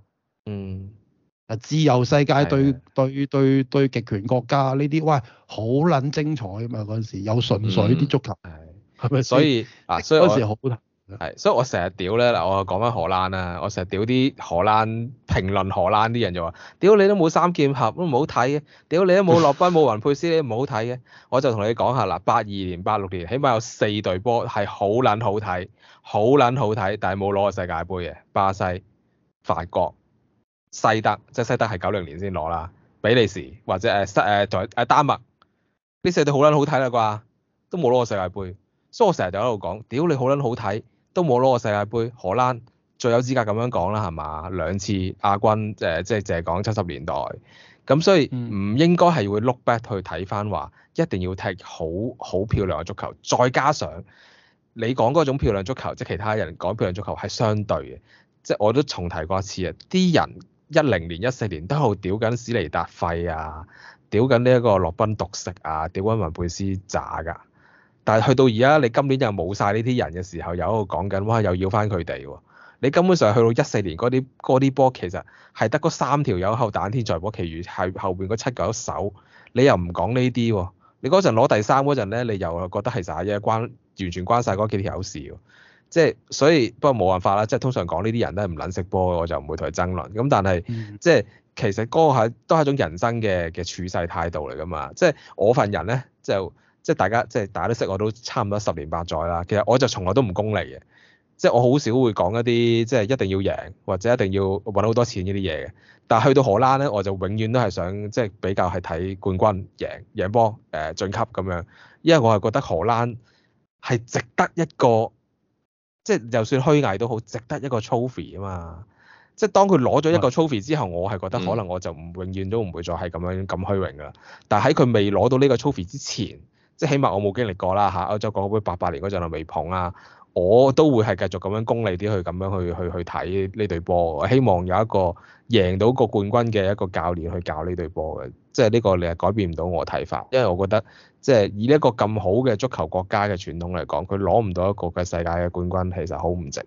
嗯，啊自由世界對的對對對極權國家呢啲，喂，好撚精彩㗎嘛嗰陣時，又純粹啲足球，係、嗯，係咪所以嗱，嗰時好。係，所以我成日屌咧嗱，我講翻荷蘭啊，我成日屌啲荷蘭評論荷蘭啲人就話：屌你都冇三劍俠，都唔好睇嘅；屌你都冇洛賓，冇雲佩斯，你都唔好睇嘅。 我就同你講下啦，八二年、八六年，起碼有四隊波係好撚好睇，好撚好睇，但係冇攞過世界盃嘅。巴西、法國、西德，即係西德係九零年先攞啦，比利時或者誒西誒在、呃、丹麥，呢四隊好撚好睇啦啩，都冇攞過世界盃，所以我成日就喺度講：屌你好撚好睇！都冇攞過世界盃，荷蘭最有資格咁樣講啦，係嘛？兩次亞軍，誒、呃，即係淨係講七十年代，咁所以唔應該係會 look back 去睇翻話，一定要踢好好漂亮嘅足球，再加上你講嗰種漂亮足球，即係其他人講漂亮足球係相對嘅，即係我都重提過一次啊！啲人一零年、一四年都好屌緊史尼達廢啊，屌緊呢一個洛賓毒食啊，屌緊雲貝斯渣㗎。但係去到而家，你今年又冇晒呢啲人嘅時候，又喺度講緊，哇又要翻佢哋喎！你根本上去到一四年嗰啲嗰啲波，其實係得嗰三條友，後彈天才波，其餘係後邊嗰七九手，你又唔講呢啲喎？你嗰陣攞第三嗰陣咧，你又覺得係啥嘢關完全關晒嗰幾條友事喎？即係所以不過冇辦法啦，即係通常講呢啲人都係唔撚識波，我就唔會同佢爭論。咁但係即係其實嗰個係都係一種人生嘅嘅處世態度嚟㗎嘛。即係我份人咧就是。即係大家即係大家都識我，我都差唔多十年八載啦。其實我就從來都唔功利嘅，即係我好少會講一啲即係一定要贏或者一定要揾好多錢呢啲嘢嘅。但係去到荷蘭咧，我就永遠都係想即係比較係睇冠軍贏贏波誒、呃、晉級咁樣，因為我係覺得荷蘭係值得一個即係就算虛偽都好，值得一個 trophy 啊嘛。即係當佢攞咗一個 trophy 之後，嗯、我係覺得可能我就唔永遠都唔會再係咁樣咁虛榮噶啦。但係喺佢未攞到呢個 trophy 之前，即係起碼我冇經歷過啦嚇，歐洲盃八八年嗰陣就未捧啦。我都會係繼續咁樣功利啲去咁樣去去去睇呢隊波。我希望有一個贏到個冠軍嘅一個教練去教呢隊波嘅，即係呢個你係改變唔到我睇法，因為我覺得即係以一個咁好嘅足球國家嘅傳統嚟講，佢攞唔到一個嘅世界嘅冠軍，其實好唔值。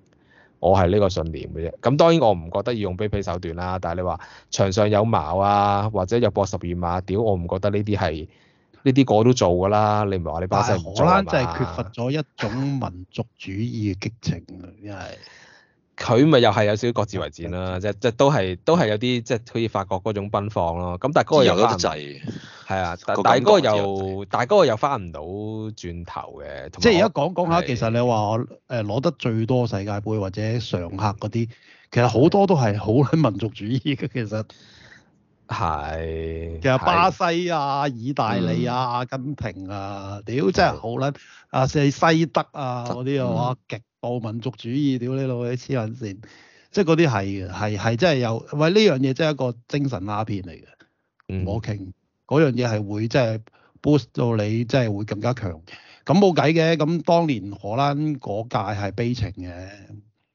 我係呢個信念嘅啫。咁當然我唔覺得要用卑鄙手段啦，但係你話場上有矛啊，或者有波十二碼啊，屌我唔覺得呢啲係。呢啲個都做㗎啦，你唔係話你巴西唔做啊？但係荷蘭真係缺乏咗一種民族主義嘅激情啊！真係佢咪又係有少少各自為戰啦是，即係即係都係都係有啲即係好似法國嗰種奔放咯。咁但係嗰個又翻唔到，係啊，但係嗰個又但係嗰個又翻唔到轉頭嘅。即係而家講講下，是其實你話誒攞得最多世界盃或者常客嗰啲，其實好多都係好喺民族主義嘅其實。 係，其實巴西啊、意大利啊、嗯、阿根廷啊，屌真係好啦！啊，甚至西德啊嗰啲啊話極度民族主義，屌你老味黐撚線，即係嗰啲係嘅，係係真係有，喂，呢樣嘢真係一個精神鴉片嚟嘅。唔好傾嗰樣嘢係會即係 boost 到你，即係會更加強。咁冇計嘅，咁、就是、當年荷蘭嗰屆係悲情嘅。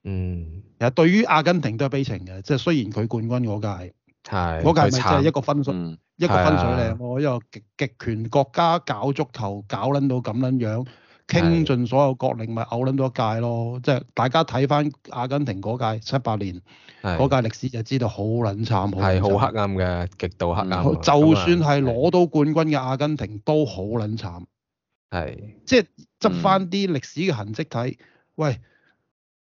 嗯，其實對於阿根廷都係悲情嘅，即係雖然佢冠軍嗰屆。係，嗰個係咪即係一個分水，嗯、一個分水嶺？一個極極權國家搞足球搞撚到咁撚樣，傾盡所有國力咪嘔撚到一屆咯！即係是大家睇翻阿根廷嗰屆七八年嗰是屆歷史就知道好撚慘，係好黑暗嘅，極度黑暗。就算係攞到冠軍嘅阿根廷都好撚慘，係是即係執翻啲歷史嘅痕跡睇，喂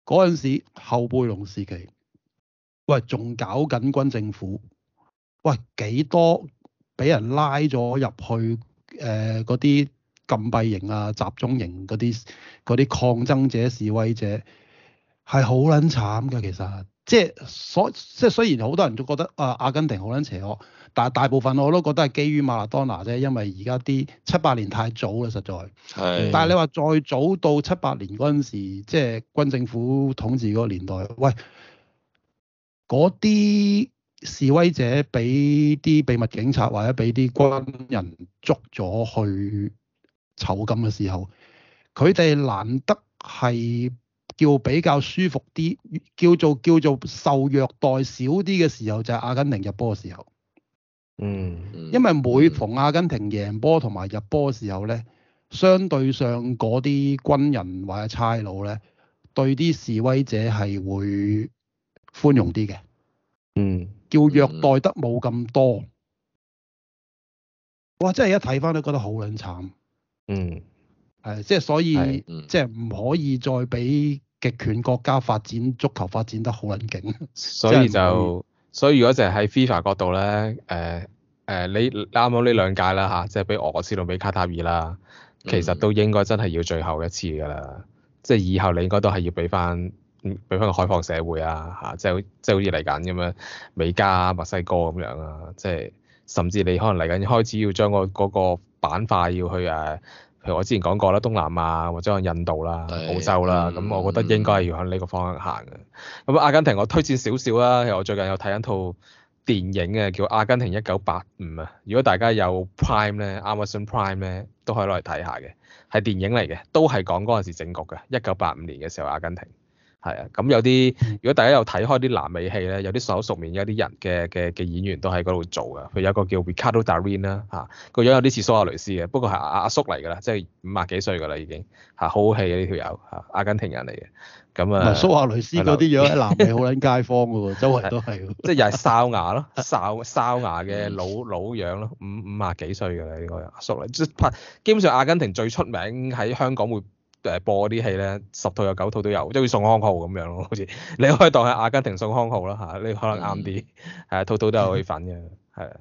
嗰陣時後貝隆時期。喂，仲搞緊軍政府，喂幾多俾人拉咗入去？誒嗰啲禁閉營啊、集中營嗰啲、啲抗爭者、示威者係好撚慘嘅。其實即係所即係雖然好多人都覺得啊、呃，阿根廷好撚邪惡，但係大部分我都覺得係基於馬拉多拿啫。因為而家啲七八年太早啦，實在。係的。但係你話再早到七八年嗰陣時，即係軍政府統治嗰個年代，喂。嗰啲示威者俾啲秘密警察或者俾啲軍人捉咗去囚禁嘅時候，佢哋難得係叫比較舒服啲，叫做叫做受虐待少啲嘅時候，就係阿根廷入波嘅時候。嗯，因為每逢阿根廷贏波同埋入波嘅時候咧，相對上嗰啲軍人或者差佬咧，對啲示威者係會，寬容啲嘅，嗯，叫虐待得冇咁多，嗯、哇！真係一睇翻都覺得好撚慘，嗯，係，即、就、係、是、所以，即係唔可以再俾極權國家發展足球發展得好撚勁，所以就，所以如果成喺 FIFA 角度咧，誒、呃、誒、呃，你啱好呢兩屆啦嚇，即係俾俄羅斯同俾卡塔爾啦，其實都應該真係要最後一次㗎啦，即係以後你應該都係要俾翻。啊啊啊啊啊比方個開放社會啊！嚇、啊，即係即係好似嚟緊咁樣，美加墨西哥咁樣啊，即係甚至你可能嚟緊開始要將個嗰個板塊要去誒、啊，譬如我之前講過啦，東南亞或者印度啦、澳洲啦，咁、嗯、我覺得應該係要向呢個方向行嘅。咁阿根廷，我推薦少少啦。我最近有睇緊套電影嘅、啊，叫《阿根廷一九八五》啊。如果大家有 Prime 咧、Amazon Prime 咧，都可以攞嚟睇下嘅，係電影嚟嘅，都係講嗰陣時政局嘅一九八五年嘅時候,時候阿根廷。係啊，咁有啲，如果大家有睇開啲南美戲咧，有啲手熟面有啲人嘅嘅嘅演員都喺嗰度做嘅，佢有個叫 Ricardo Darin 啦、啊、嚇，個樣有啲似蘇亞雷斯嘅，不過係阿阿叔嚟㗎啦，即係五廿幾歲㗎啦已經嚇，好好戲嘅呢條友嚇，阿根廷人嚟嘅。咁啊，蘇亞雷斯嗰啲樣？ 南美好撚街坊㗎喎，周圍都係， 即係又係哨牙咯，哨哨牙嘅老老樣咯，五五廿幾歲㗎啦呢個阿叔嚟，即係拍基本上阿根廷最出名喺香港會。誒播嗰啲戲咧，十套有九套都有，即係會宋康昊咁樣咯，好似你可以當係阿根廷宋康昊啦嚇、啊，你可能啱啲，係啊，套套都有佢份嘅，係啊，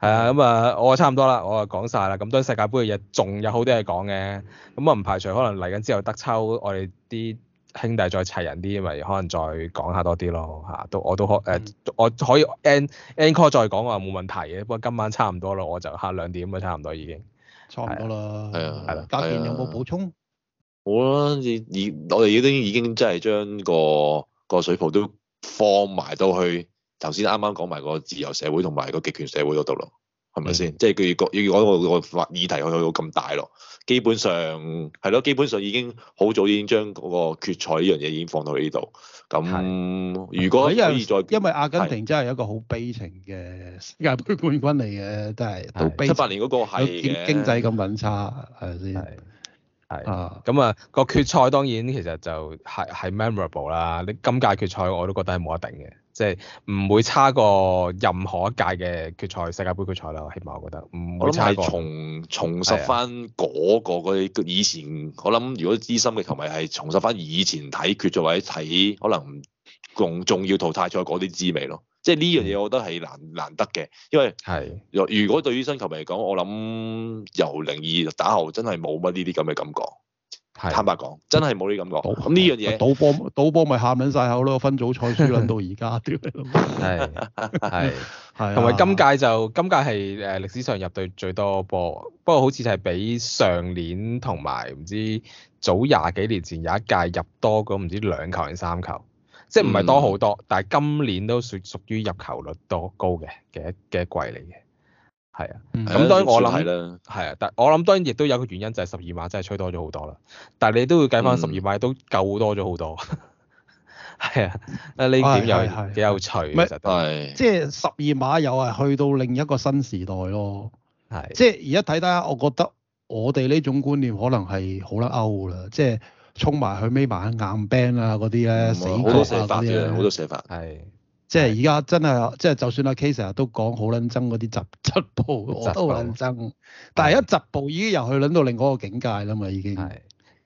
係啊，咁啊，我差唔多啦，我啊講晒啦，咁對世界盃嘅嘢仲有好多嘢講嘅，咁啊唔排除可能嚟緊之後得抽我哋啲兄弟再齊人啲，因為可能再講下多啲咯嚇，都、啊、我都可誒、啊，我可以 encore 再講啊，冇問題嘅，不過今晚差唔多啦，我就下兩點啊，差唔多已經，差唔多啦，係啊，係啦，家健有冇補充？嗯好啦，以我哋已經已經真係將個個水泡都放埋到去頭先啱啱講埋個自由社會同埋個極權社會嗰度咯，係咪先？即係佢個要講個個話議題去到咁大咯，基本上係咯，基本上已經好早已經將嗰個決賽呢樣嘢已經放到呢度。咁如果可以再，因為阿根廷真係一個好悲情嘅世界盃冠軍嚟嘅，都係七八年嗰個係嘅經濟咁貧差，係咪先？係啊，咁啊、那個決賽當然其實就係、是、係 memorable 啦。你今屆決賽我都覺得係冇得頂嘅，即係唔會差過任何一屆嘅決賽世界杯決賽啦。起碼我覺得唔會差過。我諗係重重拾翻嗰、那個嘅是的 以前。我諗如果資深嘅球迷係重拾翻以前睇決賽或者睇可能更重要淘汰賽嗰啲滋味咯。即係呢樣嘢，我覺得係難難得嘅，因為係如果對於新球迷嚟講，我諗由零二打後，真係冇乜呢啲咁嘅感覺。係的，坦白講，真係冇呢啲感覺。咁呢、嗯嗯、樣嘢，賭波賭波咪喊緊晒口咯， 分組賽輸撚到而家，屌！ 係係係，同埋今屆就今屆係誒歷史上入對最多波，不過好似係比上年同埋唔知早廿幾年前有一屆入多咗唔知兩球定三球。即係唔係多好多，但係今年都屬屬於入球率多高嘅嘅一嘅季嚟嘅，係啊。咁、嗯、當然我諗係啊，但我諗當然亦都有個原因就係十二碼真係吹多咗好多啦。但係你都會計翻十二碼都夠多咗好多。係啊、嗯，啊呢點又係幾有趣，其實即係十二碼又係去到另一個新時代咯。係的的。即係而家睇睇，我覺得我哋呢種觀念可能係好甩歐啦。即係。衝埋去尾埋硬兵啦，嗰啲咧死局啊，好多寫法嘅，好多寫法。係，即係而家真係，即係就算阿 K 成日都講好撚憎嗰啲集集步，我都好撚憎。但係一集步已經又去撚到另一個境界啦嘛，已經。係。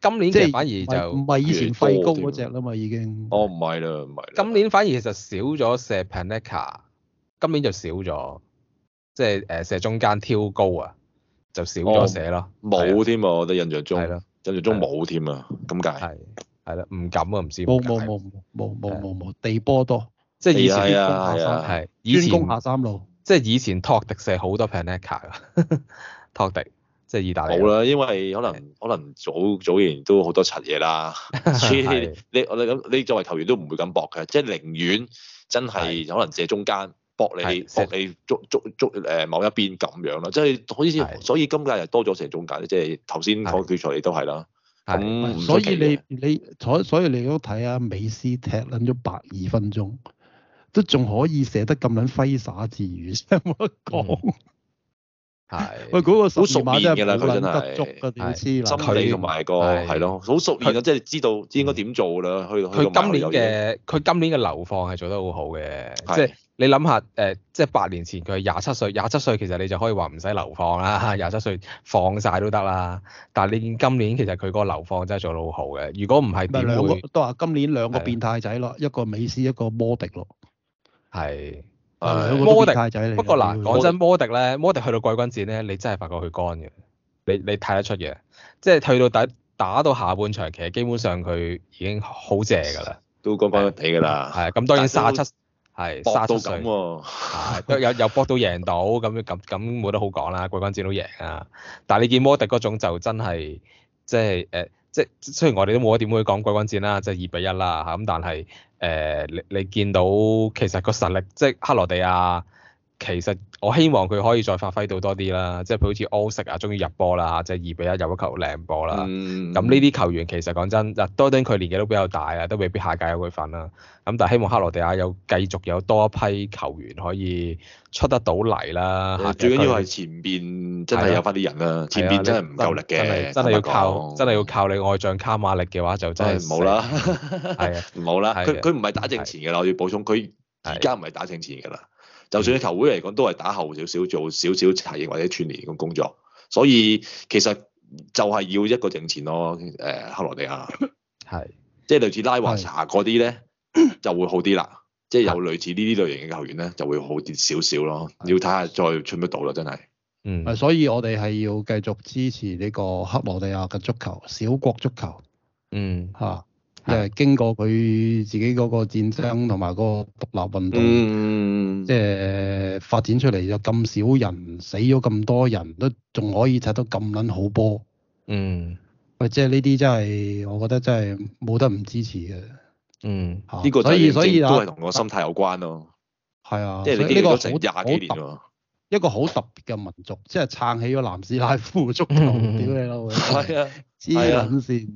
今年即係反而就唔係以前飛高嗰隻啦嘛，已經。哦，唔係啦，唔係。今年反而其實少咗射 Panenka，今年就少咗，即係誒射中間挑高啊，就少咗射咯。冇添啊！我哋印象中。係咯。跟住都冇添啊，咁解？係係啦，唔敢啊，唔知冇冇冇冇冇冇冇地波多，即係、哎、呀以前專攻下三路，即係以前托迪射好多 Panenka 噶， 托迪即係意大利冇啦，因為可能的可能早早年都好多柒嘢啦， 的你我哋咁你作為球員都唔會咁搏嘅，即係寧願真係的可能射中間。搏你的搏你捉捉捉誒、呃、某一邊咁樣咯，即係好似，所以今屆又多咗成種揀，即係頭先講嘅決賽你都係啦。咁的所以你你所的所以你都睇下美斯踢撚咗百二分鐘，都仲可以射得咁撚揮灑自如，冇得講？嗯係喂，嗰 個好時熟練嘅啦，佢真係知？是理同埋個係咯，好是熟練嘅，的即係知道應該點做啦。佢佢今年嘅佢今年嘅流放係做得好好嘅，即係的、就是、你諗下誒，即係八年前佢廿七歲，廿七歲其實你就可以話唔使流放啦，廿七歲放晒都得啦。但係你見今年其實佢個流放真係做得好好嘅。如果唔係點會兩個都話今年兩個變態仔咯的，一個美斯，一個摩迪咯。係。誒，仔摩迪不過嗱，講真，摩迪咧，摩迪，摩迪去到季軍戰咧，你真係發覺佢乾嘅，你你睇得出嘅，即係去到底打，打到下半場，其實基本上佢已經好正㗎啦，都乾乾哋㗎啦，係咁、嗯、當然沙七係沙七歲，啊、有有搏到贏到咁咁咁冇得好講啦，季軍戰都贏啊，但係你見摩迪嗰種就真係即係誒，即係雖然我哋都冇乜點會講季軍戰啦，即係二比一啦嚇，咁但係。誒、呃，你你見到其實個實力，即係克羅地亞，啊。其實我希望佢可以再發揮到多啲啦，即係佢好似安食啊，終於入波啦，即係二比一入一球靚波啦。咁呢啲球員其實講真，嗱多丁佢年紀都比較大啊，都未必下屆有佢份啦。咁但係希望克羅地亞有繼續有多一批球員可以出得到嚟啦。最緊要係前邊真係有翻啲人啊，前邊真係唔夠力嘅，真係要靠真係要靠你愛將卡馬力嘅話就真係唔好啦，唔好啦。佢佢唔係打正前嘅啦，我要補充，佢而家唔係打正前嘅啦。就算喺球會嚟講，都係打後少少，做少少提應或者串聯嘅工作。所以其實就係要一個正前咯，誒、呃、克羅地亞係，是即係類似拉華查嗰啲咧就會好啲啦。即係有類似呢啲類型嘅球員咧，就會好啲少少咯。要睇下再出唔出到啦，真係。嗯。所以我哋係要繼續支持呢個克羅地亞嘅足球，小國足球。嗯。嚇、嗯。就係經過佢自己嗰個戰爭同埋個獨立運動，即係發展出嚟就咁少人，死咗咁多人，都仲可以踢到咁撚好波。嗯，喂，即係呢啲真係我覺得真係冇得唔支持嘅。嗯，呢個所以所以都係同個心態有關咯。係啊，即係呢個好廿幾年。一個好特別嘅民族，即係撐起咗南斯拉夫足球，屌你老母！係啊，黐撚線。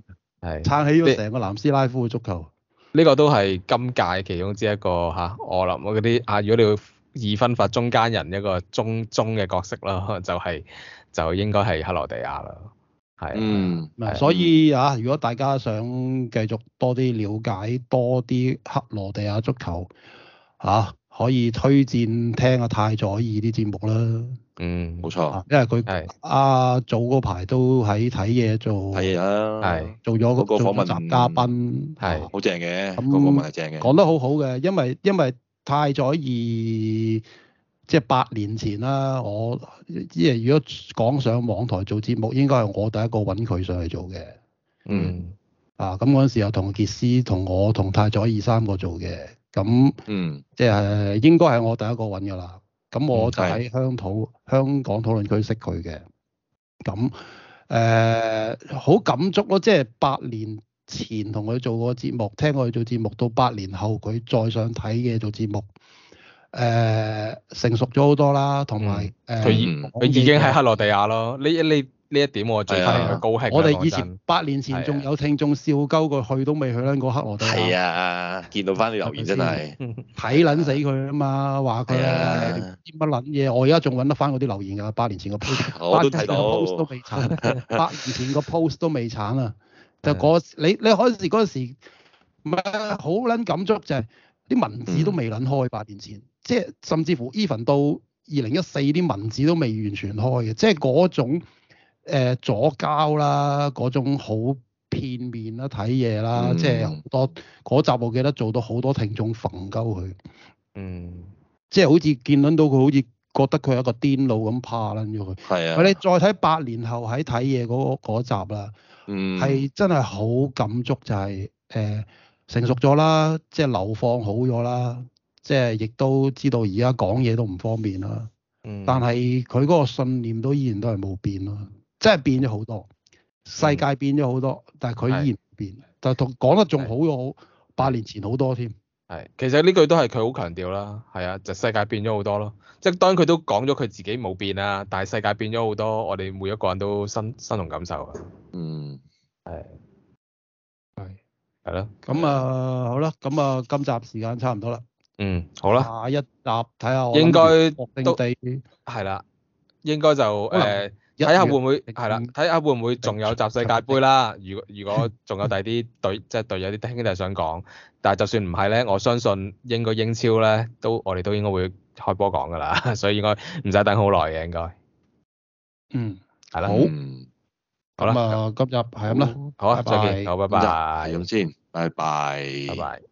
係撐起咗成個南斯拉夫嘅足球，呢個都係今屆其中之一個吓、啊，我諗嗰啲啊，如果你要二分法中間人一個中中嘅角色啦，就係、是、就應該係克羅地亞啦，係嗯，是所以啊，如果大家想繼續多啲了解多啲克羅地亞足球啊，可以推薦聽下泰佐爾啲節目啦。嗯，冇錯，因為佢阿早嗰排都喺睇嘢做，係啊，係做咗個訪問嘉賓，係好正嘅，嗰個訪問係正嘅，講得好好嘅，因為因為太宰二即係八年前啦，我即係如果講上網台做節目，應該係我第一個揾佢上嚟做嘅，嗯，啊，咁嗰陣時又同傑斯、同我、同太宰二三個做嘅，咁，嗯，嗯即係、呃、應該係我第一個揾㗎啦。咁我就喺香港香港討論區識佢嘅，咁誒好感觸咯，即係八年前同佢做過節目，聽過佢做節目，到八年後佢再想睇嘅做節目，誒、呃、成熟咗好多啦，同埋誒，佢已佢已經喺克羅地亞咯，你你。呢一點我最高興。我哋以前八年前仲有聽眾笑鳩佢去都未去啦，嗰刻我哋係啊，見到翻啲留言真係睇撚死佢啊嘛！話佢啊啲乜撚嘢，我而家仲揾得翻嗰啲留言㗎。八年前個 post 都未鏟，八年前個 post 都未鏟啊！就你你開始嗰時唔係好撚感觸，就係啲文字都未撚開。八年前即係甚至乎 even 到二零一四啲文字都未完全開嘅，即係嗰種。誒、呃、左交啦，嗰種好片面嘅睇嘢啦，嗯、即係多嗰、嗯、集我記得做到好多聽眾憤鳩佢，嗯，即係好似見撚到佢好似覺得佢係一個癲佬咁怕撚咗佢，係啊，你再睇八年後喺睇嘢嗰集啦，嗯，係真係好感觸就係、是、誒、呃、成熟咗啦，即係流放好咗啦，即係亦都知道而家講嘢都唔方便啦，嗯、但係佢嗰個信念都依然都係冇變咯。嗯真係變咗好多，世界變咗好多，但係佢依然變，就同講得仲好好，八年前好多添。係，其實呢句都係佢好強調啦。係啊，就世界變咗好多咯。即係當然佢都講咗佢自己冇變啦，但係世界變咗好多，我哋每一個人都身身同感受啊。嗯，係，係，係咯。咁啊，好啦，咁啊，今集時間差唔多啦。嗯，好啦，下一集睇下應該確定地係啦，應該就誒。睇下會唔會係啦，睇下五會唔會仲有集世界盃啦。五如果如果仲有第啲隊，即係隊友啲兄弟想講，但係就算唔係咧，我相信應該英超咧都我哋都應該會開波講噶啦，所以應該唔使等好耐嘅應該。嗯，係啦，好，好啦，今日係咁啦，拜拜，好啊，再見，好，拜拜，咁先，拜拜，拜拜。